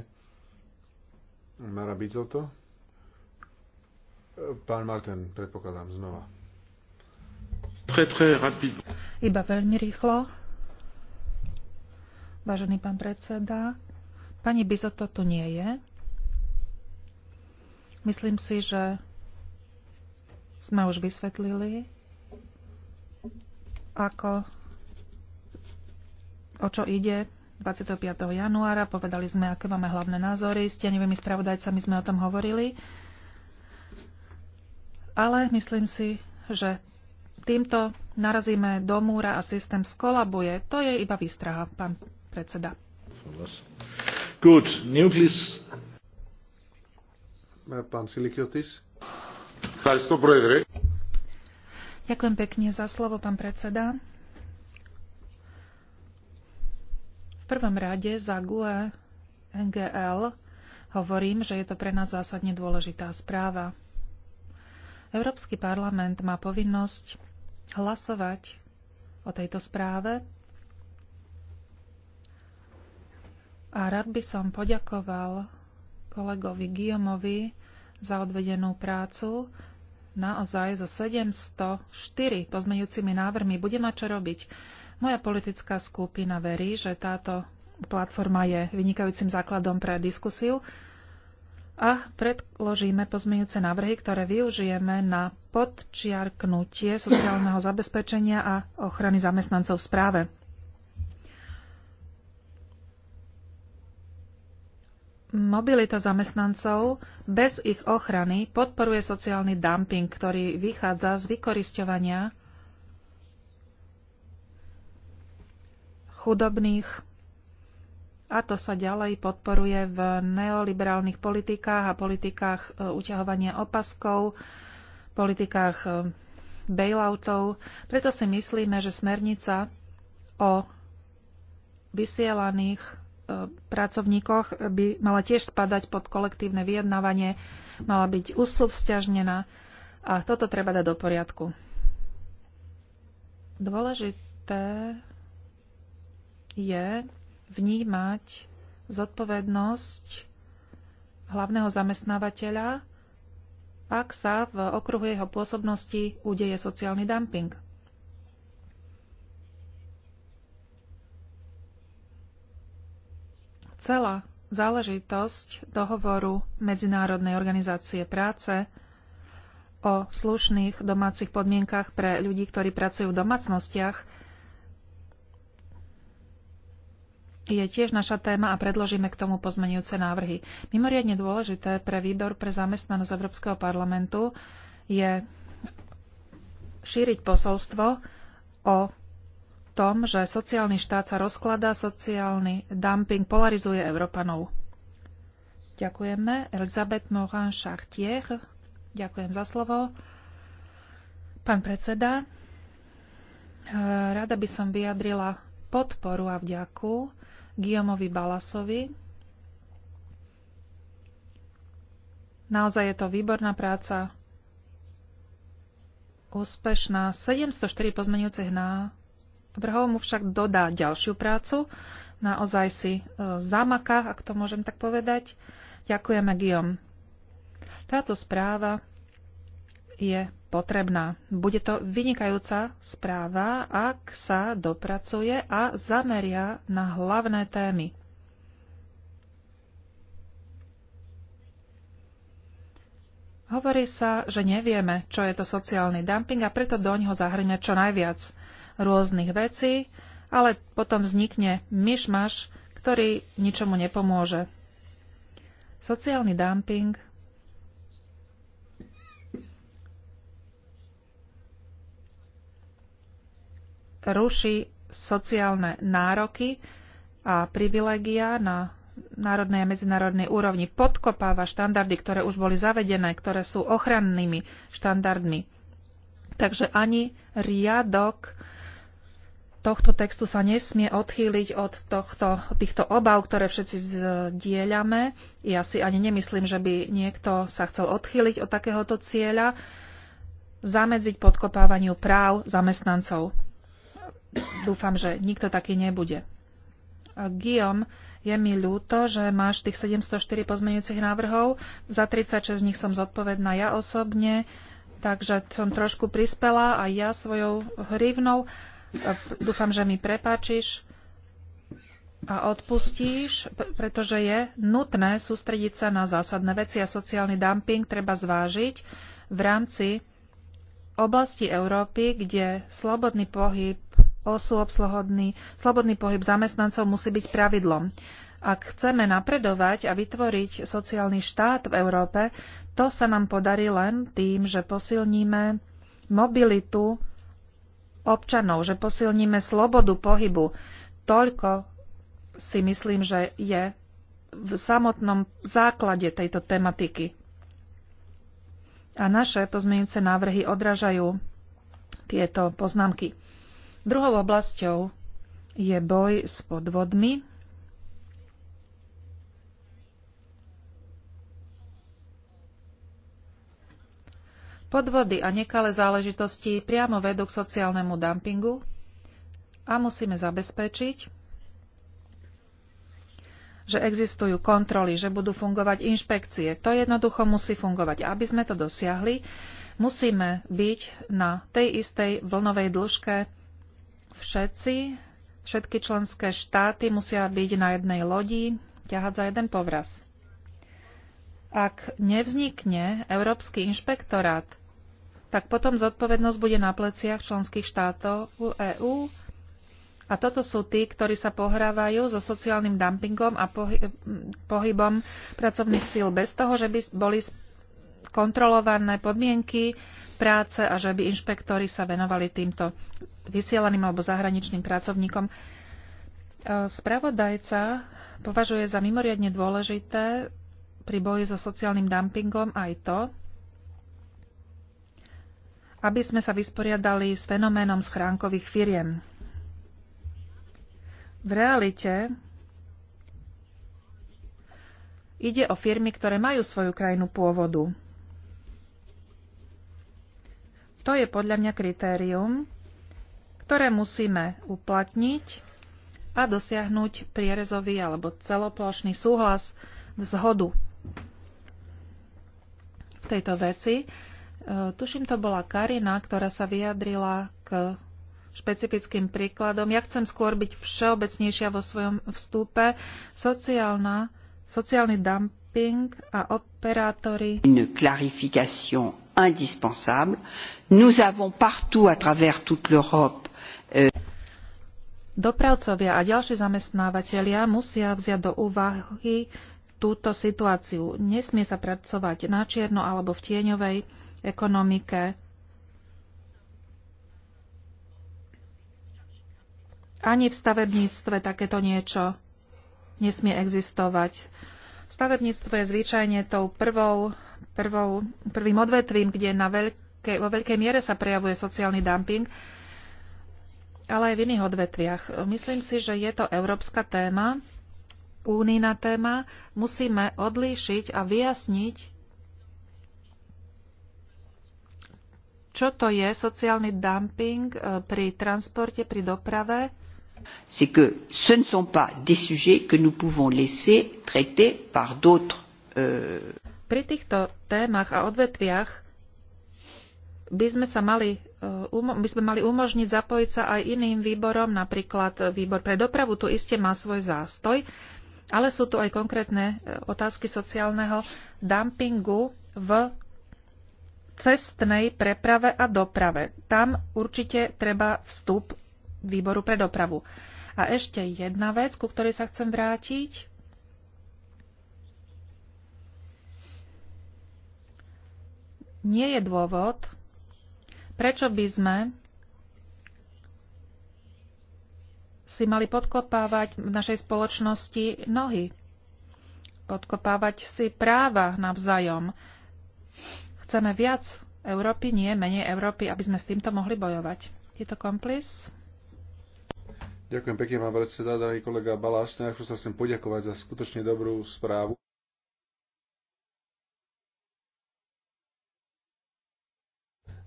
Mara Bizoto. Pán Martin, predpokladám znova. Iba veľmi rýchlo. Vážený pán predseda, pani Bizoto tu nie je. Myslím si, že sme už vysvetlili, ako, o čo ide 25. januára. Povedali sme, aké máme hlavné názory. S tieňovými spravodajcami sme o tom hovorili. Ale myslím si, že týmto narazíme do múra a systém skolabuje. To je iba výstraha, pán predseda. Good. Nucleus. Pán Silikiotis. Ďakujem pekne za slovo, pán predseda. V prvom rade za GUE NGL hovorím, že je to pre nás zásadne dôležitá správa. Európsky parlament má povinnosť hlasovať o tejto správe a rád by som poďakoval kolegovi Guillaumovi za odvedenú prácu. Naozaj so 704 pozmeňujúcimi návrhmi bude mať čo robiť. Moja politická skupina verí, že táto platforma je vynikajúcim základom pre diskusiu a predložíme pozmeňujúce návrhy, ktoré využijeme na podčiarknutie sociálneho zabezpečenia a ochrany zamestnancov v správe. Mobilita zamestnancov bez ich ochrany podporuje sociálny dumping, ktorý vychádza z vykorisťovania chudobných a to sa ďalej podporuje v neoliberálnych politikách a politikách e, uťahovania opaskov, politikách e, bailoutov. Preto si myslíme, že smernica o vysielaných e, pracovníkoch by mala tiež spadať pod kolektívne vyjednávanie, mala byť usúvzťažnená a toto treba dať do poriadku. Dôležité je vnímať zodpovednosť hlavného zamestnávateľa, ak sa v okruhu jeho pôsobnosti udeje sociálny dumping. Celá záležitosť dohovoru Medzinárodnej organizácie práce o slušných domácich podmienkach pre ľudí, ktorí pracujú v domácnostiach, je tiež naša téma a predložíme k tomu pozmenujúce návrhy. Mimoriadne dôležité pre výbor pre zamestnanosť Európskeho parlamentu je šíriť posolstvo o tom, že sociálny štát sa rozkladá, sociálny dumping polarizuje Európanov. Ďakujeme. Elizabeth Morin-Chartier. Ďakujem za slovo. Pán predseda, eh, rada by som vyjadrila podporu a vďaku Guillaumeovi Balasovi. Naozaj je to výborná práca. Úspešná. 704 pozmenujúcich návrhov mu však dodá ďalšiu prácu. Naozaj si e, zamaka, ak to môžem tak povedať. Ďakujeme, Guillaume. Táto správa je potrebná. Bude to vynikajúca správa, ak sa dopracuje a zameria na hlavné témy. Hovorí sa, že nevieme, čo je to sociálny dumping a preto do ňoho zahrňa čo najviac rôznych vecí, ale potom vznikne myšmaš, ktorý ničomu nepomôže. Sociálny dumping ruší sociálne nároky a privilégia na národnej a medzinárodnej úrovni, podkopáva štandardy, ktoré už boli zavedené, ktoré sú ochrannými štandardmi. Takže ani riadok tohto textu sa nesmie odchýliť od tohto, týchto obav, ktoré všetci zdieľame. Ja si ani nemyslím, že by niekto sa chcel odchýliť od takéhoto cieľa, zamedziť podkopávaniu práv zamestnancov dúfam, že nikto taký nebude. Guillaume, je mi ľúto, že máš tých 704 pozmeňujúcich návrhov. Za 36 z nich som zodpovedná ja osobne, takže som trošku prispela aj ja svojou hrivnou. Dúfam, že mi prepáčiš a odpustíš, pretože je nutné sústrediť sa na zásadné veci a sociálny dumping treba zvážiť v rámci oblasti Európy, kde slobodný pohyb osôb, slobodný, slobodný pohyb zamestnancov musí byť pravidlom. Ak chceme napredovať a vytvoriť sociálny štát v Európe, to sa nám podarí len tým, že posilníme mobilitu občanov, že posilníme slobodu pohybu. Toľko si myslím, že je v samotnom základe tejto tematiky. A naše pozmeňujúce návrhy odrážajú tieto poznámky. Druhou oblasťou je boj s podvodmi. Podvody a nekalé záležitosti priamo vedú k sociálnemu dumpingu a musíme zabezpečiť, že existujú kontroly, že budú fungovať inšpekcie. To jednoducho musí fungovať. Aby sme to dosiahli, musíme byť na tej istej vlnovej dĺžke Všetci, všetky členské štáty musia byť na jednej lodi, ťahať za jeden povraz. Ak nevznikne Európsky inšpektorát, tak potom zodpovednosť bude na pleciach členských štátov EÚ. A toto sú tí, ktorí sa pohrávajú so sociálnym dumpingom a pohy- pohybom pracovných síl bez toho, že by boli kontrolované podmienky práce a že by inšpektori sa venovali týmto vysielaným alebo zahraničným pracovníkom. E, spravodajca považuje za mimoriadne dôležité pri boji so sociálnym dumpingom aj to, aby sme sa vysporiadali s fenoménom schránkových firiem. V realite ide o firmy, ktoré majú svoju krajinu pôvodu. To je podľa mňa kritérium, ktoré musíme uplatniť a dosiahnuť prierezový alebo celoplošný súhlas, zhodu v tejto veci. E, tuším, to bola Karina, ktorá sa vyjadrila k špecifickým príkladom. Ja chcem skôr byť všeobecnejšia vo svojom vstupe. Sociálna, sociálny dumping a operátory. Une clarification indispensable. Nous avons partout à travers toute l'Europe euh, Dopravcovia a ďalší zamestnávateľia musia vziať do úvahy túto situáciu. Nesmie sa pracovať na čierno alebo v tieňovej ekonomike. Ani v stavebníctve takéto niečo nesmie existovať. Stavebníctvo je zvyčajne tou prvou, prvou, prvým odvetvím, kde na veľké, vo veľkej miere sa prejavuje sociálny dumping, ale aj v iných odvetviach. Myslím si, že je to európska téma, únijná téma. Musíme odlíšiť a vyjasniť čo to je sociálny dumping eh, pri transporte, pri doprave c'est que ce ne sont pas des sujets que nous pouvons laisser traiter par d'autres. Euh... Pri týchto témach a odvetviach by sme sa mali uh, by sme mali umožniť zapojiť sa aj iným výborom, napríklad výbor pre dopravu, tu iste má svoj zástoj, ale sú tu aj konkrétne uh, otázky sociálneho dumpingu v cestnej preprave a doprave. Tam určite treba vstup výboru pre dopravu. A ešte jedna vec, ku ktorej sa chcem vrátiť. Nie je dôvod, prečo by sme si mali podkopávať v našej spoločnosti nohy. Podkopávať si práva navzájom. Chceme viac Európy, nie menej Európy, aby sme s týmto mohli bojovať. Je to komplis? Ďakujem pekne, pán predseda, drahý kolega Baláš. Najprv sa chcem poďakovať za skutočne dobrú správu.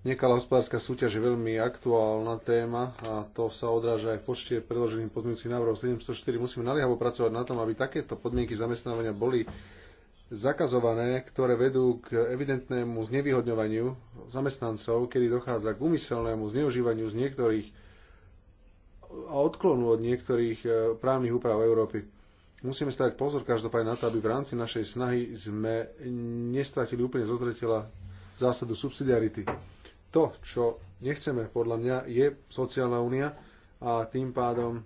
Nekalá hospodárska súťaž je veľmi aktuálna téma a to sa odráža aj v počte predložených pozmeňujúcich návrhov 704. Musíme naliehavo pracovať na tom, aby takéto podmienky zamestnávania boli zakazované, ktoré vedú k evidentnému znevýhodňovaniu zamestnancov, kedy dochádza k úmyselnému zneužívaniu z niektorých a odklonu od niektorých e, právnych úprav Európy. Musíme stať pozor každopádne na to, aby v rámci našej snahy sme nestratili úplne zo zretela zásadu subsidiarity. To, čo nechceme, podľa mňa, je sociálna únia a tým pádom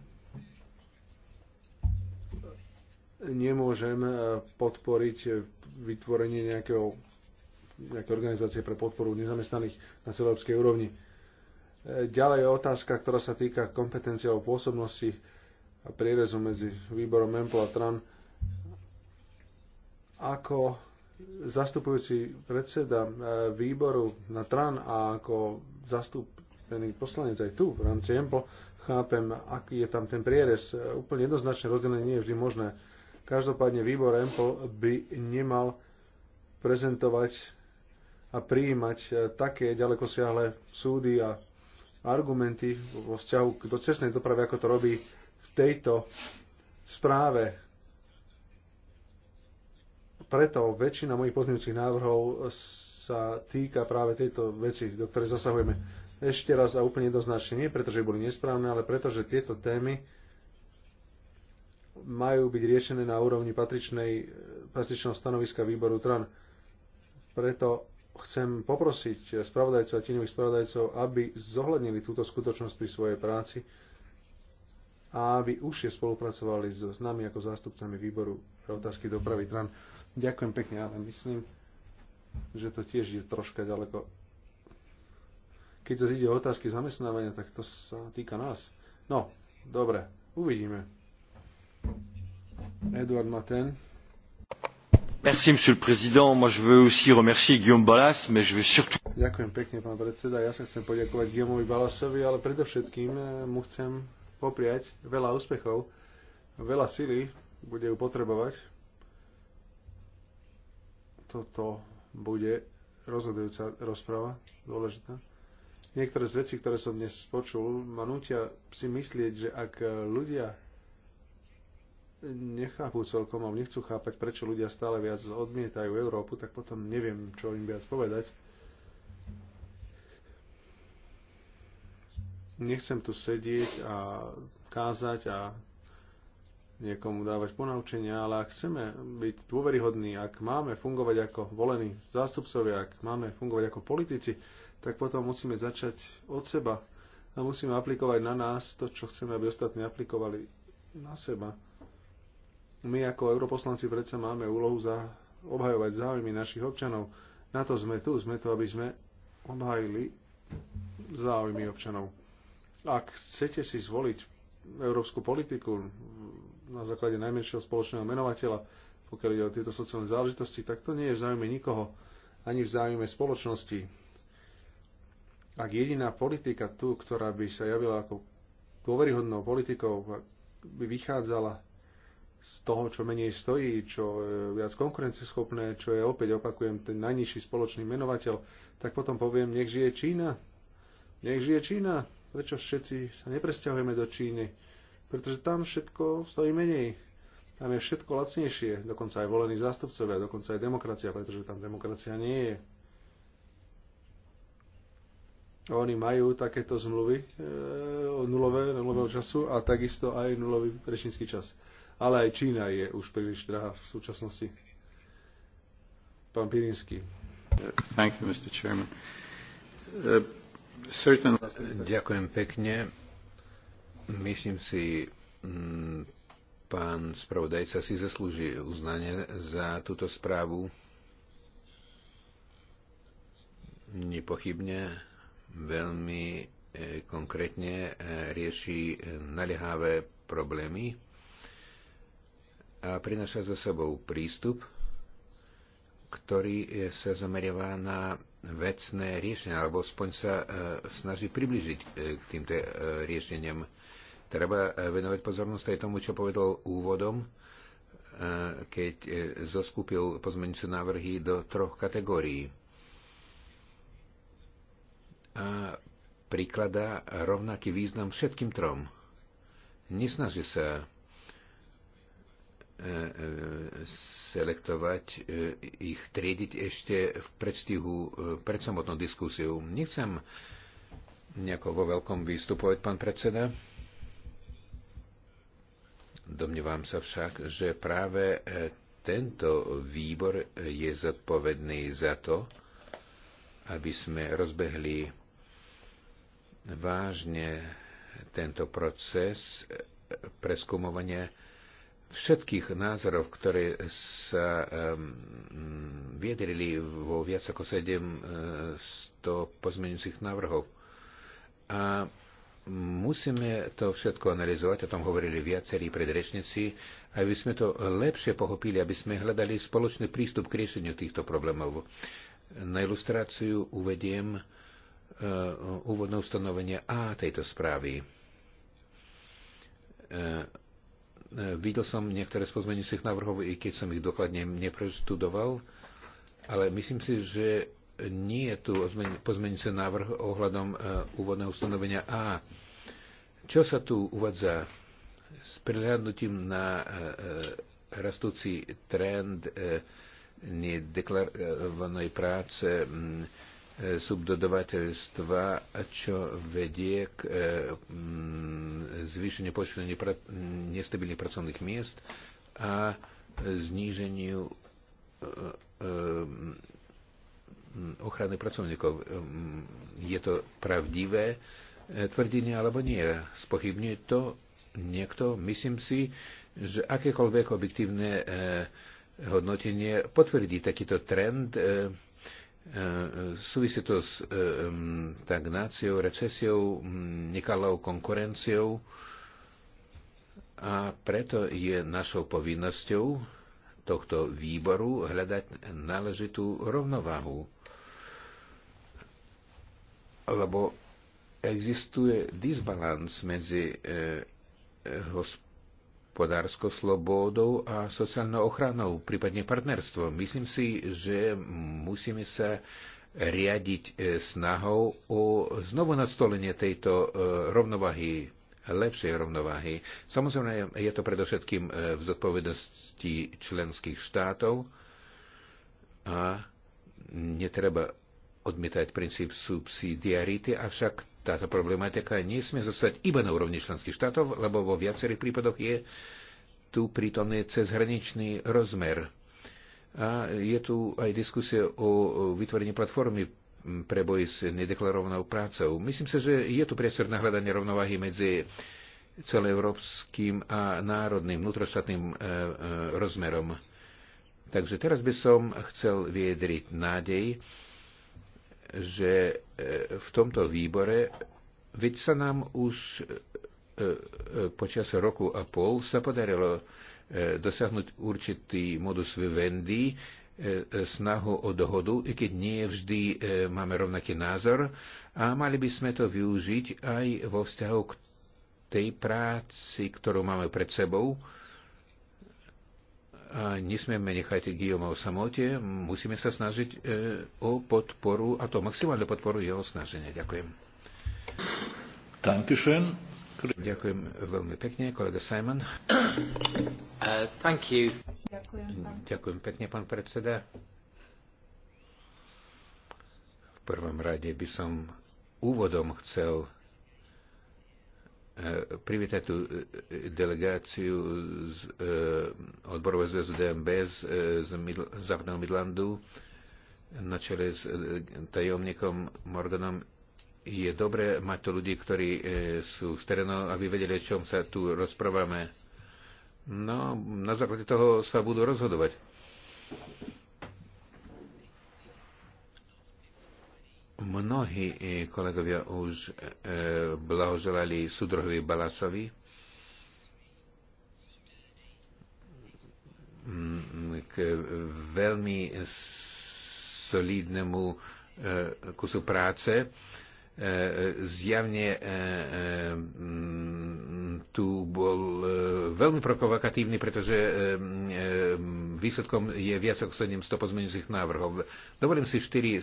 nemôžem e, podporiť vytvorenie nejakého, nejaké organizácie pre podporu nezamestnaných na celoeurópskej úrovni Ďalej je otázka, ktorá sa týka kompetencie alebo pôsobnosti a prierezu medzi výborom MEMPO a TRAN. Ako zastupujúci predseda eh, výboru na TRAN a ako zastúpený poslanec aj tu v rámci MEMPO, chápem, aký je tam ten prierez. Úplne jednoznačné rozdelenie nie je vždy možné. Každopádne výbor MEMPO by nemal prezentovať a prijímať eh, také ďalekosiahle súdy a argumenty vo vzťahu k cestnej doprave, ako to robí v tejto správe. Preto väčšina mojich pozmeňujúcich návrhov sa týka práve tejto veci, do ktorej zasahujeme ešte raz a úplne jednoznačne, nie preto, že boli nesprávne, ale preto, že tieto témy majú byť riešené na úrovni patričnej, patričného stanoviska výboru TRAN. Preto chcem poprosiť spravodajcov a tieňových spravodajcov, aby zohľadnili túto skutočnosť pri svojej práci a aby už je spolupracovali so, s nami ako zástupcami výboru pre otázky dopravy TRAN. Ďakujem pekne, ale myslím, že to tiež je troška ďaleko. Keď sa ide o otázky zamestnávania, tak to sa týka nás. No, dobre, uvidíme. Eduard Maten monsieur le président. je veux aussi remercier Guillaume Balas, mais je veux surtout... Ďakujem pekne, pán predseda. Ja sa chcem poďakovať Guillaumeovi Balasovi, ale predovšetkým eh, mu chcem popriať veľa úspechov, veľa sily, bude ju potrebovať. Toto bude rozhodujúca rozprava, dôležitá. Niektoré z vecí, ktoré som dnes počul, ma nutia si myslieť, že ak ľudia nechápu celkom alebo nechcú chápať, prečo ľudia stále viac odmietajú Európu, tak potom neviem, čo im viac povedať. Nechcem tu sedieť a kázať a niekomu dávať ponaučenia, ale ak chceme byť dôveryhodní, ak máme fungovať ako volení zástupcovia, ak máme fungovať ako politici, tak potom musíme začať od seba a musíme aplikovať na nás to, čo chceme, aby ostatní aplikovali na seba. My ako europoslanci predsa máme úlohu za obhajovať záujmy našich občanov. Na to sme tu, sme tu, aby sme obhajili záujmy občanov. Ak chcete si zvoliť európsku politiku na základe najmenšieho spoločného menovateľa, pokiaľ ide o tieto sociálne záležitosti, tak to nie je v záujme nikoho, ani v záujme spoločnosti. Ak jediná politika tu, ktorá by sa javila ako dôveryhodnou politikou, by vychádzala z toho, čo menej stojí, čo je viac konkurencieschopné, čo je opäť, opakujem, ten najnižší spoločný menovateľ, tak potom poviem, nech žije Čína. Nech žije Čína. Prečo všetci sa nepresťahujeme do Číny? Pretože tam všetko stojí menej. Tam je všetko lacnejšie, dokonca aj volení zástupcovia, dokonca aj demokracia, pretože tam demokracia nie je. Oni majú takéto zmluvy e, o nulové, nulového času a takisto aj nulový rečnícky čas ale aj Čína je už príliš drahá v súčasnosti. Pán Pirinsky. Thank you, Mr. Chairman. Uh, certain... Ďakujem pekne. Myslím si, mm, pán spravodajca si zaslúži uznanie za túto správu. Nepochybne veľmi eh, konkrétne eh, rieši eh, naliehavé problémy a prináša za sebou prístup, ktorý sa zameriavá na vecné riešenia, alebo aspoň sa e, snaží približiť e, k týmto e, riešeniam. Treba venovať pozornosť aj tomu, čo povedal úvodom, keď zoskúpil pozmeňujúce návrhy do troch kategórií. A prikladá rovnaký význam všetkým trom. Nesnaží sa E, e, selektovať, e, ich triediť ešte v predstihu pred samotnou diskusiou. Nechcem nejako vo veľkom vystupovať, pán predseda. Domnievam sa však, že práve tento výbor je zodpovedný za to, aby sme rozbehli vážne tento proces preskumovania všetkých názorov, ktoré sa viedrili vo viac ako 700 pozmeňujúcich návrhov. A musíme to všetko analyzovať, o tom hovorili viacerí predrečníci, aby sme to lepšie pochopili, aby sme hľadali spoločný prístup k riešeniu týchto problémov. Na ilustráciu uvediem eh, úvodné ustanovenie A tejto správy eh, E, videl som niektoré z pozmeňujúcich návrhov, i keď som ich dokladne neprestudoval, ale myslím si, že nie je tu pozmeňujúci návrh ohľadom e, úvodného ustanovenia A. Čo sa tu uvádza s prihľadnutím na e, rastúci trend nedeklarovanej práce, E, subdodavateľstva, čo vedie k e, mm, zvýšeniu počtu nestabilných pracovných miest a zníženiu e, ochrany pracovníkov. Je to pravdivé tvrdenie alebo nie? Spochybňuje to niekto? Myslím si, že akékoľvek objektívne hodnotenie potvrdí takýto trend E, e, súvisí to s e, stagnáciou, recesiou, nekalou konkurenciou a preto je našou povinnosťou tohto výboru hľadať náležitú rovnováhu. Lebo existuje disbalans medzi e, hosp- podárskou slobodou a sociálnou ochranou, prípadne partnerstvo. Myslím si, že musíme sa riadiť e, snahou o znovu nastolenie tejto e, rovnováhy, lepšej rovnováhy. Samozrejme, je to predovšetkým e, v zodpovednosti členských štátov a netreba odmietať princíp subsidiarity, avšak táto problematika nesmie zostať iba na úrovni členských štátov, lebo vo viacerých prípadoch je tu prítomný cezhraničný rozmer. A je tu aj diskusia o vytvorení platformy pre boj s nedeklarovanou prácou. Myslím si, že je tu priestor na hľadanie rovnováhy medzi celoevropským a národným, vnútroštátnym e, e, rozmerom. Takže teraz by som chcel vyjadriť nádej, že e, v tomto výbore, veď sa nám už e, e, počas roku a pol sa podarilo dosiahnuť určitý modus vivendi, snahu o dohodu, i keď nie vždy máme rovnaký názor a mali by sme to využiť aj vo vzťahu k tej práci, ktorú máme pred sebou, a nesmieme nechať Guillaume o samote, musíme sa snažiť e, o podporu, a to maximálnu podporu jeho snaženia. Ďakujem. Dankeschön. Ďakujem veľmi pekne, kolega Simon. Uh, thank you. Ďakujem pekne, pán predseda. V prvom rade by som úvodom chcel Eh, privítať tú eh, delegáciu z eh, odborového zväzu DMB z, Midl- Západného Midlandu na čele s tajomníkom Morganom. Je dobré mať to ľudí, ktorí sú z terénu, aby vedeli, o čom sa tu rozprávame. No, na základe toho sa budú rozhodovať. Mnohí e, kolegovia už e, blahoželali súdrohovi Balasovi, mm, k veľmi solidnému e, kusu práce. Zjavne mm, tu bol veľmi provokatívny, pretože Výsledkom je viac ako 700 pozmeňujúcich návrhov. Dovolím si štyri e,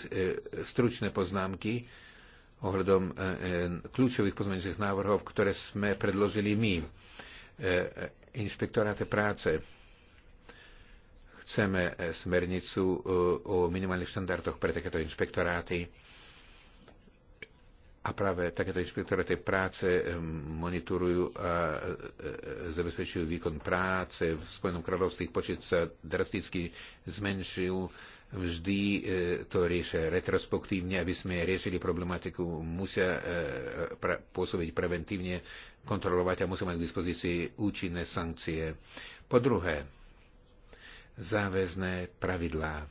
stručné poznámky ohľadom e, e, kľúčových pozmeňujúcich návrhov, ktoré sme predložili my, inšpektoráte práce. Chceme smernicu o minimálnych štandardoch pre takéto inšpektoráty a práve takéto tej práce eh, monitorujú a eh, eh, zabezpečujú výkon práce. V Spojenom kráľovstve počet sa drasticky zmenšil. Vždy to riešia retrospektívne, aby sme riešili problematiku. Musia pôsobiť preventívne, kontrolovať a musia mať k dispozícii účinné sankcie. Po druhé, záväzné pravidlá.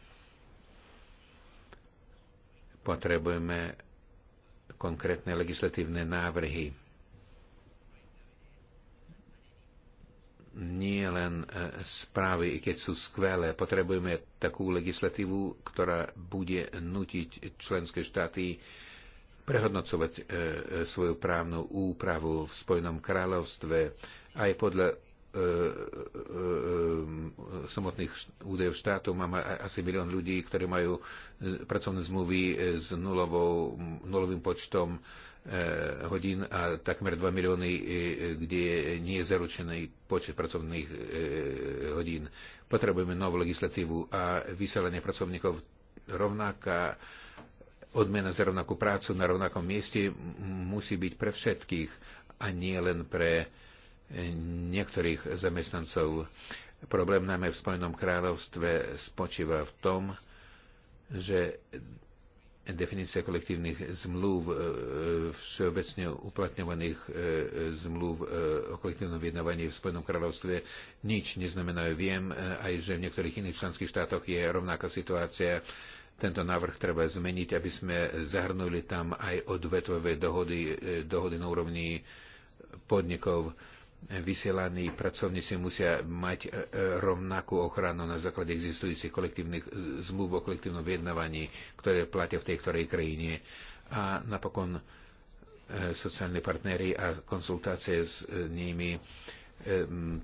Potrebujeme konkrétne legislatívne návrhy. Nie len e, správy, keď sú skvelé. Potrebujeme takú legislatívu, ktorá bude nutiť členské štáty prehodnocovať e, e, svoju právnu úpravu v Spojenom kráľovstve aj podľa E, e, e, samotných údajov štátov. Máme asi milión ľudí, ktorí majú pracovné zmluvy s nulovou, nulovým počtom hodín a takmer 2 milióny, kde nie je zaručený počet pracovných hodín. Potrebujeme novú legislatívu a vyselenie pracovníkov rovnaká odmena za rovnakú prácu na rovnakom mieste musí byť pre všetkých a nie len pre niektorých zamestnancov. Problém najmä v Spojenom kráľovstve spočíva v tom, že definícia kolektívnych zmluv, e, všeobecne uplatňovaných e, zmluv e, o kolektívnom vyjednávaní v Spojenom kráľovstve nič neznamená. Viem aj, že v niektorých iných členských štátoch je rovnaká situácia. Tento návrh treba zmeniť, aby sme zahrnuli tam aj odvetové dohody, dohody na úrovni podnikov vysielaní pracovníci musia mať e, e, rovnakú ochranu na základe existujúcich kolektívnych e, zmluv o kolektívnom vyjednávaní, ktoré platia v tej ktorej krajine. A napokon sociálni partnery a konzultácie s nimi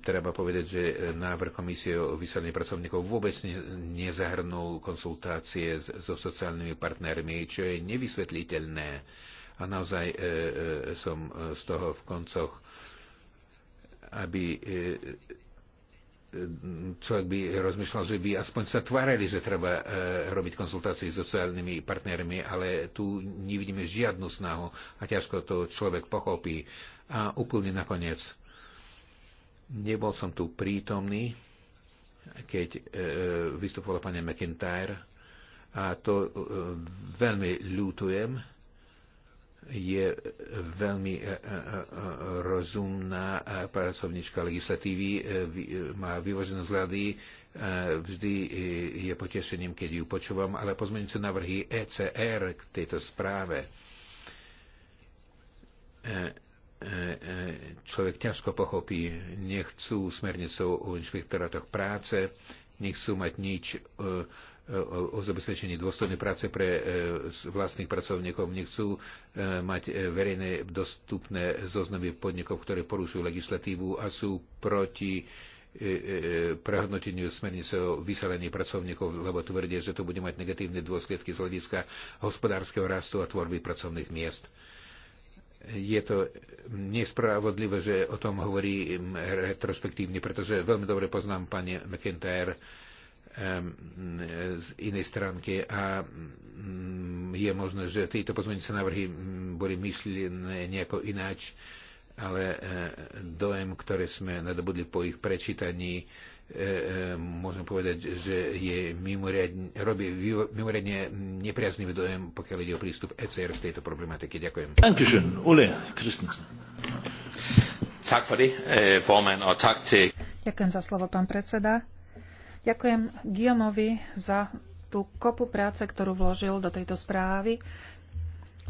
treba povedať, že návrh komisie o vysielaní pracovníkov vôbec nezahrnul konzultácie so sociálnymi partnermi, čo je nevysvetliteľné. A naozaj som z toho v koncoch aby e, e, človek by rozmýšľal, že by aspoň sa tvárali, že treba e, robiť konzultácie s sociálnymi partnermi, ale tu nevidíme žiadnu snahu a ťažko to človek pochopí. A úplne nakoniec, nebol som tu prítomný, keď vystupovala pani McIntyre a to veľmi ľútujem je veľmi e, e, e, rozumná pracovnička legislatívy, má vyvožené zľady, vždy je potešením, keď ju počúvam, ale pozmeňujúce návrhy ECR k tejto správe. Človek ťažko pochopí, nechcú smernicou o inšpektorátoch práce, nechcú mať nič o zabezpečení dôstojnej práce pre e, vlastných pracovníkov, nechcú e, mať e, verejné dostupné zoznamy podnikov, ktoré porušujú legislatívu a sú proti prehodnoteniu smernice o vyselení pracovníkov, lebo tvrdia, že to bude mať negatívne dôsledky z hľadiska hospodárskeho rastu a tvorby pracovných miest. Je to nespravodlivé, že o tom hovorím retrospektívne, pretože veľmi dobre poznám pani McIntyre, z inej stránky a mm, je možné, že tieto pozmeňujúce návrhy mm, boli myslené nejako ináč, ale e, dojem, ktoré sme nadobudli po ich prečítaní, e, e, môžem povedať, že je mimoriadne, robí mimoriadne nepriaznivý dojem, pokiaľ ide o prístup ECR v tejto problematike. Ďakujem. Dankeschön, Ole Christensen. Tak for det, eh, formand, og tak til... Ďakujem za slovo, pán predseda. Ďakujem Guillaumeovi za tú kopu práce, ktorú vložil do tejto správy.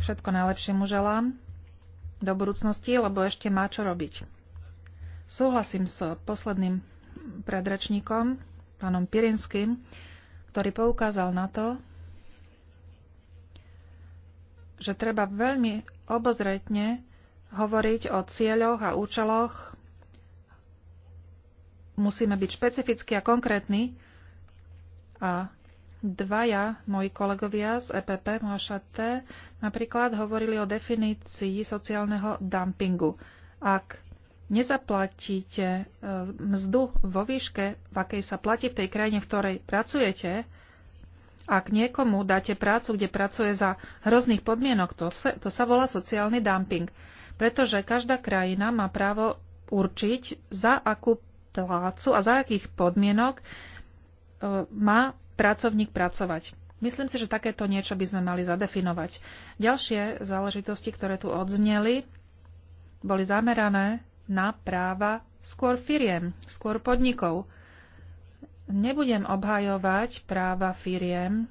Všetko najlepšie mu želám do budúcnosti, lebo ešte má čo robiť. Súhlasím s posledným predračníkom, pánom Pirinským, ktorý poukázal na to, že treba veľmi obozretne hovoriť o cieľoch a účeloch musíme byť špecifickí a konkrétni. A dvaja moji kolegovia z EPP, T, napríklad hovorili o definícii sociálneho dumpingu. Ak nezaplatíte e, mzdu vo výške, v akej sa platí v tej krajine, v ktorej pracujete, ak niekomu dáte prácu, kde pracuje za hrozných podmienok, to sa, to sa volá sociálny dumping. Pretože každá krajina má právo určiť, za akú plácu a za akých podmienok e, má pracovník pracovať. Myslím si, že takéto niečo by sme mali zadefinovať. Ďalšie záležitosti, ktoré tu odzneli, boli zamerané na práva skôr firiem, skôr podnikov. Nebudem obhajovať práva firiem,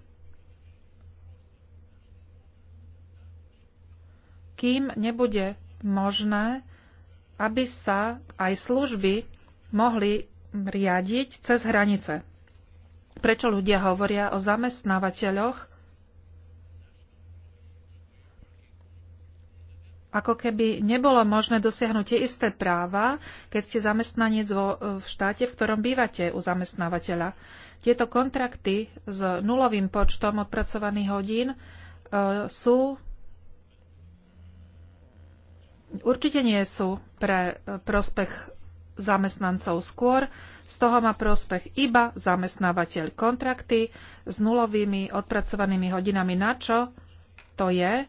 kým nebude možné, aby sa aj služby mohli riadiť cez hranice. Prečo ľudia hovoria o zamestnávateľoch, ako keby nebolo možné dosiahnuť tie isté práva, keď ste zamestnanec vo, v štáte, v ktorom bývate u zamestnávateľa. Tieto kontrakty s nulovým počtom odpracovaných hodín e, sú určite nie sú pre e, prospech zamestnancov skôr. Z toho má prospech iba zamestnávateľ kontrakty s nulovými odpracovanými hodinami. Na čo to je?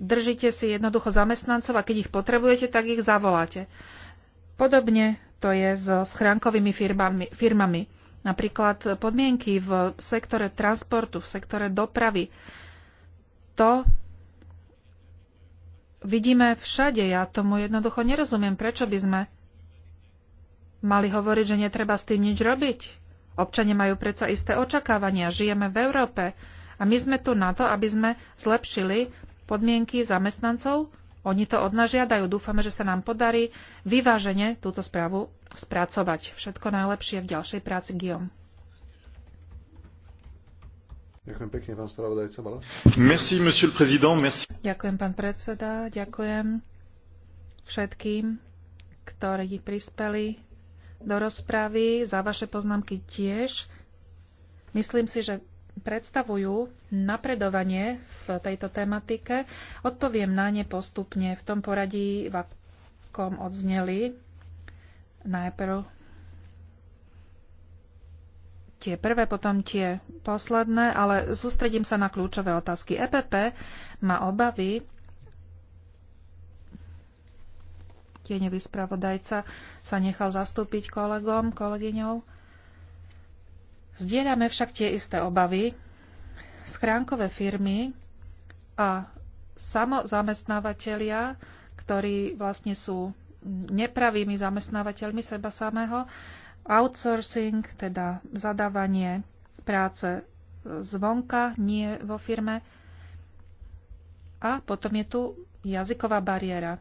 Držíte si jednoducho zamestnancov a keď ich potrebujete, tak ich zavoláte. Podobne to je so schránkovými firmami. firmami. Napríklad podmienky v sektore transportu, v sektore dopravy. To vidíme všade. Ja tomu jednoducho nerozumiem, prečo by sme mali hovoriť, že netreba s tým nič robiť. Občania majú predsa isté očakávania. Žijeme v Európe a my sme tu na to, aby sme zlepšili podmienky zamestnancov. Oni to od nás žiadajú. Dúfame, že sa nám podarí vyvážene túto správu spracovať. Všetko najlepšie v ďalšej práci, Guillaume. Ďakujem pekne, pán spravodajca. Bala. Merci, monsieur le président. Merci. Ďakujem, pán predseda. Ďakujem všetkým, ktorí prispeli do rozpravy, za vaše poznámky tiež. Myslím si, že predstavujú napredovanie v tejto tematike. Odpoviem na ne postupne v tom poradí, v akom odzneli. Najprv tie prvé, potom tie posledné, ale sústredím sa na kľúčové otázky. EPP má obavy, tieňový spravodajca sa nechal zastúpiť kolegom, kolegyňou. Zdieľame však tie isté obavy. Schránkové firmy a samozamestnávateľia, ktorí vlastne sú nepravými zamestnávateľmi seba samého, outsourcing, teda zadávanie práce zvonka, nie vo firme. A potom je tu jazyková bariéra.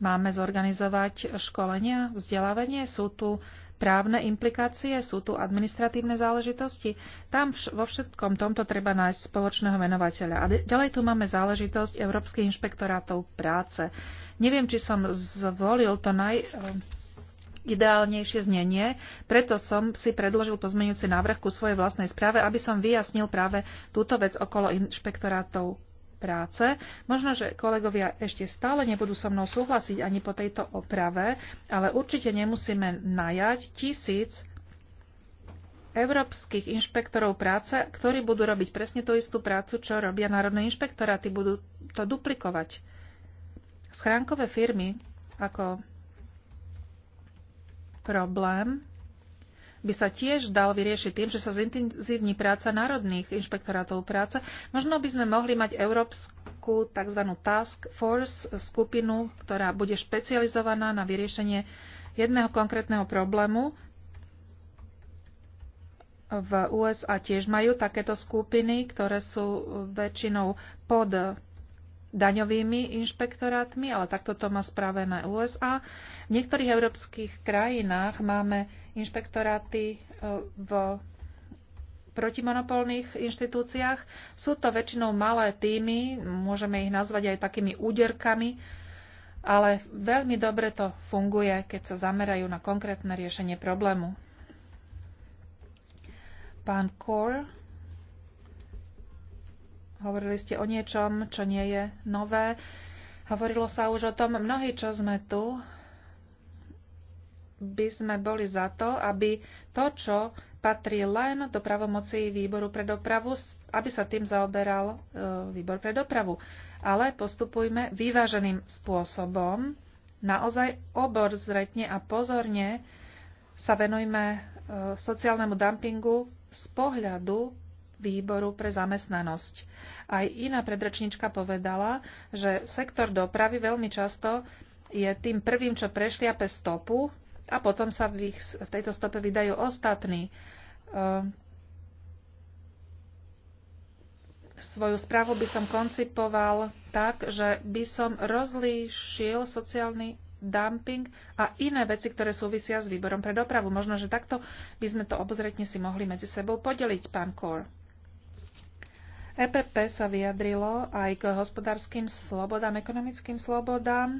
Máme zorganizovať školenia, vzdelávanie, sú tu právne implikácie, sú tu administratívne záležitosti. Tam vš- vo všetkom tomto treba nájsť spoločného venovateľa. A ďalej tu máme záležitosť Európskych inšpektorátov práce. Neviem, či som zvolil to naj ideálnejšie znenie, preto som si predložil pozmeňujúci návrh ku svojej vlastnej správe, aby som vyjasnil práve túto vec okolo inšpektorátov práce. Možno, že kolegovia ešte stále nebudú so mnou súhlasiť ani po tejto oprave, ale určite nemusíme najať tisíc európskych inšpektorov práce, ktorí budú robiť presne tú istú prácu, čo robia národné inšpektoráty. Budú to duplikovať. Schránkové firmy ako problém by sa tiež dal vyriešiť tým, že sa zintenzívni práca národných inšpektorátov práce. Možno by sme mohli mať európsku tzv. task force, skupinu, ktorá bude špecializovaná na vyriešenie jedného konkrétneho problému. V USA tiež majú takéto skupiny, ktoré sú väčšinou pod daňovými inšpektorátmi, ale takto to má spravené USA. V niektorých európskych krajinách máme inšpektoráty e, v protimonopolných inštitúciách. Sú to väčšinou malé týmy, môžeme ich nazvať aj takými úderkami, ale veľmi dobre to funguje, keď sa zamerajú na konkrétne riešenie problému. Pán Kor Hovorili ste o niečom, čo nie je nové. Hovorilo sa už o tom, mnohí, čo sme tu, by sme boli za to, aby to, čo patrí len do pravomoci výboru pre dopravu, aby sa tým zaoberal e, výbor pre dopravu. Ale postupujme vyváženým spôsobom. Naozaj obor zretne a pozorne sa venujme e, sociálnemu dumpingu z pohľadu výboru pre zamestnanosť. Aj iná predrečnička povedala, že sektor dopravy veľmi často je tým prvým, čo prešliape stopu a potom sa v, ich, v tejto stope vydajú ostatní. E, svoju správu by som koncipoval tak, že by som rozlíšil sociálny dumping a iné veci, ktoré súvisia s výborom pre dopravu. Možno, že takto by sme to obozretne si mohli medzi sebou podeliť, pán Kor. EPP sa vyjadrilo aj k hospodárskym slobodám, ekonomickým slobodám.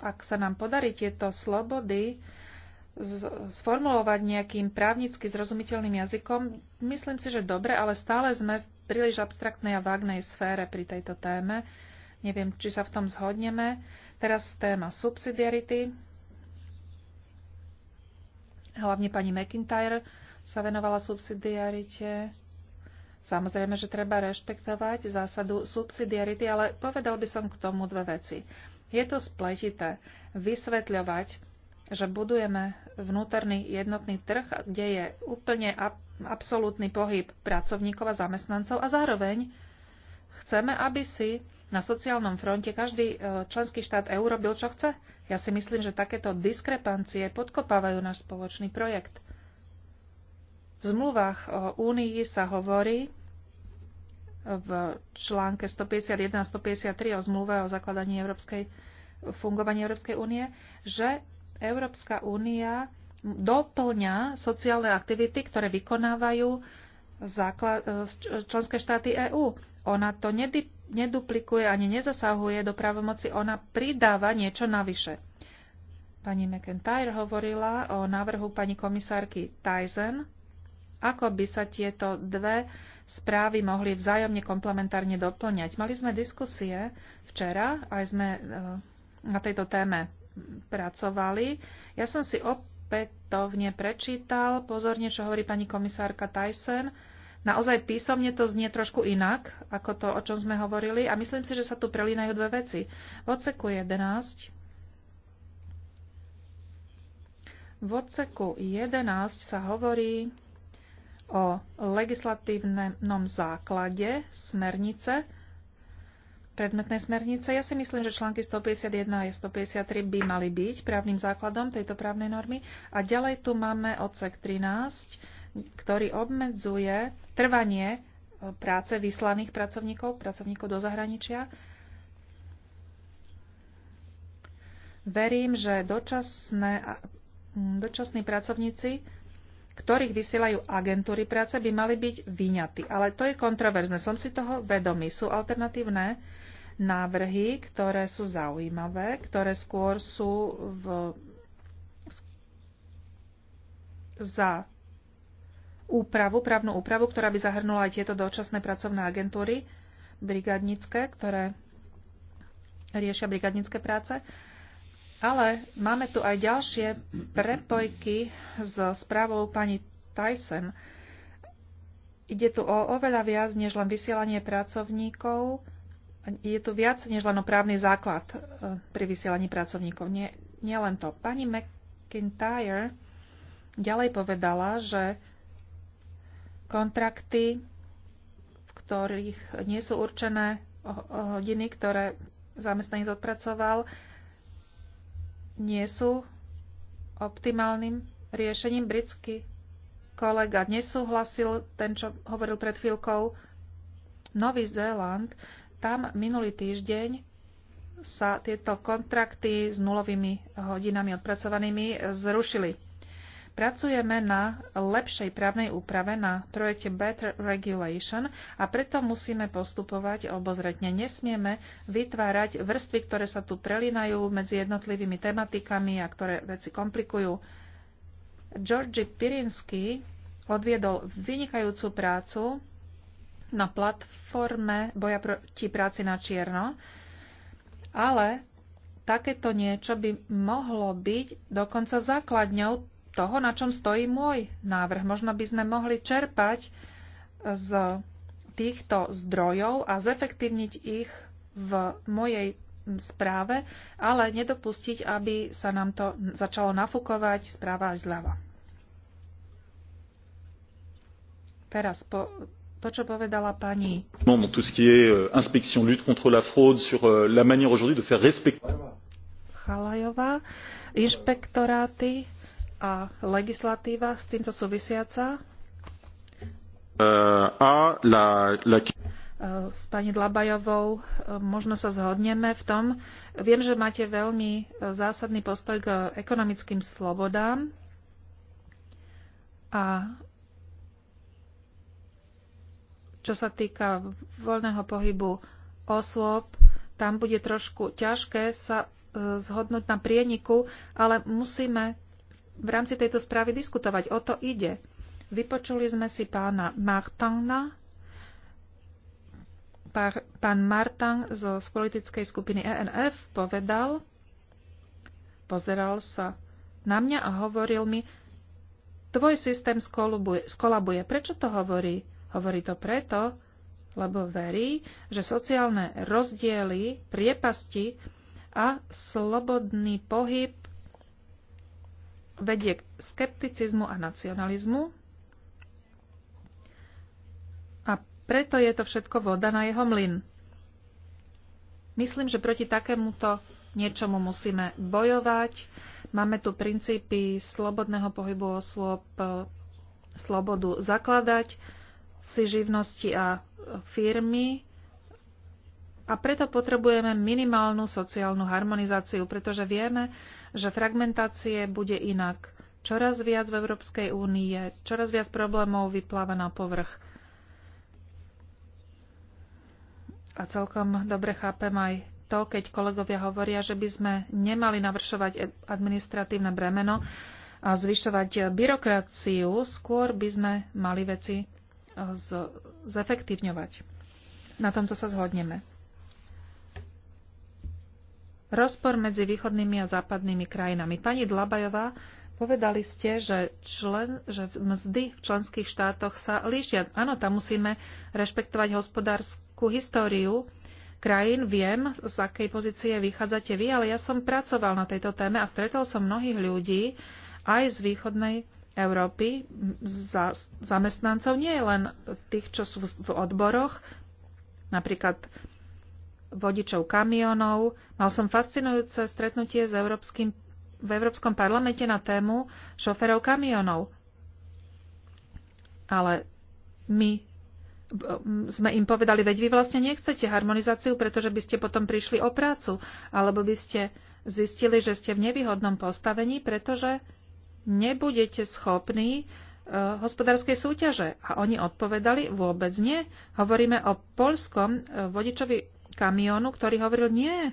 Ak sa nám podarí tieto slobody sformulovať nejakým právnicky zrozumiteľným jazykom, myslím si, že dobre, ale stále sme v príliš abstraktnej a vágnej sfére pri tejto téme. Neviem, či sa v tom zhodneme. Teraz téma subsidiarity. Hlavne pani McIntyre sa venovala subsidiarite. Samozrejme, že treba rešpektovať zásadu subsidiarity, ale povedal by som k tomu dve veci. Je to spletité vysvetľovať, že budujeme vnútorný jednotný trh, kde je úplne absolútny pohyb pracovníkov a zamestnancov a zároveň chceme, aby si na sociálnom fronte každý e, členský štát EU robil, čo chce? Ja si myslím, že takéto diskrepancie podkopávajú náš spoločný projekt. V zmluvách o e, Únii sa hovorí e, v článke 151 a 153 o zmluve o zakladaní Európskej, fungovaní Európskej únie, že Európska únia doplňa sociálne aktivity, ktoré vykonávajú základ, členské štáty EÚ ona to neduplikuje ani nezasahuje do právomoci, ona pridáva niečo navyše. Pani McIntyre hovorila o návrhu pani komisárky Tyson, ako by sa tieto dve správy mohli vzájomne komplementárne doplňať. Mali sme diskusie včera, aj sme e, na tejto téme pracovali. Ja som si opätovne prečítal pozorne, čo hovorí pani komisárka Tyson Naozaj písomne to znie trošku inak, ako to, o čom sme hovorili. A myslím si, že sa tu prelínajú dve veci. V odseku 11 v odseku 11 sa hovorí o legislatívnom základe smernice, predmetnej smernice. Ja si myslím, že články 151 a 153 by mali byť právnym základom tejto právnej normy. A ďalej tu máme odsek 13, ktorý obmedzuje trvanie e, práce vyslaných pracovníkov, pracovníkov do zahraničia. Verím, že dočasné, dočasní pracovníci, ktorých vysielajú agentúry práce, by mali byť vyňatí. Ale to je kontroverzné. Som si toho vedomý. Sú alternatívne návrhy, ktoré sú zaujímavé, ktoré skôr sú v, za úpravu, právnu úpravu, ktorá by zahrnula aj tieto dočasné pracovné agentúry brigadnické, ktoré riešia brigadnické práce. Ale máme tu aj ďalšie prepojky s správou pani Tyson. Ide tu o oveľa viac než len vysielanie pracovníkov. Je tu viac než len o právny základ e, pri vysielaní pracovníkov. Nie, nie len to. Pani McIntyre ďalej povedala, že kontrakty, v ktorých nie sú určené hodiny, ktoré zamestnanec odpracoval, nie sú optimálnym riešením. Britský kolega nesúhlasil, ten, čo hovoril pred chvíľkou, Nový Zéland, tam minulý týždeň sa tieto kontrakty s nulovými hodinami odpracovanými zrušili. Pracujeme na lepšej právnej úprave na projekte Better Regulation a preto musíme postupovať obozretne. Nesmieme vytvárať vrstvy, ktoré sa tu prelinajú medzi jednotlivými tematikami a ktoré veci komplikujú. Georgi Pirinsky odviedol vynikajúcu prácu na platforme boja proti práci na čierno, ale takéto niečo by mohlo byť dokonca základňou toho, na čom stojí môj návrh. Možno by sme mohli čerpať z týchto zdrojov a zefektívniť ich v mojej správe, ale nedopustiť, aby sa nám to začalo nafúkovať správa aj zľava. Teraz po, to, čo povedala pani. Dans tout ce qui euh, lutte contre la fraude, sur euh, la manière aujourd'hui de faire Chalajová, inšpektoráty, a legislatíva s týmto súvisiaca. Uh, a la, la... Eh, s pani Dlabajovou eh, možno sa zhodneme v tom. Viem, že máte veľmi zásadný postoj k ekonomickým slobodám a čo sa týka voľného pohybu osôb, tam bude trošku ťažké sa zhodnúť na prieniku, ale musíme v rámci tejto správy diskutovať. O to ide. Vypočuli sme si pána Martana, pán Martan zo z politickej skupiny ENF povedal, pozeral sa na mňa a hovoril mi, tvoj systém skolabuje. Prečo to hovorí? Hovorí to preto, lebo verí, že sociálne rozdiely, priepasti a slobodný pohyb vedie k skepticizmu a nacionalizmu a preto je to všetko voda na jeho mlyn. Myslím, že proti takémuto niečomu musíme bojovať. Máme tu princípy slobodného pohybu osôb, slobodu zakladať si živnosti a firmy, a preto potrebujeme minimálnu sociálnu harmonizáciu, pretože vieme, že fragmentácie bude inak. Čoraz viac v Európskej únii je, čoraz viac problémov vypláva na povrch. A celkom dobre chápem aj to, keď kolegovia hovoria, že by sme nemali navršovať e- administratívne bremeno a zvyšovať byrokraciu, skôr by sme mali veci e, zefektívňovať. Na tomto sa zhodneme rozpor medzi východnými a západnými krajinami. Pani Dlabajová, povedali ste, že, člen, že mzdy v členských štátoch sa líšia. Áno, tam musíme rešpektovať hospodárskú históriu krajín. Viem, z akej pozície vychádzate vy, ale ja som pracoval na tejto téme a stretol som mnohých ľudí aj z východnej Európy za zamestnancov, nie len tých, čo sú v odboroch, napríklad vodičov kamionov. Mal som fascinujúce stretnutie s Európskym, v Európskom parlamente na tému šoferov kamionov. Ale my sme im povedali, veď vy vlastne nechcete harmonizáciu, pretože by ste potom prišli o prácu, alebo by ste zistili, že ste v nevýhodnom postavení, pretože nebudete schopní e, hospodárskej súťaže. A oni odpovedali, vôbec nie. Hovoríme o polskom e, vodičovi kamionu, ktorý hovoril, nie,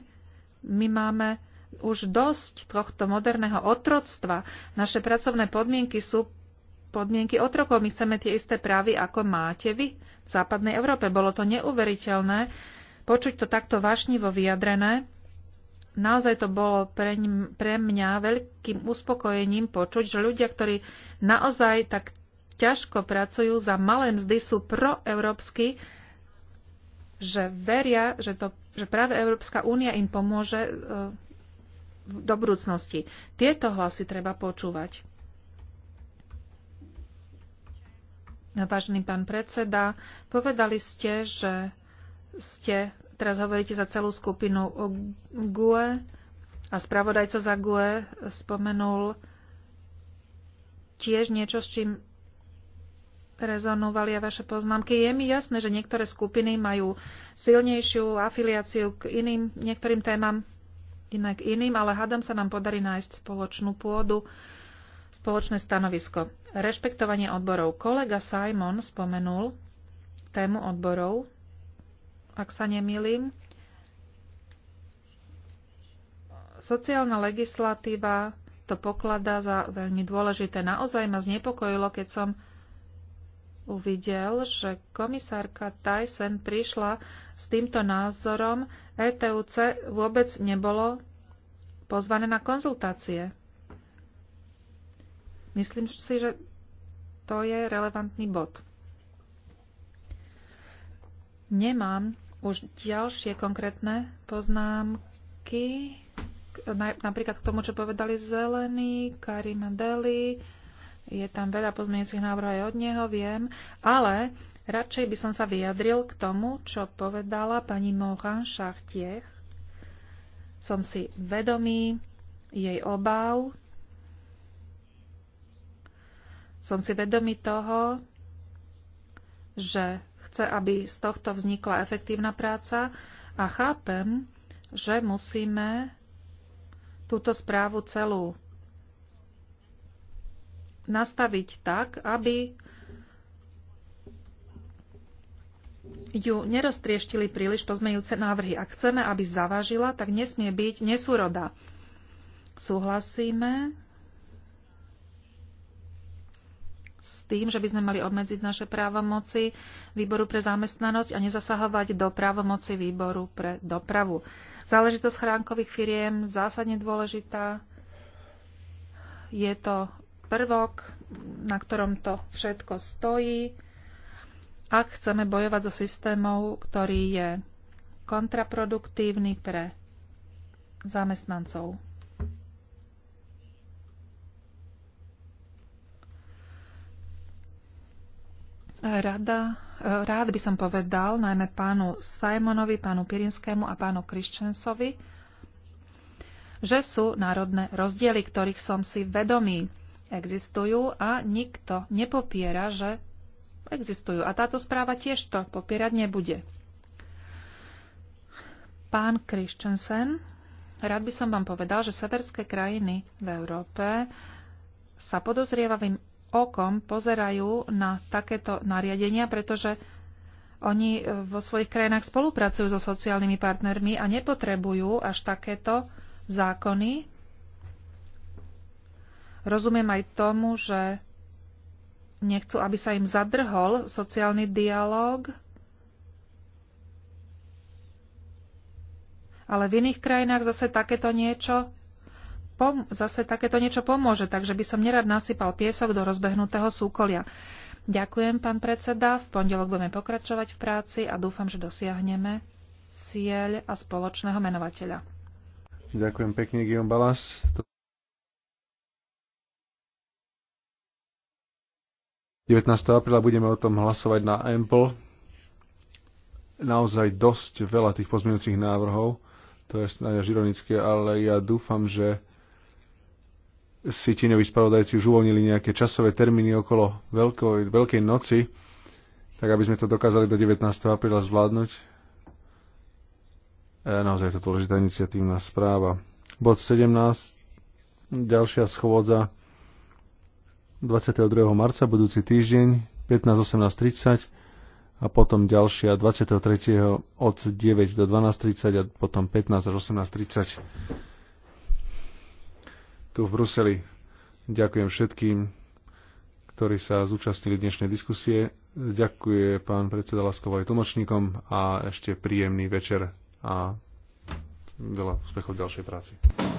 my máme už dosť tohto moderného otroctva. Naše pracovné podmienky sú podmienky otrokov. My chceme tie isté právy, ako máte vy v západnej Európe. Bolo to neuveriteľné počuť to takto vášnivo vyjadrené. Naozaj to bolo pre, pre mňa veľkým uspokojením počuť, že ľudia, ktorí naozaj tak ťažko pracujú za malé mzdy, sú proeurópsky že veria, že, to, že práve Európska únia im pomôže e, do budúcnosti. Tieto hlasy treba počúvať. Vážený pán predseda, povedali ste, že ste, teraz hovoríte za celú skupinu o GUE a spravodajca za GUE spomenul tiež niečo, s čím rezonovali a vaše poznámky. Je mi jasné, že niektoré skupiny majú silnejšiu afiliáciu k iným, niektorým témam, iné k iným, ale hádam sa nám podarí nájsť spoločnú pôdu, spoločné stanovisko. Rešpektovanie odborov. Kolega Simon spomenul tému odborov, ak sa nemýlim. Sociálna legislatíva to pokladá za veľmi dôležité. Naozaj ma znepokojilo, keď som uvidel, že komisárka Tyson prišla s týmto názorom, ETUC vôbec nebolo pozvané na konzultácie. Myslím si, že to je relevantný bod. Nemám už ďalšie konkrétne poznámky, napríklad k tomu, čo povedali zelení, Karima Deli, je tam veľa pozmeňujúcich návrhov aj od neho, viem, ale radšej by som sa vyjadril k tomu, čo povedala pani Mohan Šachtiech. Som si vedomý jej obav, som si vedomý toho, že chce, aby z tohto vznikla efektívna práca a chápem, že musíme túto správu celú nastaviť tak, aby ju neroztrieštili príliš pozmejúce návrhy. Ak chceme, aby zavažila, tak nesmie byť nesúroda. Súhlasíme s tým, že by sme mali obmedziť naše právomoci výboru pre zamestnanosť a nezasahovať do právomoci výboru pre dopravu. Záležitosť chránkových firiem zásadne dôležitá. Je to prvok, na ktorom to všetko stojí. Ak chceme bojovať so systémom, ktorý je kontraproduktívny pre zamestnancov. Rada, rád by som povedal najmä pánu Simonovi, pánu Pirinskému a pánu Kriščensovi, že sú národné rozdiely, ktorých som si vedomý existujú a nikto nepopiera, že existujú. A táto správa tiež to popierať nebude. Pán Christensen, rád by som vám povedal, že severské krajiny v Európe sa podozrievavým okom pozerajú na takéto nariadenia, pretože oni vo svojich krajinách spolupracujú so sociálnymi partnermi a nepotrebujú až takéto zákony, Rozumiem aj tomu, že nechcú, aby sa im zadrhol sociálny dialog, ale v iných krajinách zase takéto niečo zase takéto niečo pomôže, takže by som nerad nasypal piesok do rozbehnutého súkolia. Ďakujem, pán predseda. V pondelok budeme pokračovať v práci a dúfam, že dosiahneme cieľ a spoločného menovateľa. Ďakujem pekne, Guillaume Balas. 19. apríla budeme o tom hlasovať na Ample. Naozaj dosť veľa tých pozmeňujúcich návrhov. To je až ironické, ale ja dúfam, že si tieňoví spravodajci už uvoľnili nejaké časové termíny okolo veľkoj, Veľkej noci, tak aby sme to dokázali do 19. apríla zvládnuť. E, naozaj je to dôležitá iniciatívna správa. Bod 17. Ďalšia schôdza 22. marca budúci týždeň 15.18.30 a potom ďalšia 23. od 9 do 12.30 a potom 15 až 18.30 tu v Bruseli. Ďakujem všetkým, ktorí sa zúčastnili dnešnej diskusie. Ďakujem pán predseda Laskovo aj tlmočníkom a ešte príjemný večer a veľa úspechov v ďalšej práci.